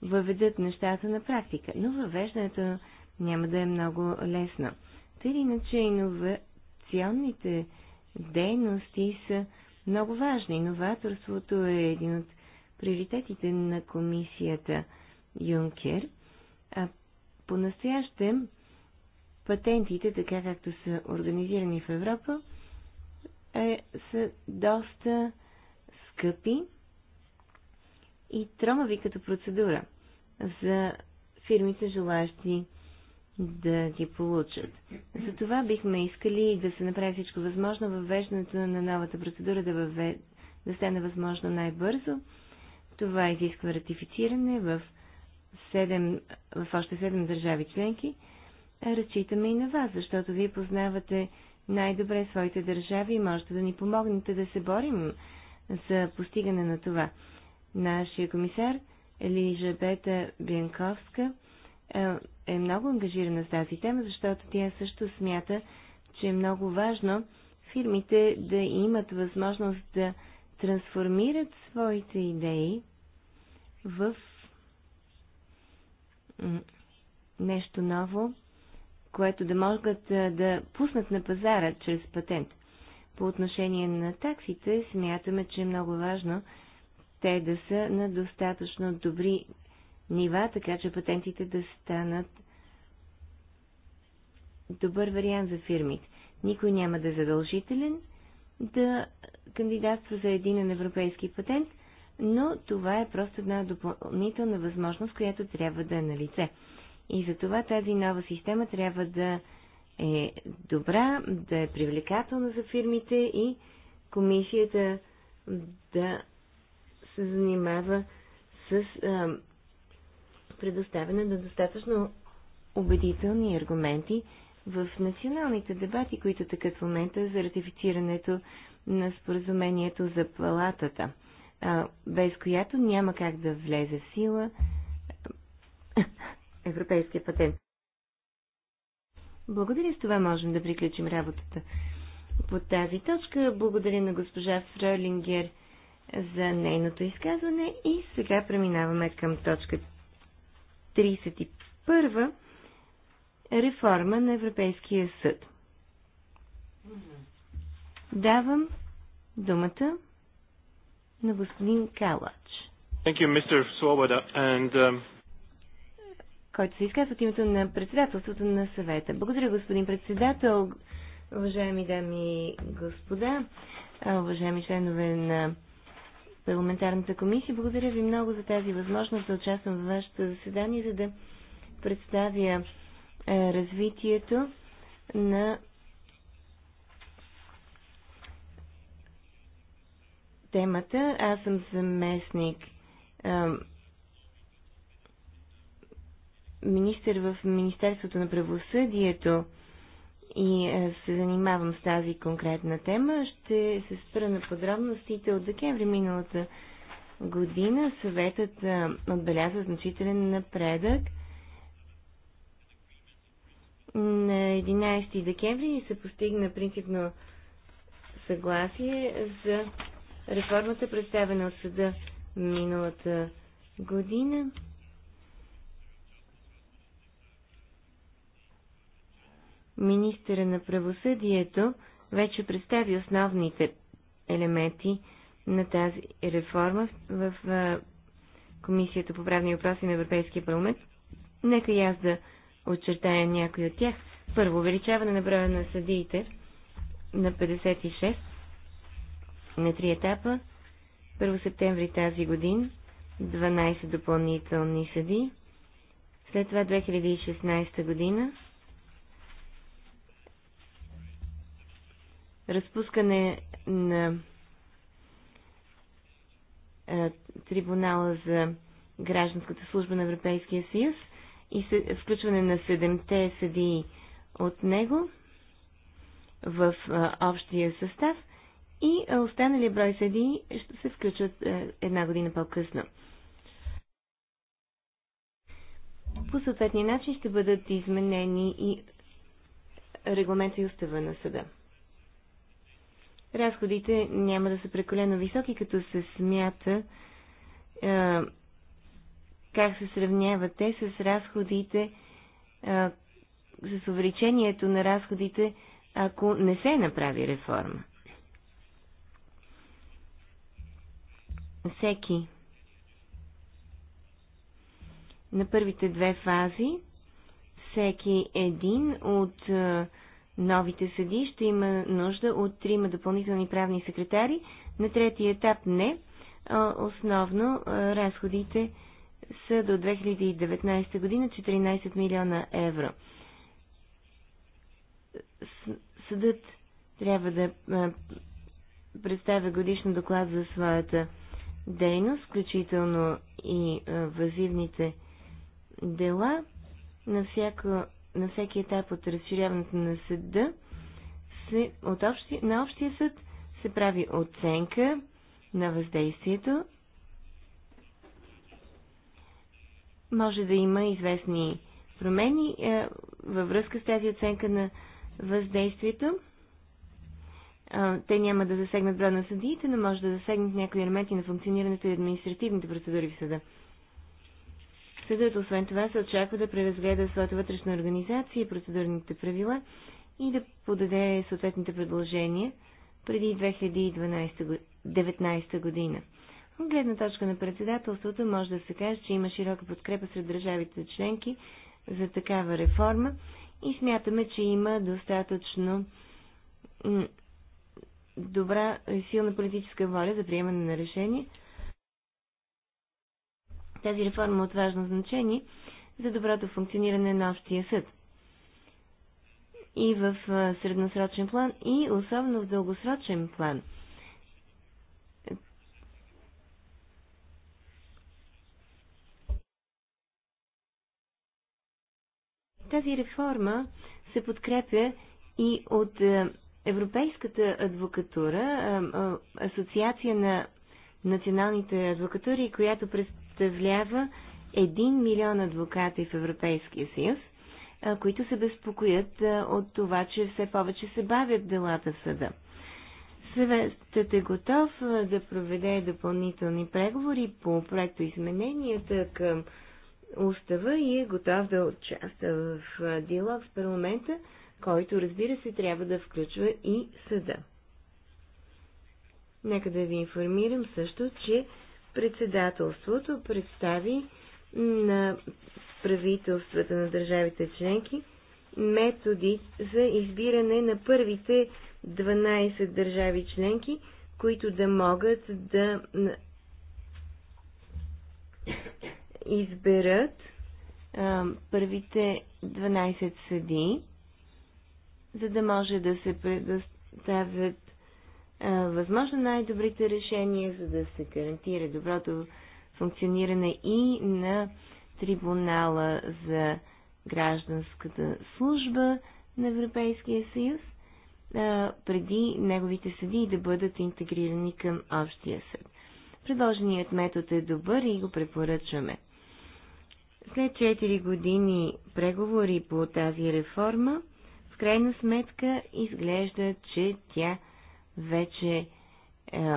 въведат нещата на практика. Но въвеждането няма да е много лесно. Тъй или иначе, иновационните дейности са много важни. Иноваторството е един от приоритетите на комисията Юнкер. По-настоящем патентите, така както са организирани в Европа, е, са доста скъпи и тромави като процедура за фирмите, желащи да ги получат. За това бихме искали да се направи всичко възможно, въвеждането на новата процедура да, въвед... да стане възможно най-бързо. Това изисква ратифициране в 7, в още 7 държави членки, разчитаме и на вас, защото вие познавате най-добре своите държави и можете да ни помогнете да се борим за постигане на това. Нашия комисар Елижабета Бенковска е, е много ангажирана с тази тема, защото тя също смята, че е много важно фирмите да имат възможност да трансформират своите идеи в нещо ново, което да могат да пуснат на пазара чрез патент. По отношение на таксите, смятаме, че е много важно те да са на достатъчно добри нива, така че патентите да станат добър вариант за фирмите. Никой няма да е задължителен да кандидатства за един европейски патент, но това е просто една допълнителна възможност, която трябва да е на лице. И за това тази нова система трябва да е добра, да е привлекателна за фирмите и комисията да се занимава с а, предоставяне на достатъчно убедителни аргументи в националните дебати, които такът в момента за ратифицирането на споразумението за палатата – без която няма как да влезе в сила европейския патент. Благодаря с това можем да приключим работата по тази точка. Благодаря на госпожа Фролингер за нейното изказване и сега преминаваме към точка 31. Реформа на Европейския съд. Давам думата на господин Калач. Thank you, Mr. Swoboda. And, um, който се изказва от името на председателството на съвета. Благодаря, господин председател, уважаеми дами и господа, уважаеми членове на парламентарната комисия. Благодаря ви много за тази възможност да участвам в вашето заседание, за да представя развитието на темата. Аз съм заместник министър в Министерството на правосъдието и се занимавам с тази конкретна тема. Ще се спра на подробностите. От декември миналата година съветът отбеляза значителен напредък. На 11 декември се постигна принципно съгласие за реформата, представена от съда миналата година, министъра на правосъдието вече представи основните елементи на тази реформа в, в Комисията по правни въпроси на Европейския парламент. Нека и аз да очертая някои от тях. Първо, увеличаване на броя на съдиите на 56 на три етапа. 1 септември тази годин, 12 допълнителни съди. След това 2016 година разпускане на трибунала за гражданската служба на Европейския съюз и включване на седемте съдии от него в общия състав – и останалия брой съди ще се включат е, една година по-късно. По съответния начин ще бъдат изменени и регламента и устава на съда. Разходите няма да са прекалено високи, като се смята е, как се сравняват те с разходите, е, с увеличението на разходите, ако не се направи реформа. всеки на първите две фази всеки един от е, новите съди ще има нужда от трима допълнителни правни секретари. На третия етап не. Е, основно е, разходите са до 2019 година 14 милиона евро. Съдът трябва да представя годишно доклад за своята дейност, включително и възивните дела, на, всяко, на всеки етап от разширяването на съда, се, от общи, на общия съд се прави оценка на въздействието. Може да има известни промени във връзка с тази оценка на въздействието те няма да засегнат броя на съдиите, но може да засегнат някои елементи на функционирането и административните процедури в съда. Съдът, освен това, се очаква да преразгледа своята вътрешна организация и процедурните правила и да подаде съответните предложения преди 2019 година. От гледна точка на председателството може да се каже, че има широка подкрепа сред държавите членки за такава реформа и смятаме, че има достатъчно добра и силна политическа воля за приемане на решение. Тази реформа е от важно значение за доброто функциониране на общия съд. И в средносрочен план, и особено в дългосрочен план. Тази реформа се подкрепя и от Европейската адвокатура, асоциация на националните адвокатури, която представлява 1 милион адвокати в Европейския съюз, които се безпокоят от това, че все повече се бавят делата в съда. Съветът е готов да проведе допълнителни преговори по проекто измененията към устава и е готов да участва в диалог с парламента, който разбира се трябва да включва и съда. Нека да ви информирам също, че председателството представи на правителствата на държавите членки методи за избиране на първите 12 държави членки, които да могат да изберат а, първите 12 съди за да може да се предоставят а, възможно най-добрите решения, за да се гарантира доброто функциониране и на трибунала за гражданската служба на Европейския съюз, а, преди неговите съдии да бъдат интегрирани към общия съд. Предложеният метод е добър и го препоръчваме. След 4 години преговори по тази реформа, крайна сметка изглежда, че тя вече е,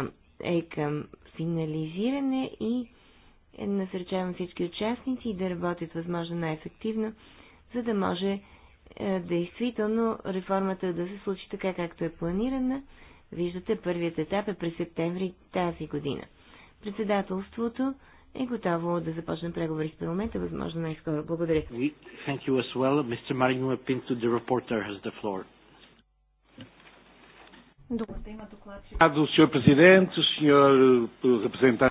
е към финализиране и насърчавам всички участници да работят възможно най-ефективно, за да може е, действително реформата да се случи така, както е планирана. Виждате, първият етап е през септември тази година. Председателството е готово да започне преговори с парламента, възможно най-скоро. Благодаря. We thank you as well. Mr. Marino Pinto, the reporter, has the floor. Eh,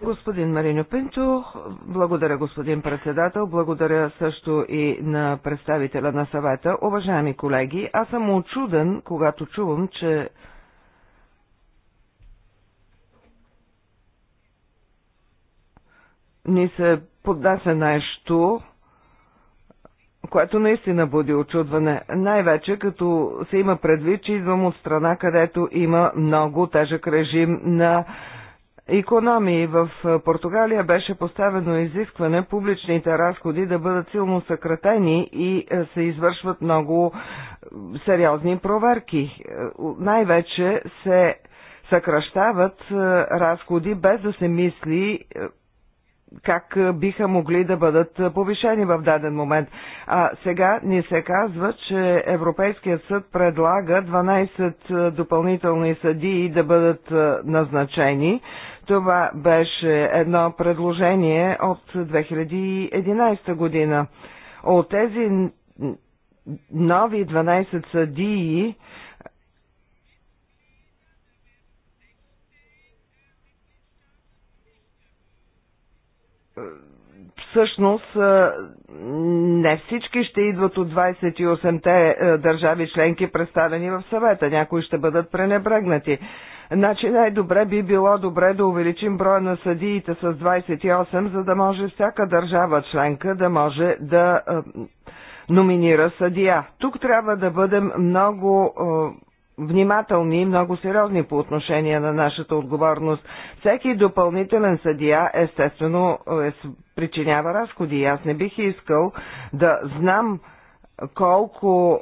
господин Мариньо Пинто, благодаря господин председател, благодаря също и на представителя на съвета. Уважаеми колеги, аз съм очуден, когато чувам, че ни се поднася нещо, което наистина буди очудване. Най-вече като се има предвид, че идвам от страна, където има много тежък режим на економии. В Португалия беше поставено изискване публичните разходи да бъдат силно съкратени и е, се извършват много е, сериозни проверки. Е, най-вече се съкръщават разходи без да се мисли как биха могли да бъдат повишени в даден момент. А сега ни се казва, че Европейският съд предлага 12 допълнителни съдии да бъдат назначени. Това беше едно предложение от 2011 година. От тези нови 12 съдии всъщност не всички ще идват от 28-те държави членки представени в съвета. Някои ще бъдат пренебрегнати. Значи най-добре би било добре да увеличим броя на съдиите с 28, за да може всяка държава членка да може да номинира съдия. Тук трябва да бъдем много внимателни и много сериозни по отношение на нашата отговорност. Всеки допълнителен съдия естествено е, причинява разходи. Аз не бих искал да знам колко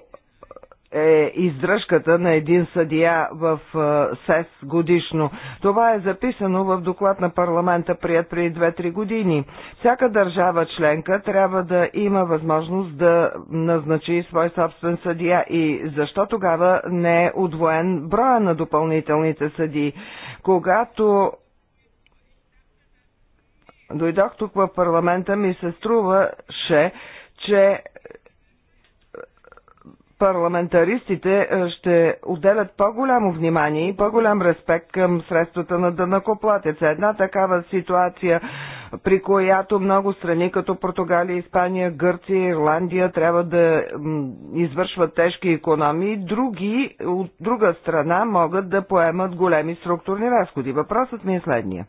е издръжката на един съдия в е, СЕС годишно. Това е записано в доклад на парламента, прият преди 2-3 години. Всяка държава членка трябва да има възможност да назначи свой собствен съдия и защо тогава не е удвоен броя на допълнителните съдии. Когато дойдох тук в парламента, ми се струваше, че парламентаристите е, ще отделят по-голямо внимание и по-голям респект към средствата на дънакоплатеца. Една такава ситуация, при която много страни, като Португалия, Испания, Гърция, Ирландия, трябва да извършват тежки економии, други от друга страна могат да поемат големи структурни разходи. Въпросът ми е следния.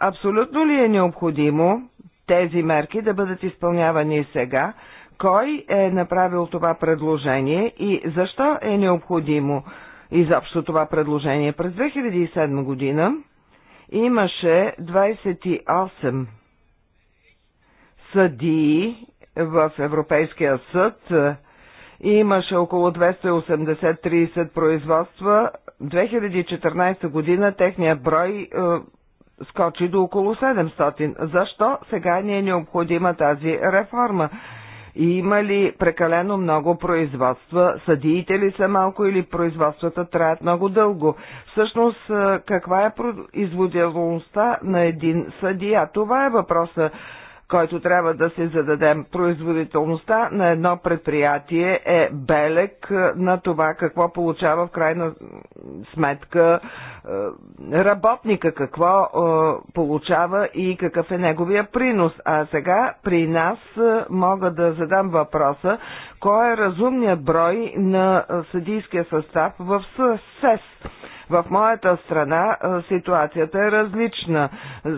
Абсолютно ли е необходимо тези мерки да бъдат изпълнявани сега, кой е направил това предложение и защо е необходимо изобщо това предложение. През 2007 година имаше 28 съдии в Европейския съд, имаше около 280-30 производства. 2014 година техният брой е, скочи до около 700. Защо сега ни е необходима тази реформа? Има ли прекалено много производства? Съдиите ли са малко или производствата траят много дълго? Всъщност, каква е производителността на един съдия? Това е въпроса който трябва да си зададем. Производителността на едно предприятие е белег е, на това какво получава в крайна сметка е, работника, какво е, получава и какъв е неговия принос. А сега при нас мога да задам въпроса, кой е разумният брой на съдийския състав в СЕС? В моята страна ситуацията е различна.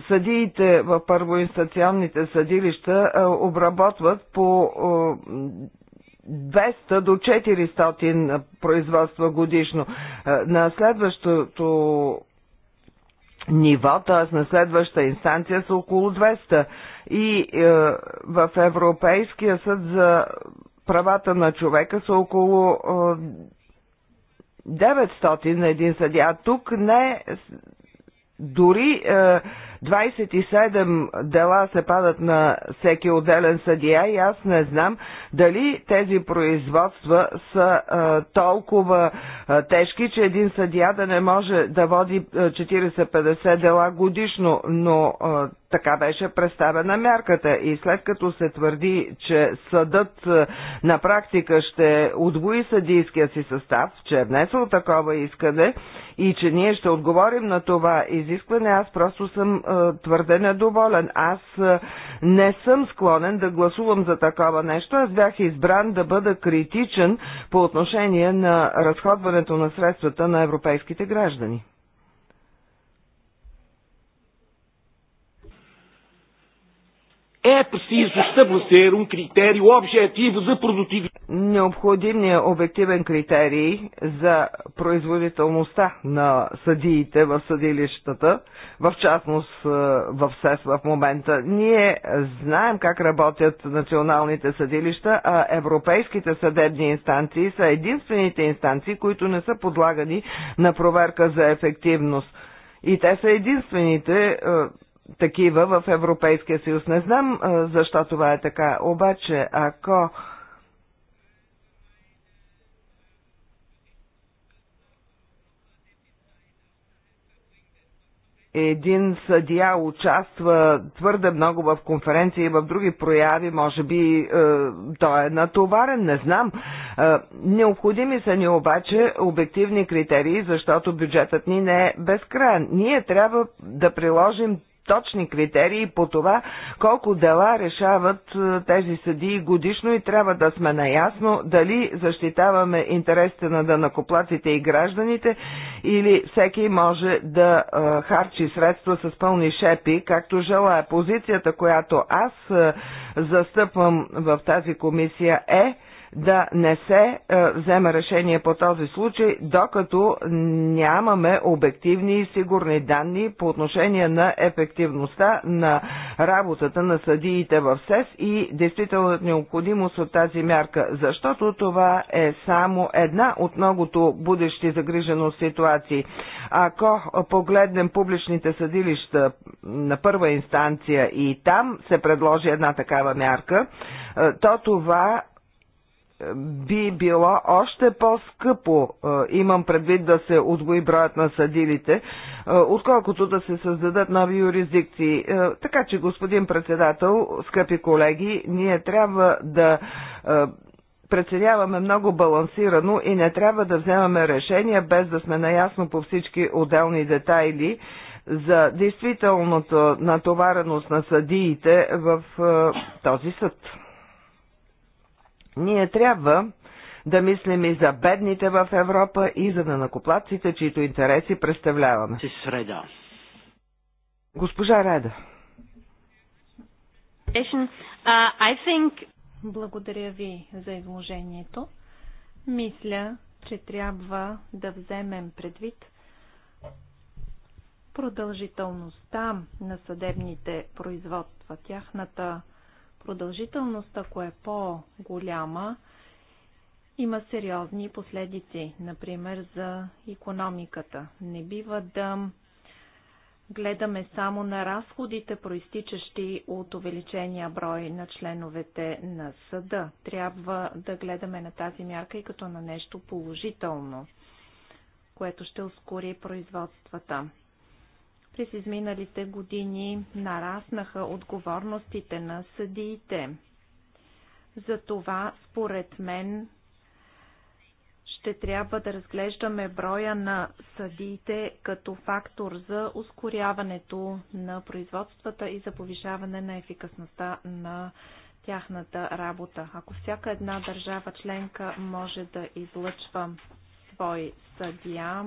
Съдиите в първоинстанционните съдилища обработват по 200 до 400 производства годишно. На следващото ниво, т.е. на следваща инстанция са около 200. И в Европейския съд за правата на човека са около 900 на един съдя. Тук не дори е, 27 дела се падат на всеки отделен съдия и аз не знам дали тези производства са е, толкова е, тежки, че един съдия да не може да води 40-50 е, дела годишно, но е, така беше представена мярката и след като се твърди, че съдът е, на практика ще отвои съдийския си състав, че е внесъл такова искане и че ние ще отговорим на това изискване, аз просто съм е, твърде недоволен. Аз е, не съм склонен да гласувам за такова нещо. Аз бях избран да бъда критичен по отношение на разходването на средствата на европейските граждани. é preciso estabelecer um critério objetivo de produtividade. Необходимният обективен критерий за производителността на съдиите в съдилищата, в частност е, в СЕС в момента. Ние знаем как работят националните съдилища, а европейските съдебни инстанции са единствените инстанции, които не са подлагани на проверка за ефективност. И те са единствените е, такива в Европейския съюз. Не знам защо това е така, обаче ако един съдия участва твърде много в конференции и в други прояви, може би е, той е натоварен, не знам. Е, необходими са ни обаче обективни критерии, защото бюджетът ни не е безкрайен. Ние трябва да приложим точни критерии по това колко дела решават е, тези съдии годишно и трябва да сме наясно дали защитаваме интересите на дънакоплаците и гражданите или всеки може да е, харчи средства с пълни шепи, както желая. Позицията, която аз е, застъпвам в тази комисия е, да не се е, взема решение по този случай, докато нямаме обективни и сигурни данни по отношение на ефективността на работата на съдиите в СЕС и действителната необходимост от тази мярка, защото това е само една от многото будещи загриженост ситуации. Ако погледнем публичните съдилища на първа инстанция и там се предложи една такава мярка, е, то това би било още по-скъпо, е, имам предвид да се отгои броят на съдилите, е, отколкото да се създадат нови юрисдикции. Е, така че, господин председател, скъпи колеги, ние трябва да преценяваме много балансирано и не трябва да вземаме решения без да сме наясно по всички отделни детайли за действителната натовареност на съдиите в този съд. Ние трябва да мислим и за бедните в Европа и за нанакоплаците, чието интереси представляваме. Среда. Госпожа Реда. Uh, Благодаря ви за изложението. Мисля, че трябва да вземем предвид продължителността на съдебните производства, тяхната продължителност, ако е по-голяма, има сериозни последици, например за економиката. Не бива да гледаме само на разходите, проистичащи от увеличения брой на членовете на съда. Трябва да гледаме на тази мярка и като на нещо положително, което ще ускори производствата. През изминалите години нараснаха отговорностите на съдиите. Затова, според мен, ще трябва да разглеждаме броя на съдиите като фактор за ускоряването на производствата и за повишаване на ефикасността на тяхната работа. Ако всяка една държава членка може да излъчва свой съдия,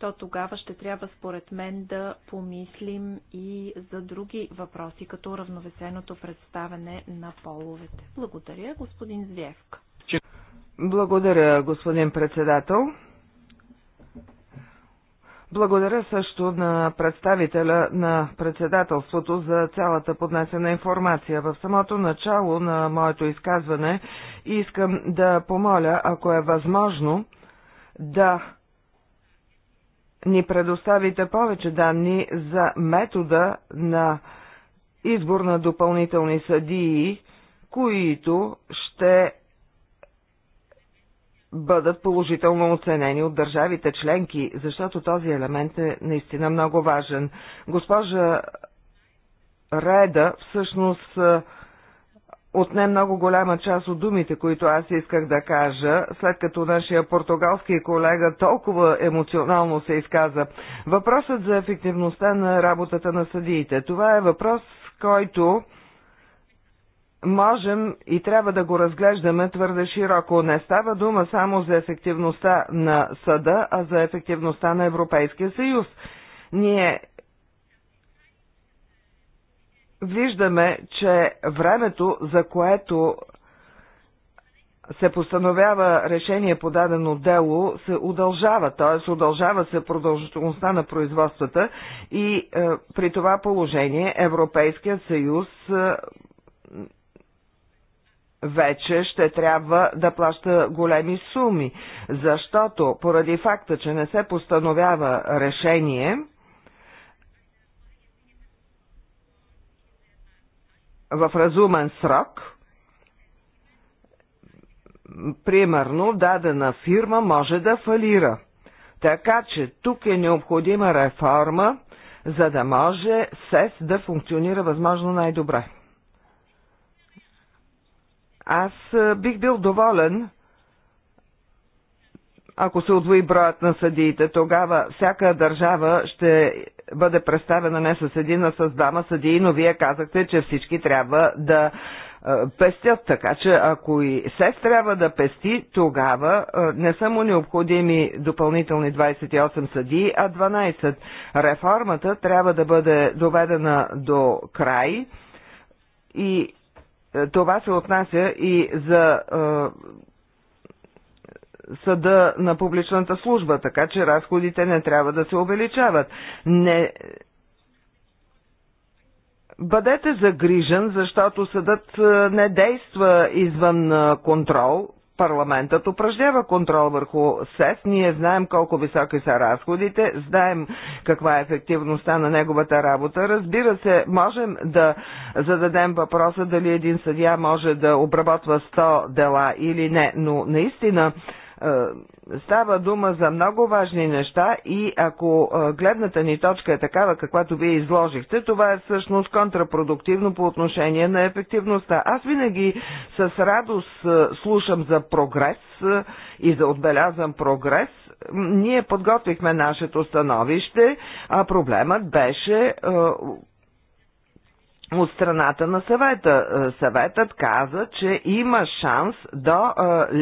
то тогава ще трябва според мен да помислим и за други въпроси, като равновесеното представяне на половете. Благодаря, господин Звевка. Благодаря, господин председател. Благодаря също на представителя на председателството за цялата поднесена информация. В самото начало на моето изказване искам да помоля, ако е възможно, да ни предоставите повече данни за метода на избор на допълнителни съдии, които ще бъдат положително оценени от държавите членки, защото този елемент е наистина много важен. Госпожа Реда всъщност отне много голяма част от думите, които аз исках да кажа, след като нашия португалски колега толкова емоционално се изказа. Въпросът за ефективността на работата на съдиите. Това е въпрос, който можем и трябва да го разглеждаме твърде широко. Не става дума само за ефективността на съда, а за ефективността на Европейския съюз. Ние виждаме, че времето, за което се постановява решение по дадено дело, се удължава, т.е. удължава се продължителността на производствата и е, при това положение Европейският съюз е, вече ще трябва да плаща големи суми, защото поради факта, че не се постановява решение, в разумен срок, примерно дадена фирма може да фалира. Така че тук е необходима реформа, за да може СЕС да функционира възможно най-добре. Аз е, бих бил доволен, ако се удвои броят на съдиите, тогава всяка държава ще бъде представена не с един, а с двама съдии, но вие казахте, че всички трябва да е, пестят. Така че ако и СЕС трябва да пести, тогава е, не са му необходими допълнителни 28 съдии, а 12. Реформата трябва да бъде доведена до край и е, това се отнася и за съда на публичната служба, така че разходите не трябва да се увеличават. Не... Бъдете загрижен, защото съдът е, не действа извън е, контрол, парламентът упражнява контрол върху СЕС. Ние знаем колко високи са разходите, знаем каква е ефективността на неговата работа. Разбира се, можем да зададем въпроса дали един съдия може да обработва 100 дела или не, но наистина е, става дума за много важни неща и ако е, гледната ни точка е такава, каквато вие изложихте, това е всъщност контрапродуктивно по отношение на ефективността. Аз винаги с радост е, слушам за прогрес и за отбелязан прогрес. Ние подготвихме нашето становище, а проблемът беше от страната на съвета. Е, съветът каза, че има шанс до е,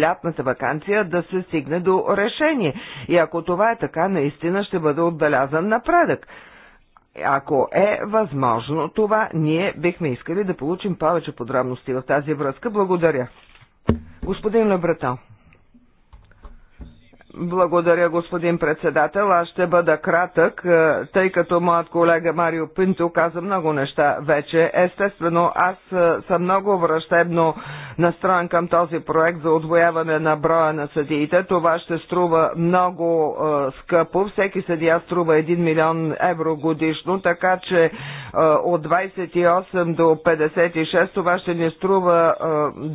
лятната вакансия да се стигне до решение. И ако това е така, наистина ще бъде отбелязан напредък. Ако е възможно това, ние бихме искали да получим повече подробности в тази връзка. Благодаря. Господин Лебретал. Благодаря, господин председател. Аз ще бъда кратък, е, тъй като моят колега Марио Пинто каза много неща вече. Естествено, аз е, съм много връщебно настроен към този проект за отвояване на броя на съдиите. Това ще струва много е, скъпо. Всеки съдия струва 1 милион евро годишно, така че от 28 до 56 това ще ни струва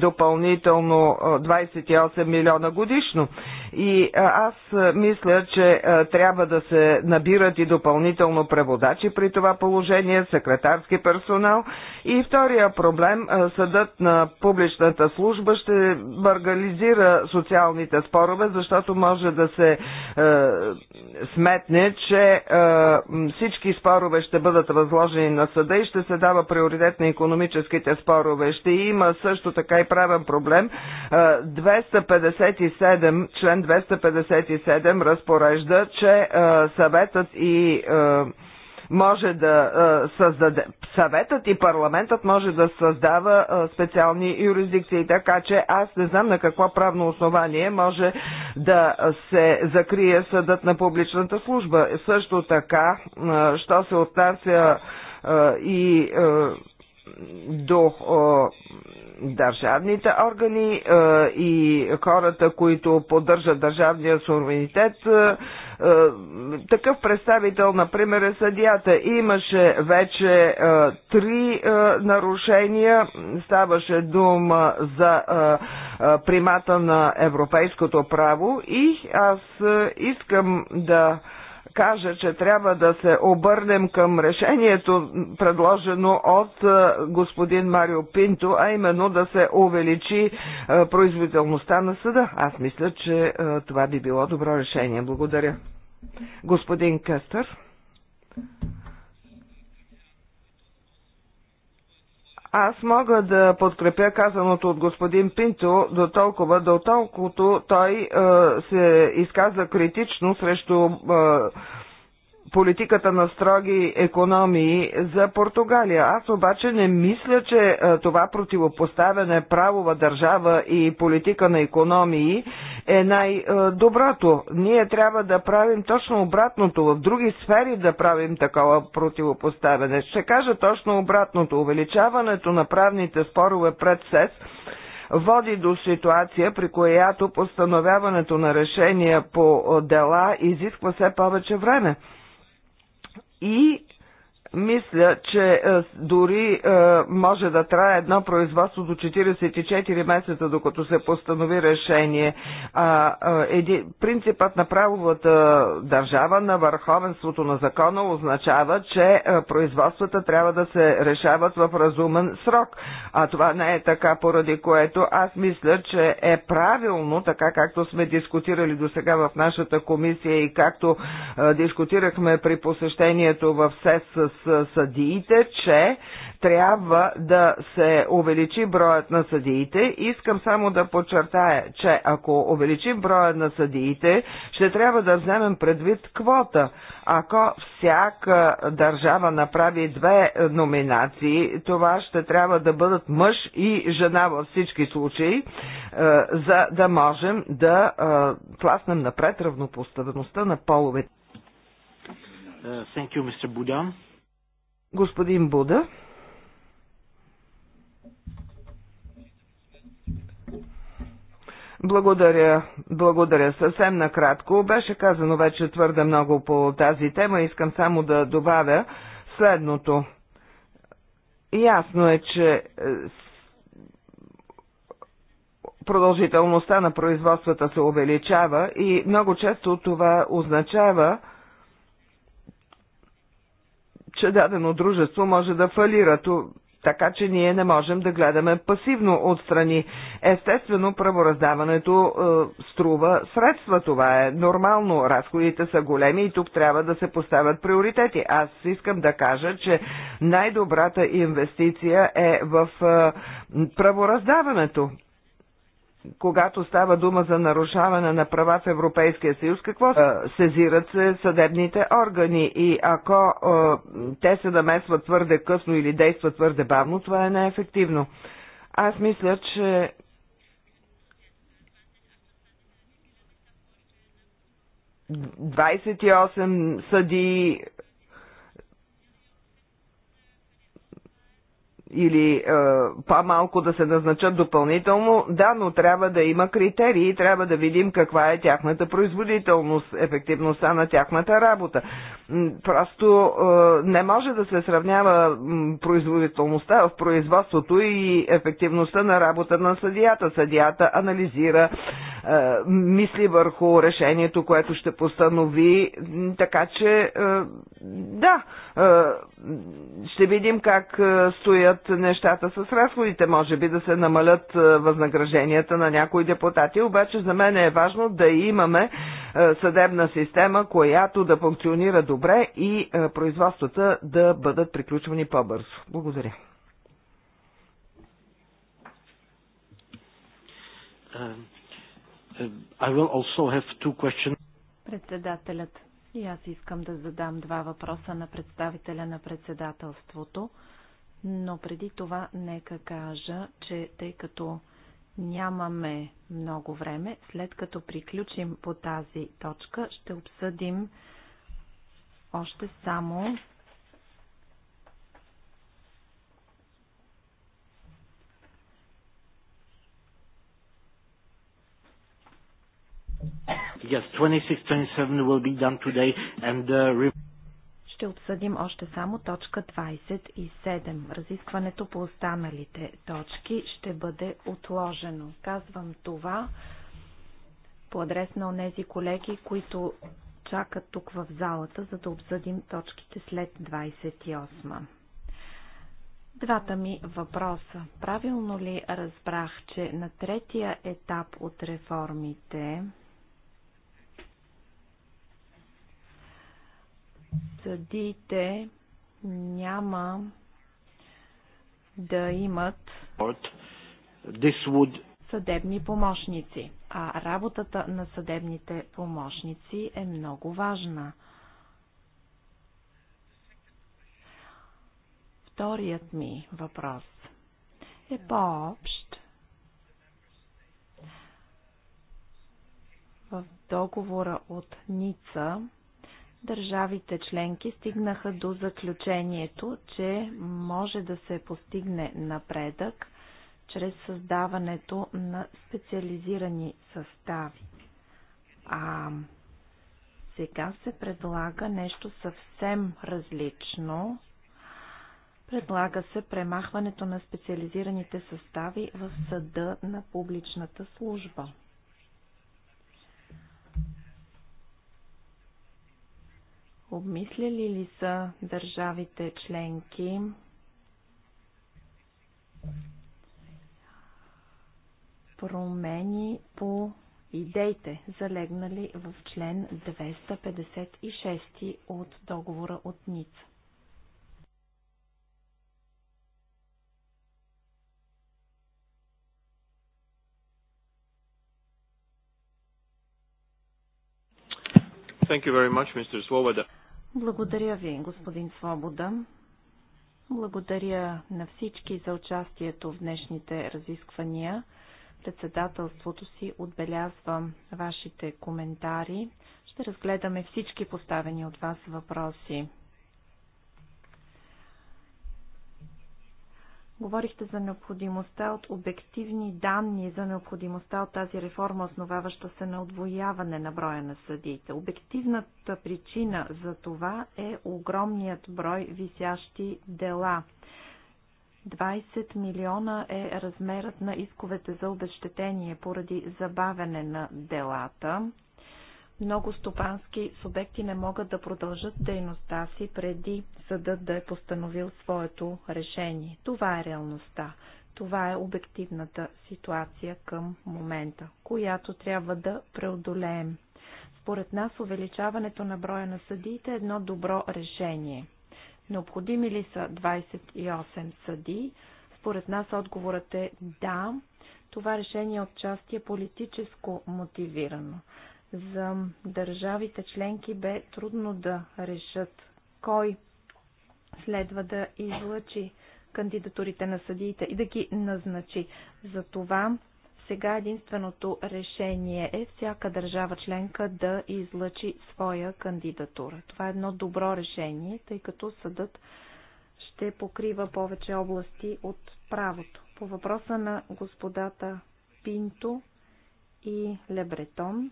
допълнително 28 милиона годишно. И аз мисля, че трябва да се набират и допълнително преводачи при това положение, секретарски персонал. И втория проблем, съдът на публичната служба ще баргализира социалните спорове, защото може да се е, сметне, че е, всички спорове ще бъдат възложени на съда и ще се дава приоритет на економическите спорове. Ще има също така и правен проблем. Е, 257 член 257 разпорежда, че е, съветът и е, може да е, създаде, съветът и парламентът може да създава специални юрисдикции, така че аз не знам на какво правно основание може да се закрие съдът на публичната служба. Също така, що се отнася и до държавните органи е, и хората, които поддържат държавния суверенитет. Е, е, такъв представител, например, е съдията. Имаше вече е, три е, нарушения. Ставаше дума за е, е, примата на европейското право и аз е, искам да кажа, че трябва да се обърнем към решението, предложено от е, господин Марио Пинто, а именно да се увеличи е, производителността на съда. Аз мисля, че е, това би било добро решение. Благодаря. Господин Къстър. Аз мога да подкрепя казаното от господин Пинто до толкова, до толкова той е, се изказа критично срещу е, политиката на строги економии за Португалия. Аз обаче не мисля, че е, това противопоставяне правова държава и политика на економии е най-доброто. Ние трябва да правим точно обратното, в други сфери да правим такова противопоставяне. Ще кажа точно обратното. Увеличаването на правните спорове пред СЕС води до ситуация, при която постановяването на решения по дела изисква все повече време и мисля, че е, дори е, може да трае едно производство до 44 месеца, докато се постанови решение. А, принципът на правовата държава на върховенството на закона означава, че е, производствата трябва да се решават в разумен срок. А това не е така, поради което аз мисля, че е правилно, така както сме дискутирали до сега в нашата комисия и както дискутирахме при посещението в СЕС с съдиите, че трябва да се увеличи броят на съдиите. Искам само да подчертая, че ако увеличим броят на съдиите, ще трябва да вземем предвид квота. Ако всяка държава направи две номинации, това ще трябва да бъдат мъж и жена във всички случаи, е, за да можем да е, тласнем напред равнопоставеността на половете. Uh, thank you, Mr. Budan. Господин Буда. Благодаря, благодаря. Съвсем накратко. Беше казано вече твърде много по тази тема. Искам само да добавя следното. Ясно е, че е, продължителността на производствата се увеличава и много често това означава, че дадено дружество може да фалира. Така че ние не можем да гледаме пасивно отстрани. Естествено, правораздаването е, струва средства. Това е нормално. Разходите са големи и тук трябва да се поставят приоритети. Аз искам да кажа, че най-добрата инвестиция е в е, правораздаването когато става дума за нарушаване на права в Европейския съюз, какво сезират се съдебните органи и ако а, те се намесват твърде късно или действат твърде бавно, това е неефективно. Аз мисля, че Двадесет и осем съди или е, по-малко да се назначат допълнително, да, но трябва да има критерии трябва да видим каква е тяхната производителност, ефективността на тяхната работа. Просто е, не може да се сравнява производителността в производството и ефективността на работа на съдията. Съдията анализира е, мисли върху решението, което ще постанови. Така че, е, да, е, ще видим как стоят нещата с разходите. Може би да се намалят възнагражденията на някои депутати, обаче за мен е важно да имаме съдебна система, която да функционира добре и производствата да бъдат приключвани по-бързо. Благодаря. Председателят. И аз искам да задам два въпроса на представителя на председателството, но преди това нека кажа, че тъй като нямаме много време, след като приключим по тази точка, ще обсъдим още само Yes, 26, 27 will be done today and the... Uh, ще обсъдим още само точка 27. Разискването по останалите точки ще бъде отложено. Казвам това по адрес на онези колеги, които чакат тук в залата, за да обсъдим точките след 28. Двата ми въпроса. Правилно ли разбрах, че на третия етап от реформите съдиите няма да имат съдебни помощници. А работата на съдебните помощници е много важна. Вторият ми въпрос е по-общ. В договора от Ница държавите членки стигнаха до заключението, че може да се постигне напредък чрез създаването на специализирани състави. А сега се предлага нещо съвсем различно. Предлага се премахването на специализираните състави в съда на публичната служба. Обмисляли ли са държавите членки промени по идеите, залегнали в член 256 от договора от Ница? Thank you very much, Mr. Swoboda. Благодаря ви, господин Свобода. Благодаря на всички за участието в днешните разисквания. Председателството си отбелязва вашите коментари. Ще разгледаме всички поставени от вас въпроси. Говорихте за необходимостта от обективни данни, за необходимостта от тази реформа, основаваща се на отвояване на броя на съдиите. Обективната причина за това е огромният брой висящи дела. 20 милиона е размерът на исковете за обещетение поради забавене на делата. Много стопански субекти не могат да продължат дейността си преди съдът да е постановил своето решение. Това е реалността. Това е обективната ситуация към момента, която трябва да преодолеем. Според нас увеличаването на броя на съдиите е едно добро решение. Необходими ли са 28 съди? Според нас отговорът е да. Това решение е отчасти е политическо мотивирано. За държавите членки бе трудно да решат кой следва да излъчи кандидатурите на съдиите и да ги назначи. Затова сега единственото решение е всяка държава членка да излъчи своя кандидатура. Това е едно добро решение, тъй като съдът ще покрива повече области от правото. По въпроса на господата Пинто и Лебретон,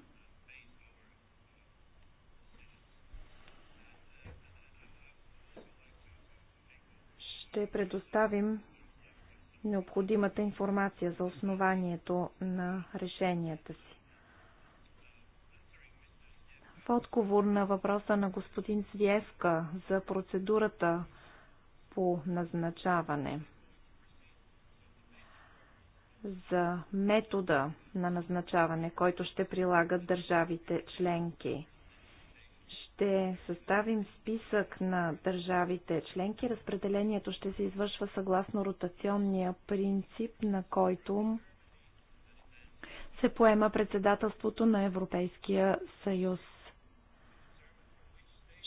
ще предоставим необходимата информация за основанието на решенията си. В отговор на въпроса на господин Свиевка за процедурата по назначаване, за метода на назначаване, който ще прилагат държавите членки – ще съставим списък на държавите членки. Разпределението ще се извършва съгласно ротационния принцип, на който се поема председателството на Европейския съюз.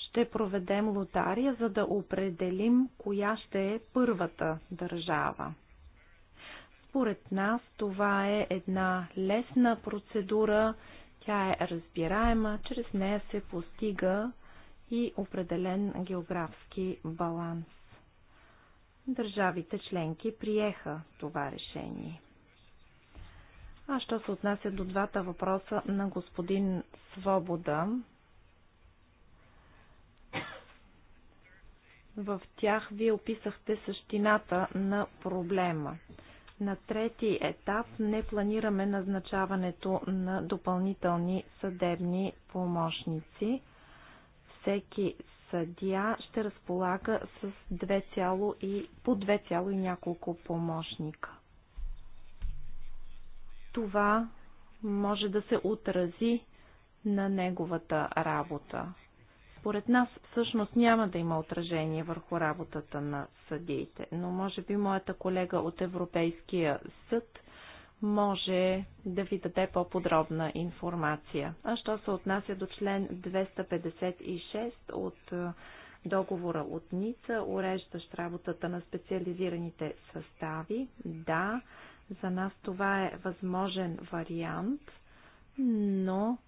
Ще проведем лотария, за да определим коя ще е първата държава. Според нас това е една лесна процедура, тя е разбираема, чрез нея се постига и определен географски баланс. Държавите членки приеха това решение. А що се отнася до двата въпроса на господин Свобода, в тях вие описахте същината на проблема. На трети етап не планираме назначаването на допълнителни съдебни помощници. Всеки съдия ще разполага с 2, и, по 2, и няколко помощника. Това може да се отрази на неговата работа според нас всъщност няма да има отражение върху работата на съдиите, но може би моята колега от Европейския съд може да ви даде по-подробна информация. А що се отнася до член 256 от е, договора от Ница, уреждащ работата на специализираните състави, да, за нас това е възможен вариант, но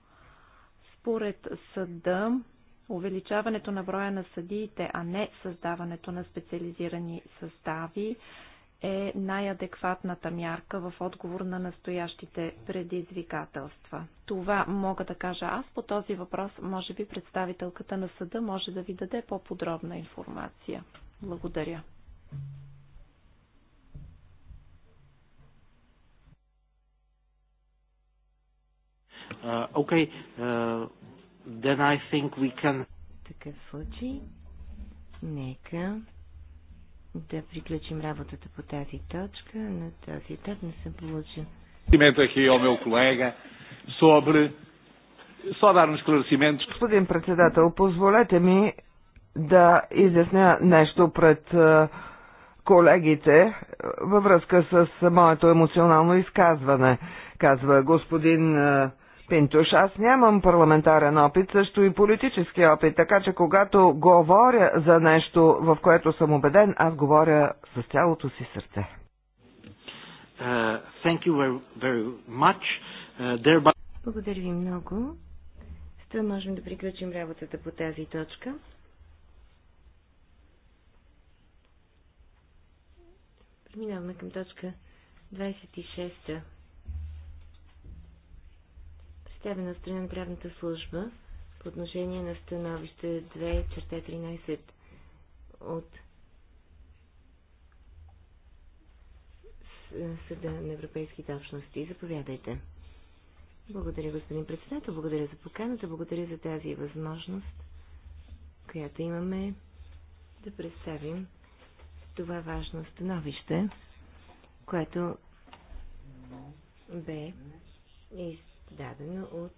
според съда увеличаването на броя на съдиите, а не създаването на специализирани състави, е най-адекватната мярка в отговор на настоящите предизвикателства. Това мога да кажа аз по този въпрос. Може би представителката на съда може да ви даде по-подробна информация. Благодаря. Uh, okay, uh, then I think we can... В такъв случай, нека да приключим работата по тази точка. На този етап не съм получил. Господин председател, позволете ми да изясня нещо пред е, колегите е, във връзка с моето емоционално изказване, казва господин е, Пинтуш, аз нямам парламентарен опит, също и политически опит, така че когато говоря за нещо, в което съм убеден, аз говоря с цялото си сърце. Uh, thank you very, very much. Uh, thereby... Благодаря ви много. С това можем да приключим работата по тази точка. Преминаваме към точка 26 представена от страна на правната служба по отношение на становище 2 черта 13 от Съда на Европейските общности. Заповядайте. Благодаря, господин председател. Благодаря за поканата. Благодаря за тази възможност, която имаме да представим това важно становище, което бе из дадено от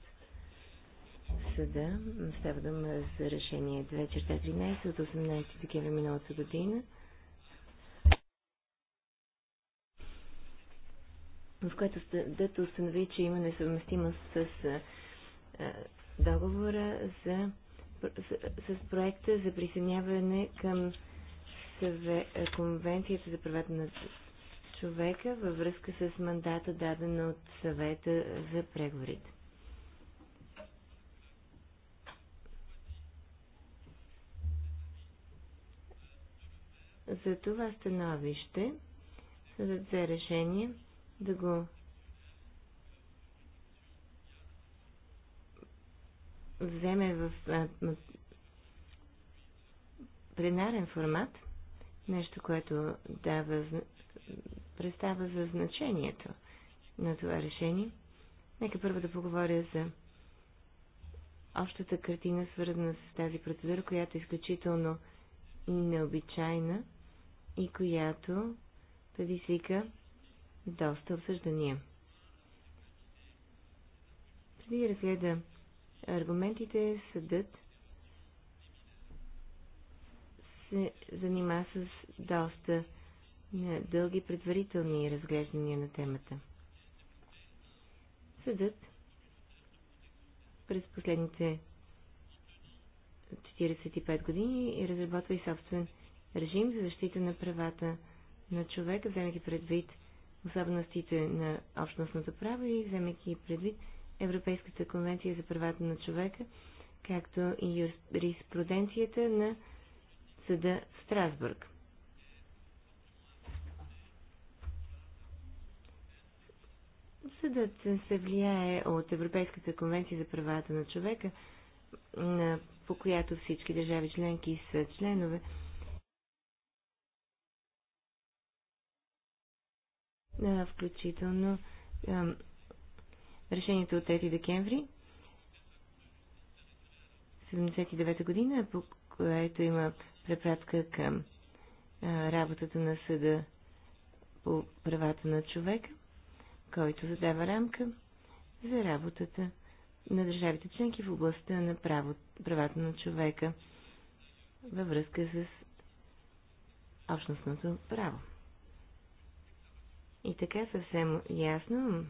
съда. Става дума за решение 2013 от 18 декември миналата година. в което съдът установи, че има несъвместимост с договора за, с, с проекта за присъединяване към съве, Конвенцията за правата на човека във връзка с мандата дадена от съвета за преговорите. За това становище съдът взе решение да го вземе в пленарен формат, нещо, което дава представа за значението на това решение. Нека първо да поговоря за общата картина, свързана с тази процедура, която е изключително необичайна и която предизвика доста обсъждания. Преди да разгледа аргументите, съдът се занима с доста на дълги предварителни разглеждания на темата. Съдът през последните 45 години разработва и собствен режим за защита на правата на човека, вземайки предвид особеностите на общностното право и вземайки предвид Европейската конвенция за правата на човека, както и юриспруденцията на съда в Страсбург. Съдът се влияе от Европейската конвенция за правата на човека, по която всички държави членки са членове. Включително решението от 3 декември 1979 година, по което има препратка към работата на съда по правата на човека който задава рамка за работата на държавите членки в областта на право, правата на човека във връзка с общностното право. И така съвсем ясно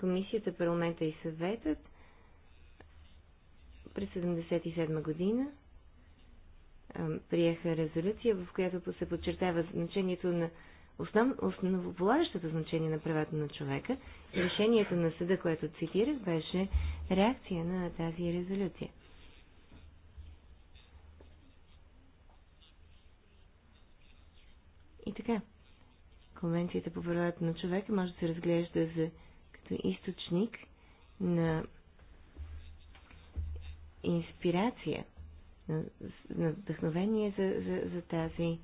Комисията, парламента и съветът през 1977 година приеха резолюция, в която се подчертава значението на основ, основополагащото значение на правата на човека, решението на съда, което цитирах, беше реакция на тази резолюция. И така, Конвенцията по правата на човека може да се разглежда за, като източник на инспирация, на, на вдъхновение за, за, за тази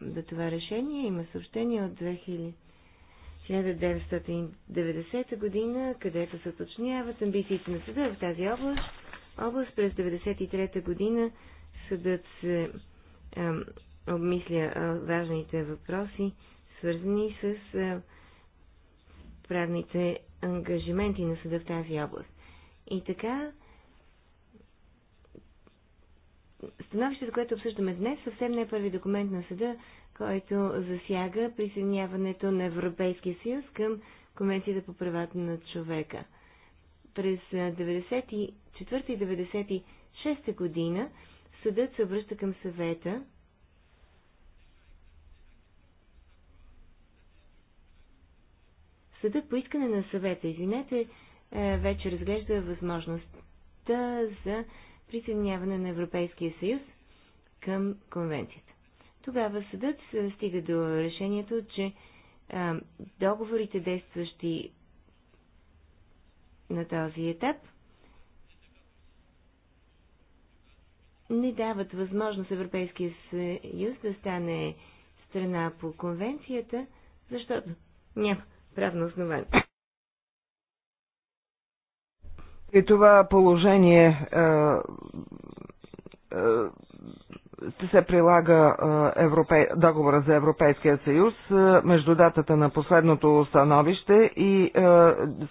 до това решение. Има съобщение от 1990 година, където се уточняват амбициите на съда в тази област. Област през 1993 година съдът се обмисля е, важните въпроси, свързани с е, правните ангажименти на съда в тази област. И така Становището, което обсъждаме днес, съвсем не е първи документ на съда, който засяга присъединяването на Европейския съюз към Конвенцията по правата на човека. През 1994-1996 година съдът се обръща към съвета Съдът по искане на съвета, извинете, е, вече разглежда възможността за присъединяване на Европейския съюз към конвенцията. Тогава съдът е, стига до решението, че а, договорите действащи на този етап не дават възможност Европейския съюз да стане страна по конвенцията, защото няма правно основание. При това положение е, е, се прилага е, европе... договора за Европейския съюз е, между датата на последното становище и е,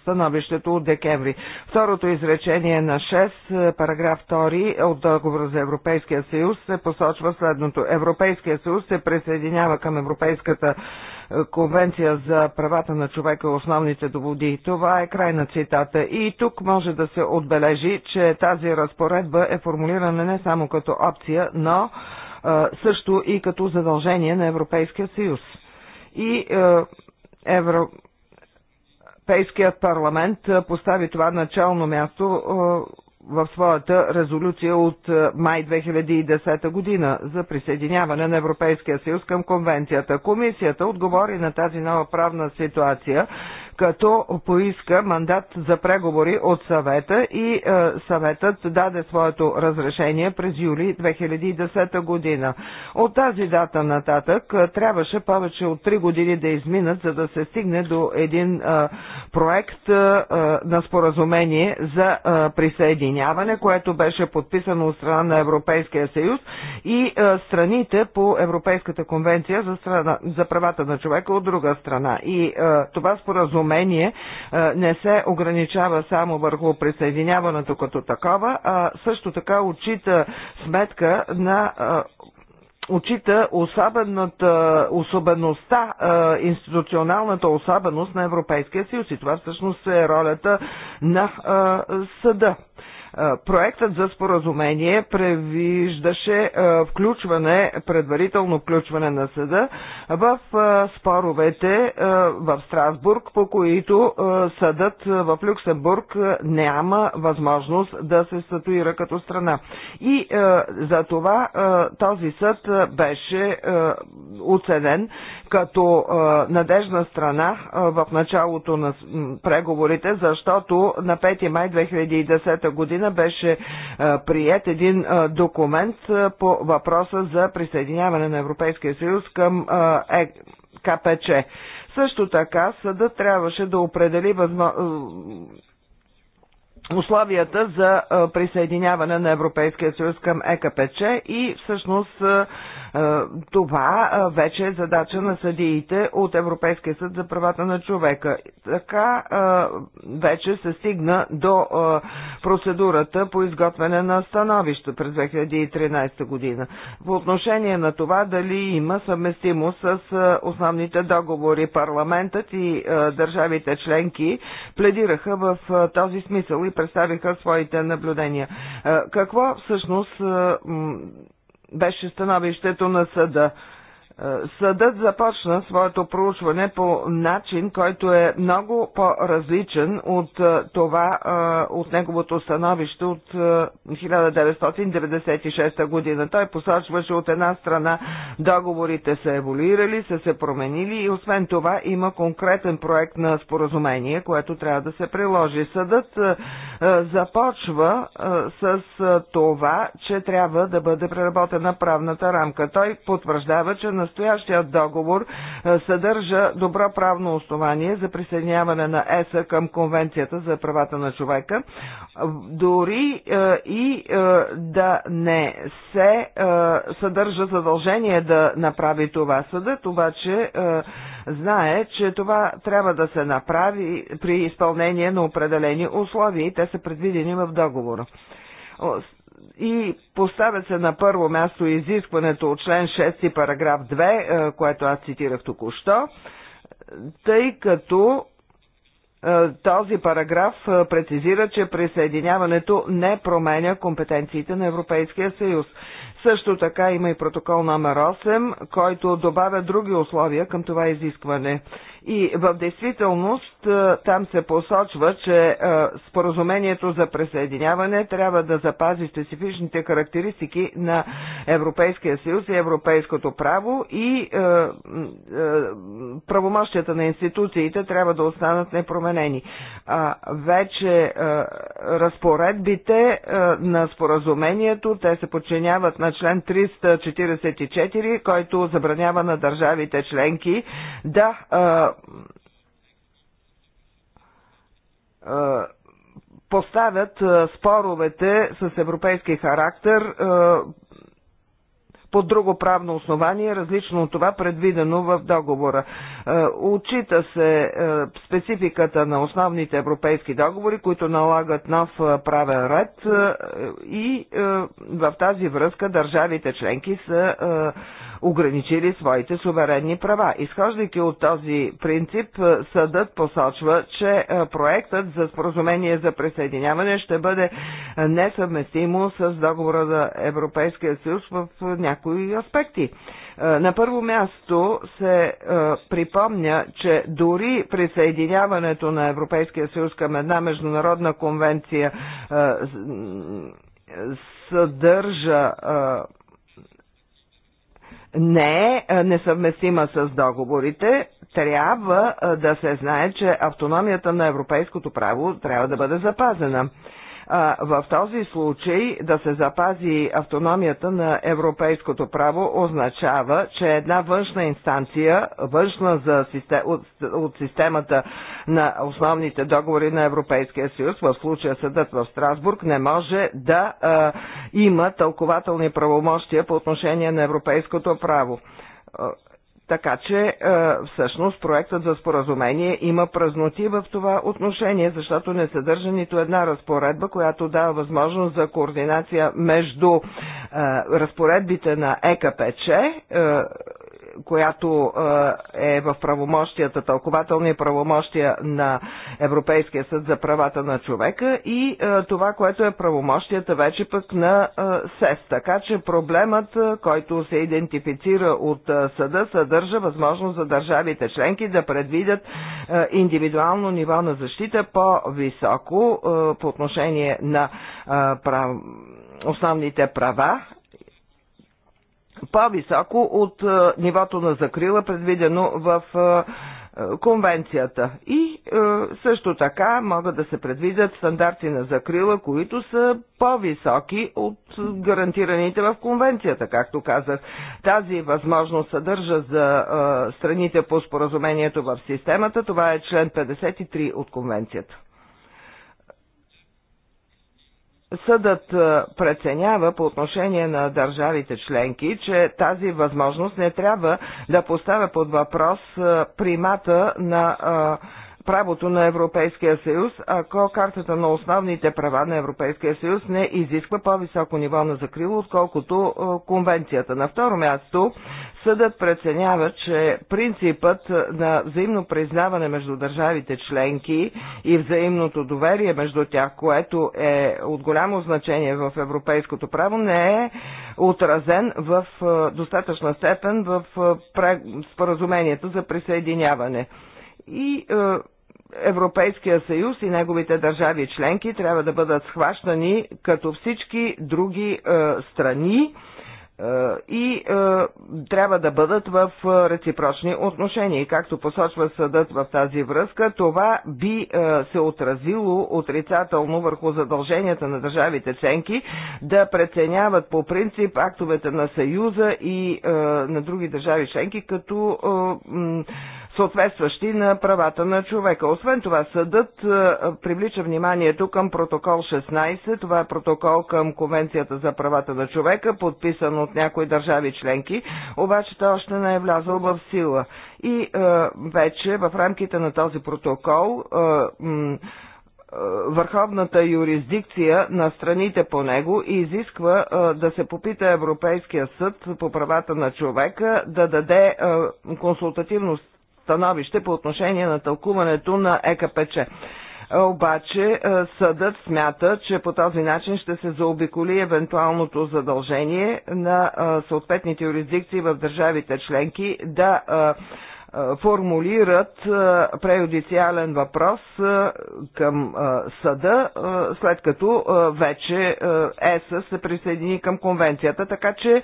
становището от декември. Второто изречение на 6, е, параграф 2 от договора за Европейския съюз се посочва следното. Европейския съюз се присъединява към Европейската Конвенция за правата на човека и основните доводи. Това е край на цитата. И тук може да се отбележи, че тази разпоредба е формулирана не само като опция, но също и като задължение на Европейския съюз. И Евро... Европейският парламент постави това начално място в своята резолюция от е, май 2010 година за присъединяване на Европейския съюз към конвенцията. Комисията отговори на тази нова правна ситуация като поиска мандат за преговори от съвета и е, съветът даде своето разрешение през юли 2010 година. От тази дата нататък е, трябваше повече от 3 години да изминат, за да се стигне до един е, проект е, е, на споразумение за е, присъединяване, което беше подписано от страна на Европейския съюз и е, страните по Европейската конвенция за, страна, за правата на човека от друга страна. И е, това споразумение споразумение е, не се ограничава само върху присъединяването като такова, а също така отчита сметка на е, очита особената, особеността, е, институционалната особеност на Европейския съюз и това всъщност е ролята на съда. Проектът за споразумение превиждаше включване, предварително включване на съда в споровете в Страсбург, по които съдът в Люксембург няма възможност да се статуира като страна. И за това този съд беше оценен като надежна страна в началото на преговорите, защото на 5 май 2010 година година беше е, прият един е, документ е, по въпроса за присъединяване на Европейския съюз към КПЧ. Също така съда трябваше да определи възможност условията за присъединяване на Европейския съюз към ЕКПЧ и всъщност това вече е задача на съдиите от Европейския съд за правата на човека. Така вече се стигна до процедурата по изготвяне на становище през 2013 година. В отношение на това дали има съвместимост с основните договори парламентът и държавите членки пледираха в този смисъл и представиха своите наблюдения. Е, какво всъщност беше становището на съда? Е, съдът започна своето проучване по начин, който е много по-различен от е, това, е, от неговото становище от 1996 година. Той посочваше от една страна договорите са еволюирали, са се променили и освен това има конкретен проект на споразумение, което трябва да се приложи. Съдът започва с това, че трябва да бъде преработена правната рамка. Той потвърждава, че на Настоящият договор е, съдържа добро правно основание за присъединяване на ЕСА към Конвенцията за правата на човека, дори е, и е, да не се съдържа задължение да направи това. Съдът обаче знае, че това трябва да се направи при изпълнение на определени условия и те са предвидени в договора и поставя се на първо място изискването от член 6 параграф 2, е, което аз цитирах току-що, тъй като е, този параграф е, прецизира, че присъединяването не променя компетенциите на Европейския съюз. Също така има и протокол номер 8, който добавя други условия към това изискване. И в действителност е, там се посочва, че е, споразумението за присъединяване трябва да запази специфичните характеристики на Европейския съюз и европейското право и е, правомощията на институциите трябва да останат непроменени. Вече разпоредбите на споразумението, те се подчиняват на член 344, който забранява на държавите членки да поставят споровете с европейски характер по друго правно основание, различно от това предвидено в договора. Е, отчита се е, спецификата на основните европейски договори, които налагат нов е, правен ред и в тази връзка държавите членки са ограничили своите суверенни права. Изхождайки от този принцип, съдът посочва, че проектът за споразумение за присъединяване ще бъде несъвместимо с договора за Европейския съюз в някакъв някои аспекти. Е, на първо място се е, припомня, че дори присъединяването на Европейския съюз към една международна конвенция е, съдържа не е несъвместима с договорите, трябва да се знае, че автономията на европейското право трябва да бъде запазена в този случай да се запази автономията на европейското право означава, че една външна инстанция, външна за систем, от, от системата на основните договори на Европейския съюз, в случая съдът в Страсбург, не може да а, има тълкователни правомощия по отношение на европейското право така че е, всъщност проектът за споразумение има празноти в това отношение, защото не съдържа нито една разпоредба, която дава възможност за координация между е, разпоредбите на ЕКПЧ е, която е в правомощията, тълкователни правомощия на Европейския съд за правата на човека и това, което е правомощията вече пък на СЕС. Така че проблемът, който се идентифицира от съда, съдържа възможност за държавите членки да предвидят индивидуално ниво на защита по-високо по отношение на основните права по-високо от е, нивото на закрила, предвидено в е, е, конвенцията. И а, също така могат да се предвидят стандарти на закрила, които са по-високи от гарантираните в конвенцията, както казах. Тази възможност съдържа за а, страните по споразумението в системата. Това е член 53 от конвенцията. Съдът е, преценява по отношение на държавите членки, че тази възможност не трябва да поставя под въпрос е, примата на е, правото на Европейския съюз, ако картата на основните права на Европейския съюз не изисква по-високо ниво на закрило, отколкото е, конвенцията. На второ място, съдът преценява, че принципът е, на взаимно признаване между държавите членки и взаимното доверие между тях, което е от голямо значение в европейското право, не е отразен в е, достатъчна степен в споразумението за присъединяване. И Европейския съюз и неговите държави членки трябва да бъдат схващани като всички други е, страни е, и е, трябва да бъдат в е, реципрочни отношения. както посочва съдът в тази връзка, това би е, се отразило отрицателно върху задълженията на държавите членки да преценяват по принцип актовете на Съюза и е, на други държави членки като. Е, съответстващи на правата на човека. Освен това, съдът е, привлича вниманието към протокол 16, това е протокол към Конвенцията за правата на човека, подписан от някои държави членки, обаче той още не е влязъл в сила. И е, вече в рамките на този протокол е, е върховната юрисдикция на страните по него изисква е, да се попита Европейския съд по правата на човека да даде консултативност становище по отношение на тълкуването на ЕКПЧ. Обаче е, съдът смята, че по този начин ще се заобиколи евентуалното задължение на е, съответните юрисдикции в държавите членки да е, формулират преюдициален въпрос към съда, след като вече ЕСА се присъедини към конвенцията. Така че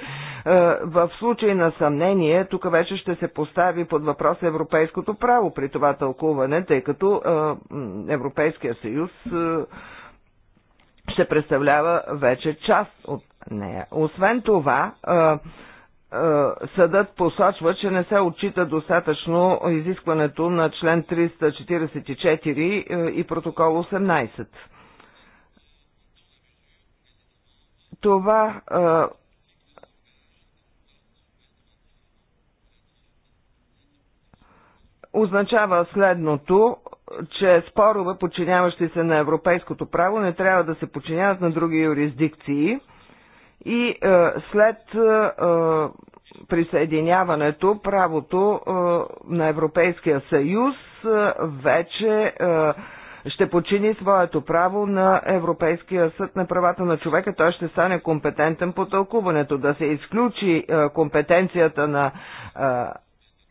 в случай на съмнение, тук вече ще се постави под въпрос европейското право при това тълкуване, тъй като Европейския съюз ще представлява вече част от нея. Освен това, е, съдът посочва, че не се отчита достатъчно изискването на член 344 е, и протокол 18. Това е, означава следното, че спорове, подчиняващи се на европейското право, не трябва да се подчиняват на други юрисдикции – и е, след е, е, присъединяването правото на Европейския съюз вече ще почини своето право на Европейския съд на правата на човека. Той ще стане компетентен по тълкуването. Да се изключи компетенцията на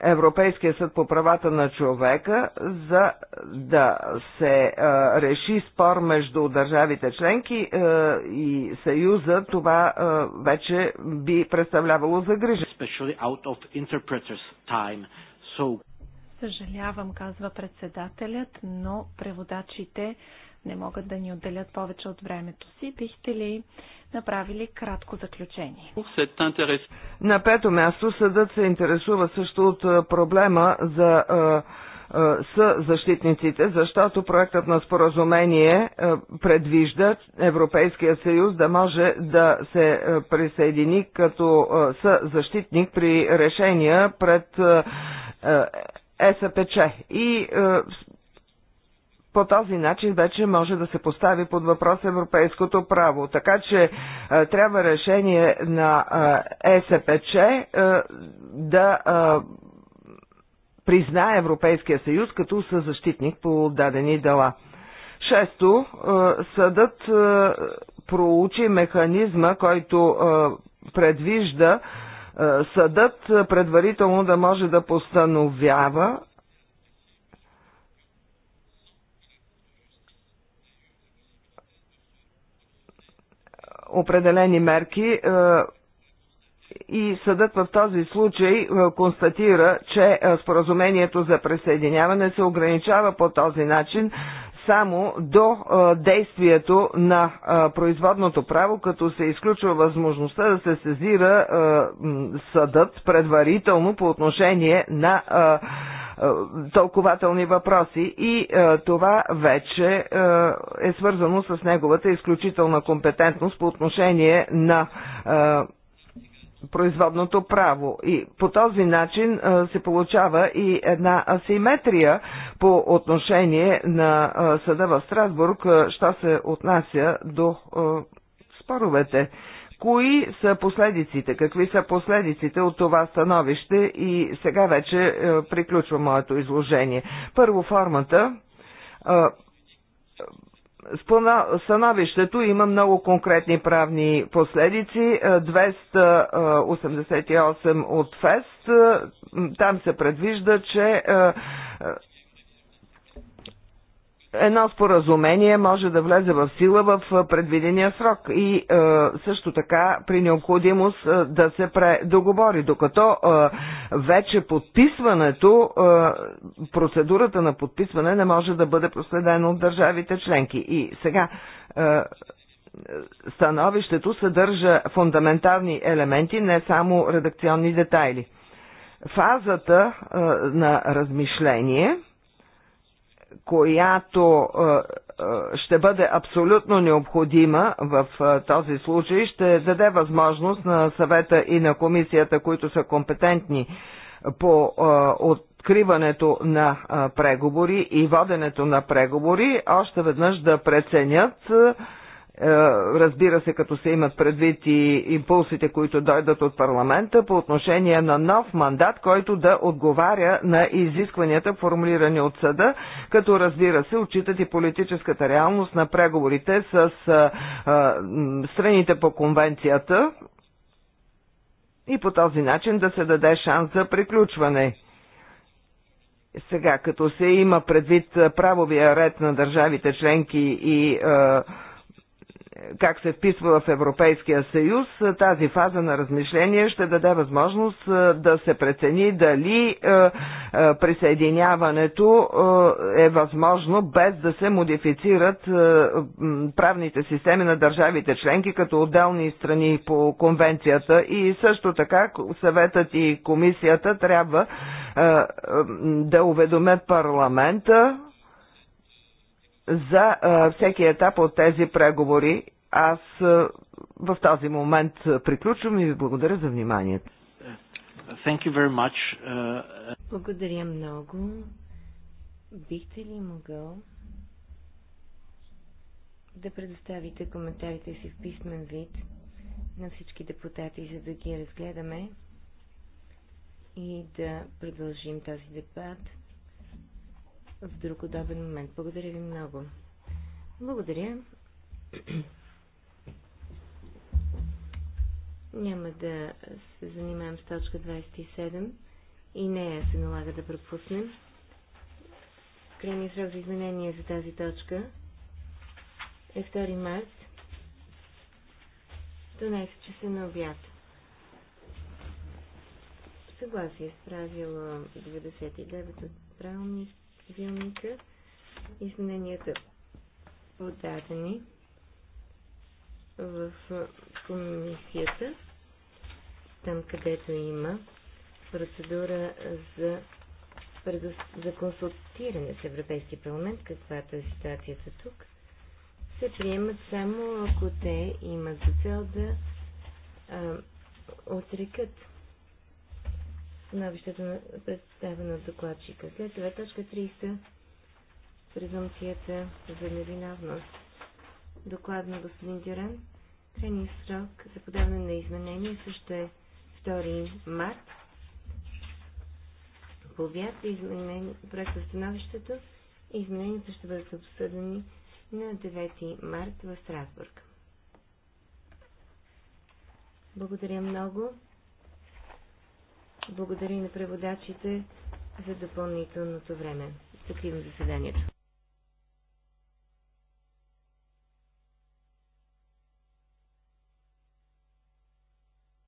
Европейския съд по правата на човека, за да се а, е, реши спор между държавите членки а, е, и Съюза, това а, е, вече би представлявало загрижа. Съжалявам, казва председателят, но преводачите не могат да ни отделят повече от времето си, бихте ли направили кратко заключение? На пето място съдът се интересува също от проблема за с защитниците, защото проектът на споразумение предвижда Европейския съюз да може да се присъедини като с защитник при решения пред СПЧ. И по този начин вече може да се постави под въпрос европейското право. Така че е, трябва решение на е, ЕСПЧ е, да е, признае Европейския съюз като съзащитник по дадени дела. Шесто, съдът проучи механизма, който предвижда съдът предварително да може да постановява определени мерки е, и съдът в този случай е, констатира, че е, споразумението за присъединяване се ограничава по този начин само до действието на производното право, като се изключва възможността да се сезира съдът предварително по отношение на тълкователни въпроси и това вече е свързано с неговата изключителна компетентност по отношение на производното право. И по този начин се получава и една асиметрия по отношение на съда в Страсбург, що се отнася до споровете. Кои са последиците? Какви са последиците от това становище? И сега вече приключва моето изложение. Първо формата становището има много конкретни правни последици. 288 е, е, от ФЕСТ е, Там се предвижда, че едно споразумение може да влезе в сила в предвидения срок и е, също така при необходимост е, да се предоговори, докато е, вече подписването, е, процедурата на подписване не може да бъде проследена от държавите членки. И сега е, становището съдържа фундаментални елементи, не само редакционни детайли. Фазата е, на размишление – която е, е, ще бъде абсолютно необходима в е, този случай, ще даде възможност на съвета и на комисията, които са компетентни по откриването на преговори и воденето на преговори, още веднъж да преценят е, разбира се, като се имат предвид и импулсите, които дойдат от парламента по отношение на нов мандат, който да отговаря на изискванията, формулирани от съда, като разбира се, отчитат и политическата реалност на преговорите с е, е, страните по конвенцията и по този начин да се даде шанс за приключване. Сега, като се има предвид правовия ред на държавите членки и а, как се вписва в Европейския съюз, тази фаза на размишление ще даде възможност да се прецени дали присъединяването е възможно без да се модифицират правните системи на държавите членки като отделни страни по конвенцията и също така съветът и комисията трябва да уведомят парламента за всеки етап от тези преговори. Аз в този момент приключвам и ви благодаря за вниманието. Thank you very much. Uh, благодаря много. Бихте ли могъл да предоставите коментарите си в писмен вид на всички депутати, за да ги разгледаме и да продължим този дебат? в друг удобен момент. Благодаря ви много. Благодаря. Няма да се занимавам с точка 27 и нея се налага да пропуснем. Крайният срок за изменение за тази точка е 2 март 12 часа на обяд. Съгласие с правило 99 от правилника приемника Измененията подадени в комисията, там където има процедура за, за консултиране с Европейския парламент, каквато е ситуацията тук, се приемат само ако те имат за цел да а, отрекат становището на представено от докладчика. След това точка 30 презумцията за невиновност. Доклад на господин Дюран. Крайният срок за подаване на изменения също е 2 март. По е и проект на становището и измененията ще бъдат обсъдени на 9 март в Страсбург. Благодаря много. Благодаря и на преводачите за допълнителното време. Закривам заседанието.